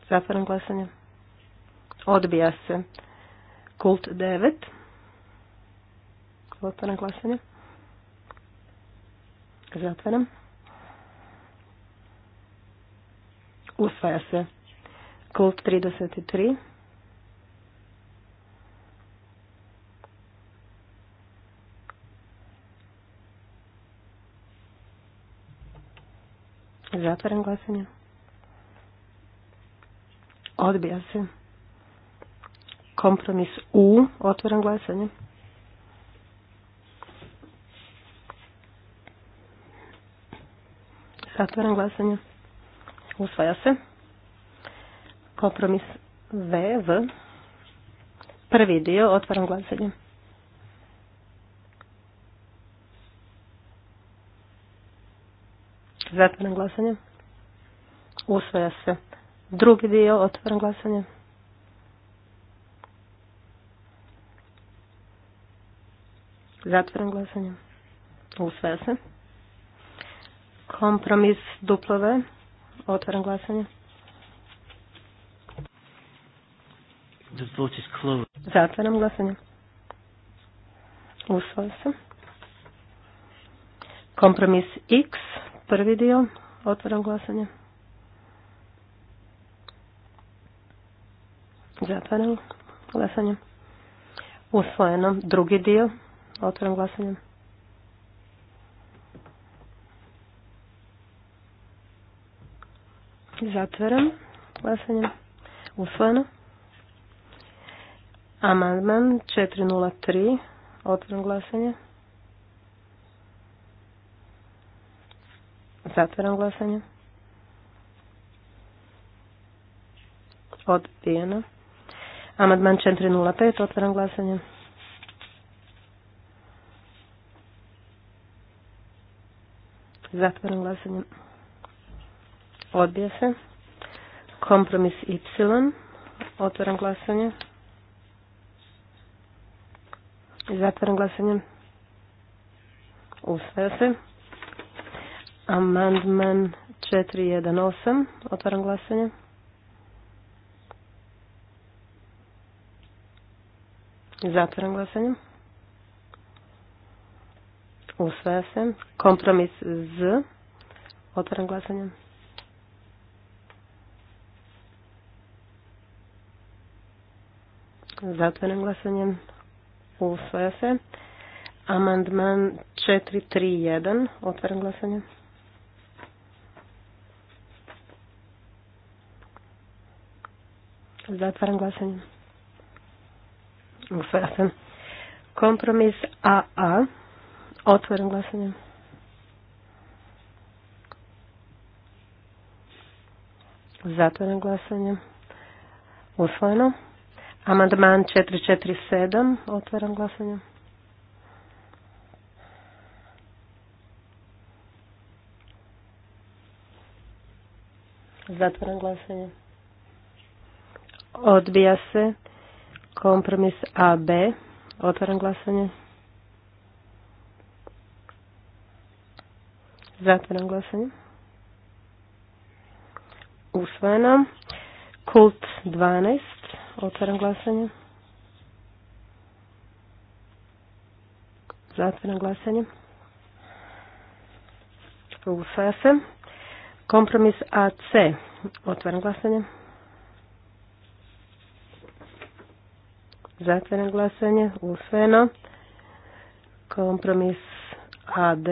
Zatvaram glasanje. Odbija se. Kult 9. Otvaram glasanje. Zatvaram. Usvaja se. Kult 33. Zatvaram glasanje. Odbija se. Kompromis U. Otvaram glasanje. Zatvaram glasanje. Usvaja se. Kompromis V. v. Prvi dio. Otvaram glasanje. Zatvoren glasanje. Usvaja se. Drugi dio, otvoren glasanje. Zatvoren glasanje. Usvaja se. Kompromis duplove. Otvoren glasanje. Zatvoren glasanje. Usvaja se. Kompromis X. Prvi dio. Otvaram glasanje. Zatvaram glasanje. Usvojeno. Drugi dio. Otvaram glasanje. Zatvaram glasanje. Usvojeno. Amandman 403. Otvaram glasanje. Zatvaram glasanje. Odbijeno. Amadman 405. Otvaram glasanje. Zatvaram glasanje. Odbija se. Kompromis Y. Otvaram glasanje. Zatvaram glasanje. Usvaja se. Amandman 418. Otvaram glasanje. Zatvaram glasanje. Usvaja se. Kompromis Z. Otvaram glasanje. Zatvaram glasanje. Usvaja se. Amandman 431. Otvaram glasanje. Zatvaram glasanje. Usvaja sam. Kompromis AA. Otvaram glasanje. Zatvaram glasanje. Usvojeno. Amandman 447. Otvaram glasanje. Zatvaram glasanje. Odbija se. Kompromis AB. Otvaram glasanje. Zatvaram glasanje. Usvojeno. Kult 12. Otvaram glasanje. Zatvaram glasanje. Usvaja se. Kompromis AC. Otvaram glasanje. Zatvaram glasanje. Usvojeno. Kompromis AD.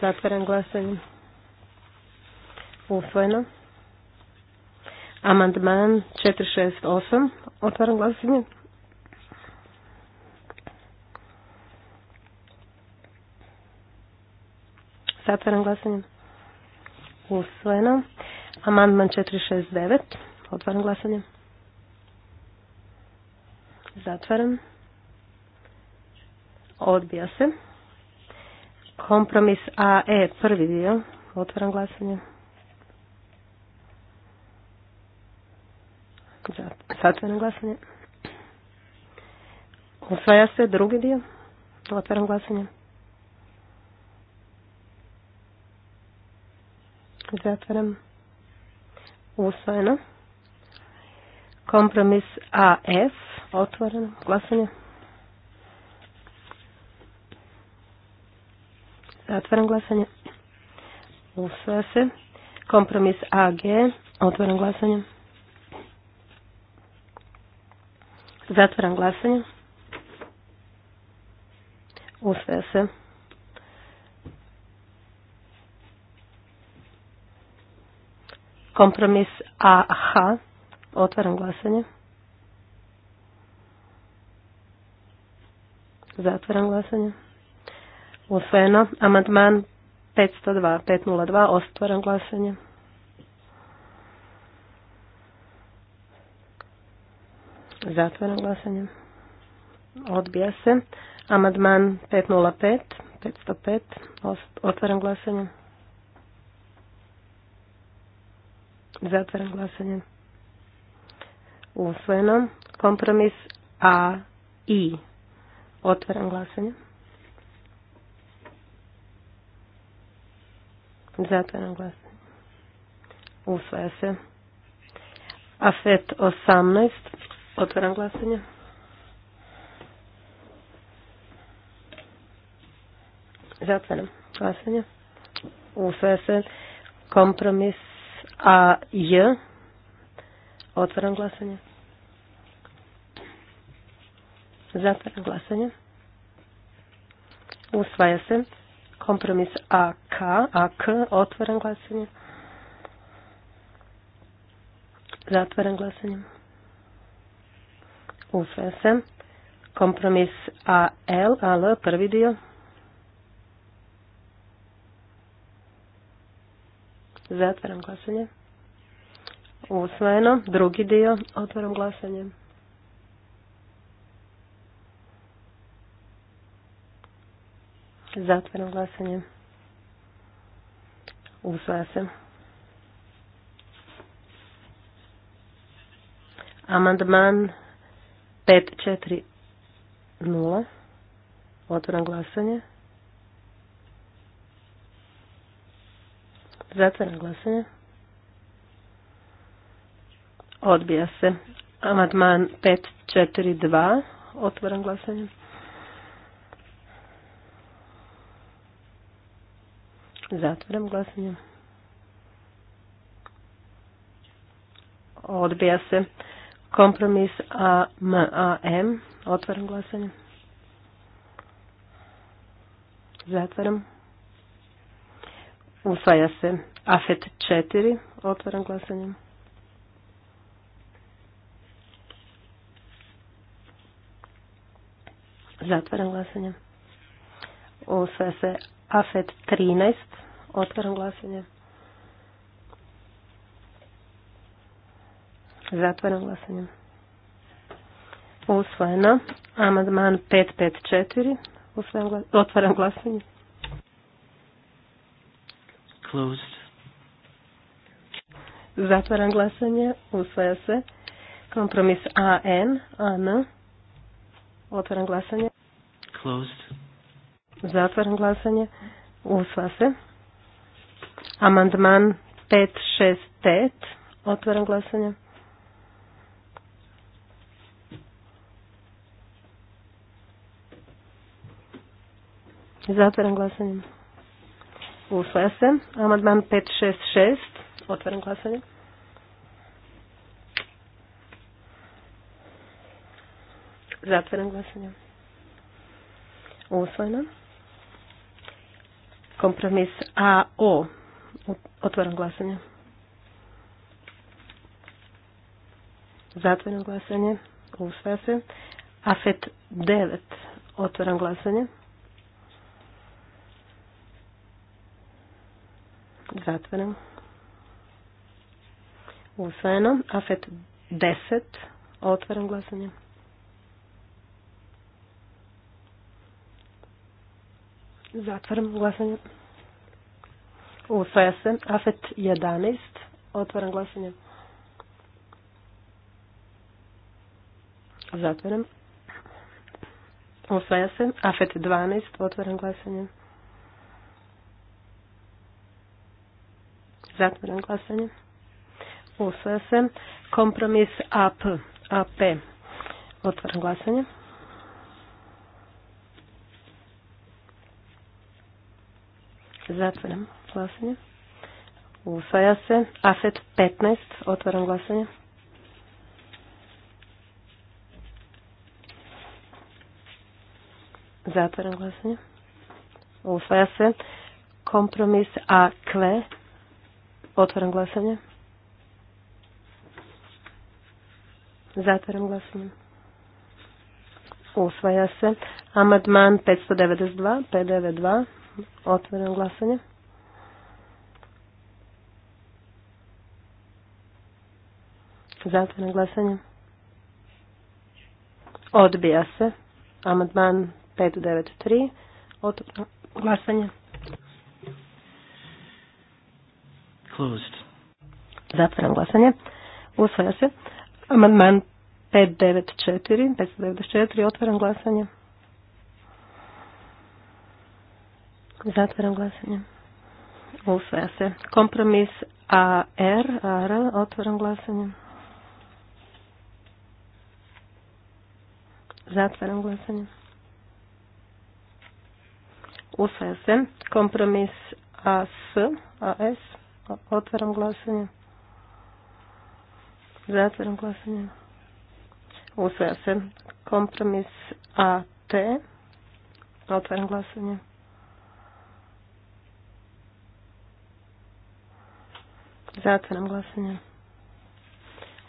Zatvaram glasanje. Usvojeno. Amandman 468. Otvaram glasanje. Zatvaram glasanje. Usvojeno. Amandman 469. Otvaram glasanje. Zatvaram. Odbija se. Kompromis AE, prvi dio. Otvaram glasanje. Zatvaram glasanje. Usvaja se drugi dio. Otvaram glasanje. Zatvaram. Usvojeno. Kompromis AF. Otvoreno. Glasanje. Zatvaram glasanje. Usvoja se. Kompromis AG. Otvoreno glasanje. Zatvaram glasanje. Usvoja se. Kompromis AH. Otvaram glasanje. Zatvaram glasanje. Usvojeno. Amandman 502. 502. Ostvaram glasanje. Zatvaram glasanje. Odbija se. Amandman 505. 505. Otvaram glasanje. Zatvaram glasanje. Usvojeno. Kompromis A i. Otvaram glasanje. Zatvaram glasanje. Usvaja se. Afet 18. Otvaram glasanje. Zatvaram glasanje. Usvaja se kompromis a J. otvoren glasanje. Zatvaram glasanje. Usvaja se. Kompromis AK. AK. otvoren glasanje. Zatvaram glasanje. Usvaja se. Kompromis AL. AL. Prvi dio. Zatvaram glasanje. Usvojeno. Drugi dio. Otvaram glasanje. Zatvaram glasanje. Usvaja se. Amandman 540. Otvaram glasanje. Zatvaram glasanje. Odbija se. Amadman 542. Otvaram glasanje. Zatvaram glasanje. Odbija se. Kompromis AMAM. Otvaram glasanje. Zatvaram. Usvaja se. Afet 4. Otvaram glasanje. Zatvaram glasanje. Usvaja se. Afet 13. Otvaram glasanje. Zatvaram glasanje. Usvojeno. AMADMAN 554. četiri otvaram glasanje closed. Zatvaram glasanje. Usvaja se. Kompromis AN. AN. Otvaram glasanje. Closed. Zatvaram glasanje. Usvaja se. Amandman 565. Otvaram glasanje. Zatvaram glasanje. Usvaja se. Amandman 566. Otvaram glasanje. Zatvaram glasanje. Usvojeno. Kompromis AO. Otvaram glasanje. Zatvaram glasanje. Usvaja se. AFET 9. Otvaram glasanje. Zatvaram. Usvojeno. Afet 10. Otvaram glasanje. Zatvaram glasanje. Usvoja se. Afet 11. Otvaram glasanje. Zatvaram. Usvoja se. Afet 12. Otvaram glasanje. Zatvoram glasanje. Usvaja se. Kompromis AP. AP. Otvaram glasanje. Zatvaram glasanje. Usvaja se. AFET 15. Otvaram glasanje. Zatvaram glasanje. Usvaja se. Kompromis kle. Otvaram glasanje. Zatvaram glasanje. Usvaja se. Amadman 592, 592. Otvaram glasanje. Zatvaram glasanje. Odbija se. Amadman 593. Otvaram glasanje. closed. Zatvaram glasanje. Usvaja se. Amandman 594, 594, otvaram glasanje. Zatvaram glasanje. Usvaja se. Kompromis AR, AR, otvaram glasanje. Zatvaram glasanje. Usvaja se. Kompromis AS, AS, Otvaram glasanje. Zatvaram glasanje. Usvaja se kompromis AT. Otvaram glasanje. Zatvaram glasanje.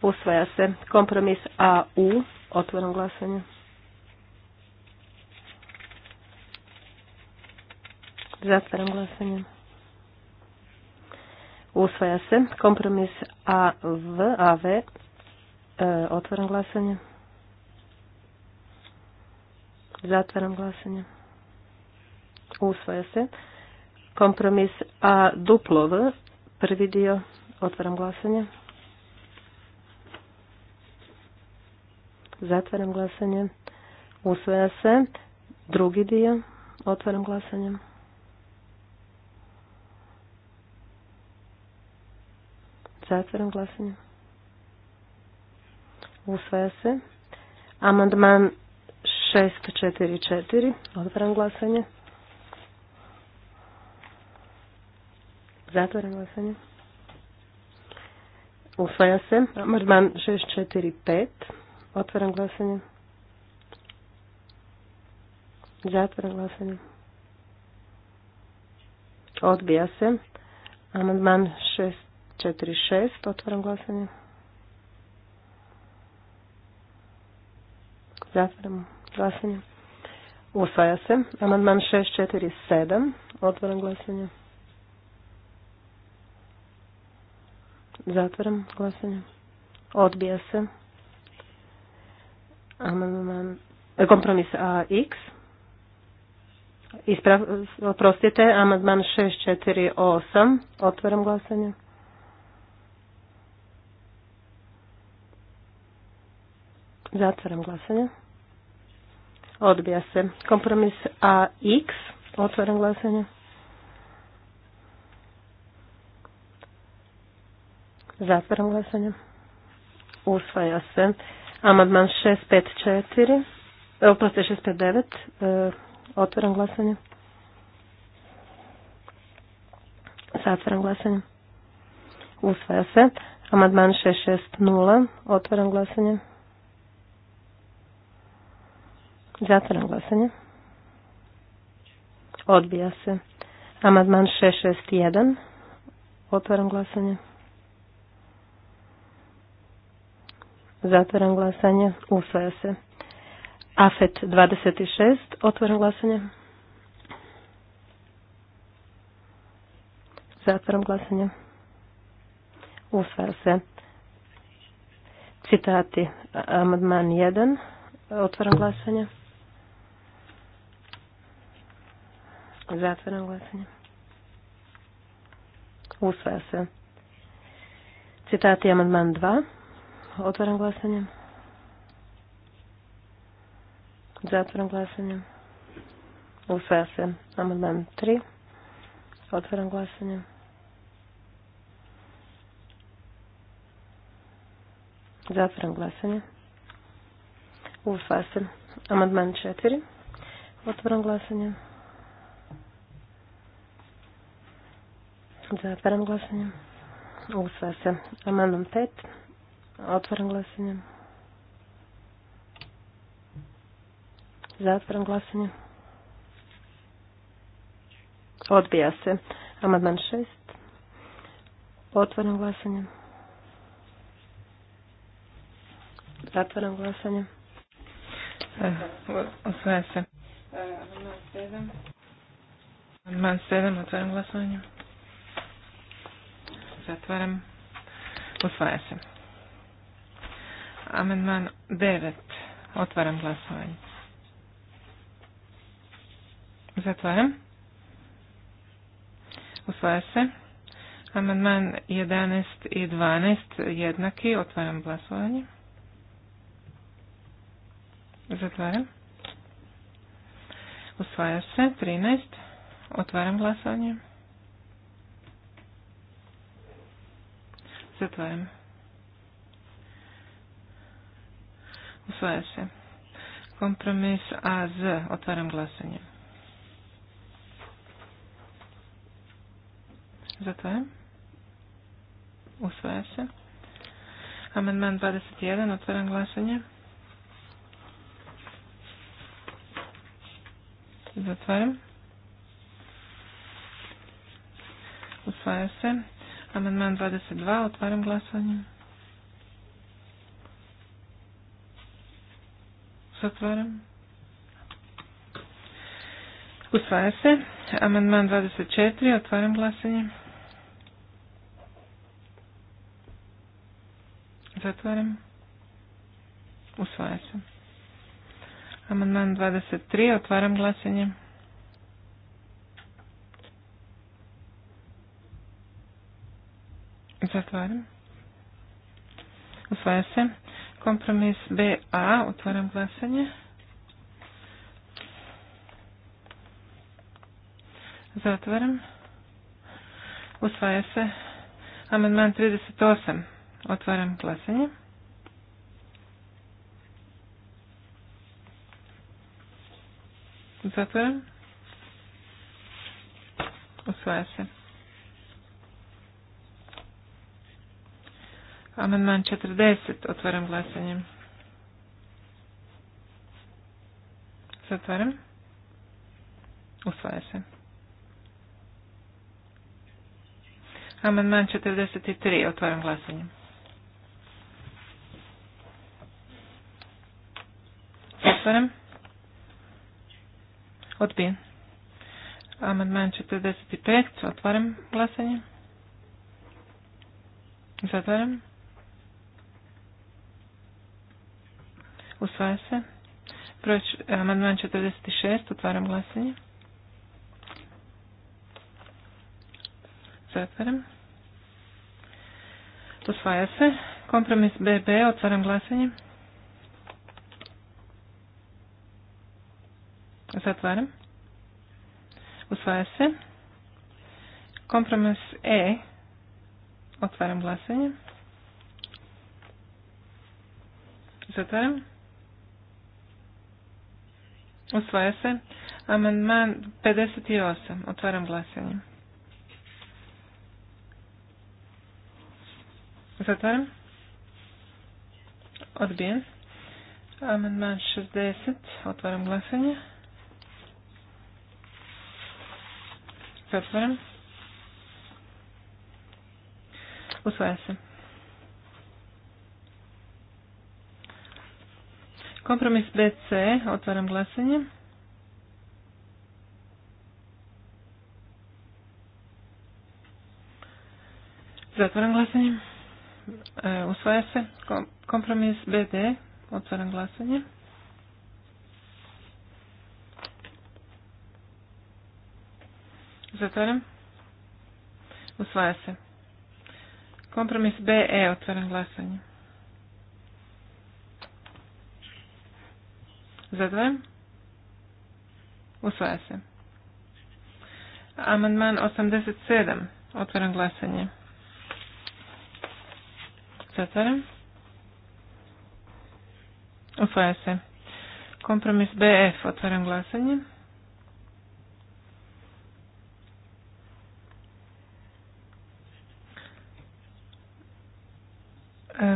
Usvaja se kompromis AU. Otvaram glasanje. Zatvaram glasanje. Usvaja se. Kompromis AV, AV. E, otvaram glasanje. Zatvaram glasanje. Usvaja se. Kompromis A duplo Prvi dio. Otvaram glasanje. Zatvaram glasanje. Usvaja se. Drugi dio. Otvaram glasanje. Zatvaram glasanje. Usvaja se. Amandman 644. Otvaram glasanje. Zatvaram glasanje. Usvaja se. Amandman 645. Otvaram glasanje. Zatvaram glasanje. Odbija se. Amandman 6 šest Otvaram glasanje. Zatvaram glasanje. Usvaja se. Amandman 647. Otvaram glasanje. Zatvaram glasanje. Odbija se. Amandman e, kompromis AX. Isprav, oprostite, amandman 648. Otvaram glasanje. Zatvaram glasanje. Odbija se. Kompromis AX. Otvaram glasanje. Zatvaram glasanje. Usvaja se. Amandman 654. Oprosti 659. Otvaram glasanje. Zatvaram glasanje. Usvaja se. Amandman 660. Otvaram glasanje. Zatvaram glasanje. Odbija se. Amadman 661. Otvaram glasanje. Zatvaram glasanje. Usvaja se. AFET 26. Otvaram glasanje. Zatvaram glasanje. Usvaja se. Citati. Amadman 1. Otvaram glasanje. Zatvaram glasanje. Usvaja se. Citati amandman 2. Otvaram glasanje. Zatvaram glasanje. Usvaja se. Amandman 3. Otvaram glasanje. Zatvaram glasanje. Usvaja se. Amandman 4. Otvaram glasanje. Zatvaram glasanje. Usva se. Amandom 5. Otvaram glasanje. Zatvaram glasanje. Odbija se. Amandman 6. Otvaram glasanje. Zatvaram glasanje. Osvaja se. Amandman 7. Amandman 7. Otvaram glasanje. Zatvaram. Usvaja se. Amendman 9. Otvaram glasovanje. Zatvaram. Usvaja se. Amandman 11 i 12 jednaki. Otvaram glasovanje. Zatvaram. Usvaja se. 13. Otvaram glasovanje. Zatvaram. Usvaja se. Kompromis AZ. Otvaram glasanje. Zatvaram. Usvaja se. Amendman 21. Otvaram glasanje. Zatvaram. Usvaja se. Amandman 22. Otvaram glasanje. Zatvaram. Usvaja se. Amandman 24. Otvaram glasanje. Zatvaram. Usvaja se. Amandman 23. Otvaram glasanje. Zatvaram. Usvaja se. Kompromis BA. Otvaram glasanje. Zatvaram. Usvaja se. Amendman 38. Otvaram glasanje. Zatvaram. Usvaja se. Amandman 40. Otvaram glasanje. Zatvaram. Usvaja se. Amandman 43. Otvaram glasanje. Zatvaram. Odbijen. Amandman 45. Otvaram glasanje. Zatvaram. Usvaja se. Broj, eh, amandman 46. Otvaram glasanje. Zatvaram. Usvaja se. Kompromis BB. Otvaram glasanje. Zatvaram. Usvaja se. Kompromis E. Otvaram glasanje. Zatvaram. Usvaja se. Amandman 58. Otvaram glasanje. Zatvaram. Odbijen. Amandman 60. Otvaram glasanje. Zatvaram. Usvaja se. Kompromis BC, otvaram glasanje. Zatvaram glasanje. E, usvaja se. Kompromis BD, otvaram glasanje. Zatvaram. Usvaja se. Kompromis BE, otvaram glasanje. Zatvaram. Usvaja se. Amandman 87. Otvaram glasanje. Zatvaram. Usvaja se. Kompromis BF. Otvaram glasanje.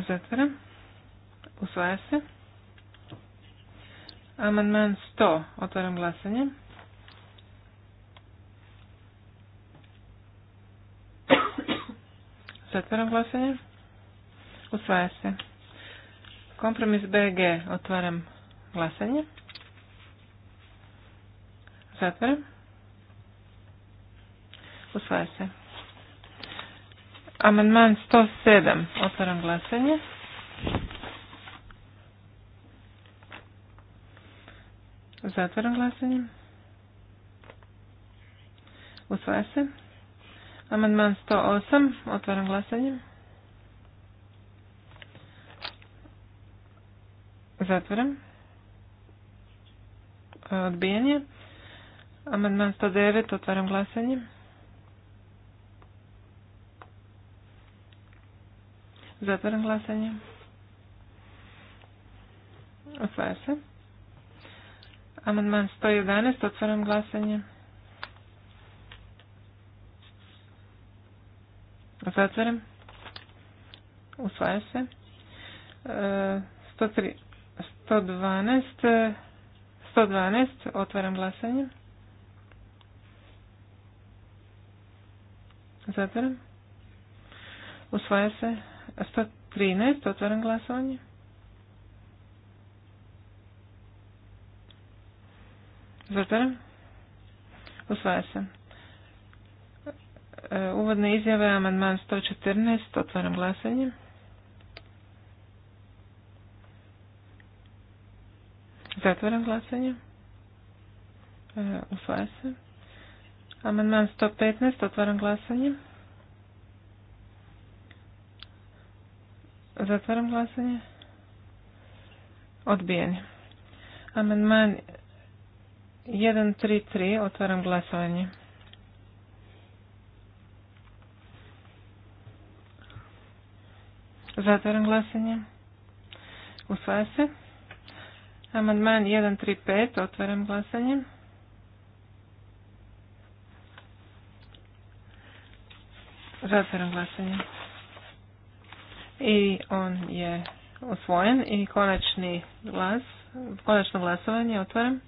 Zatvaram. Usvaja se. Amandman 100. Otvaram glasanje. Zatvaram glasanje. Usvaja se. Kompromis BG. Otvaram glasanje. Zatvaram. Usvaja se. Amandman 107. Otvaram glasanje. Zatvaram glasanje. Usvaja se. Amandman 108. Otvaram glasanje. Zatvaram. Odbijanje. Amandman 109. Otvaram glasanje. Zatvaram glasanje. Osvaja se. Amandman 111, otvaram glasanje. Zatvaram. Usvaja se. 112, e, 112, otvaram glasanje. Zatvaram. Usvaja se. 113, otvaram glasanje. Zatvaram. Usvaja se. E, uvodne izjave, amandman 114, otvaram glasanje. Zatvaram glasanje. E, usvaja se. Amandman 115, otvaram glasanje. Zatvaram glasanje. Odbijen. Amandman 133, otvaram glasovanje. Zatvaram glasanje. Usvaja se. Amandman 135, otvaram glasanje. Zatvaram glasanje. I on je usvojen i konačni glas, konačno glasovanje otvaram.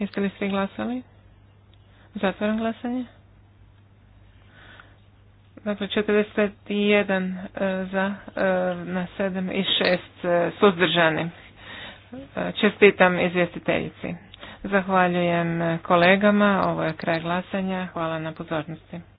Jeste li svi glasali? Zatvaram glasanje. Dakle, 41 e, za, e, na 7 i 6 e, suzdržani. Čestitam izvjestiteljici. Zahvaljujem kolegama, ovo je kraj glasanja, hvala na pozornosti.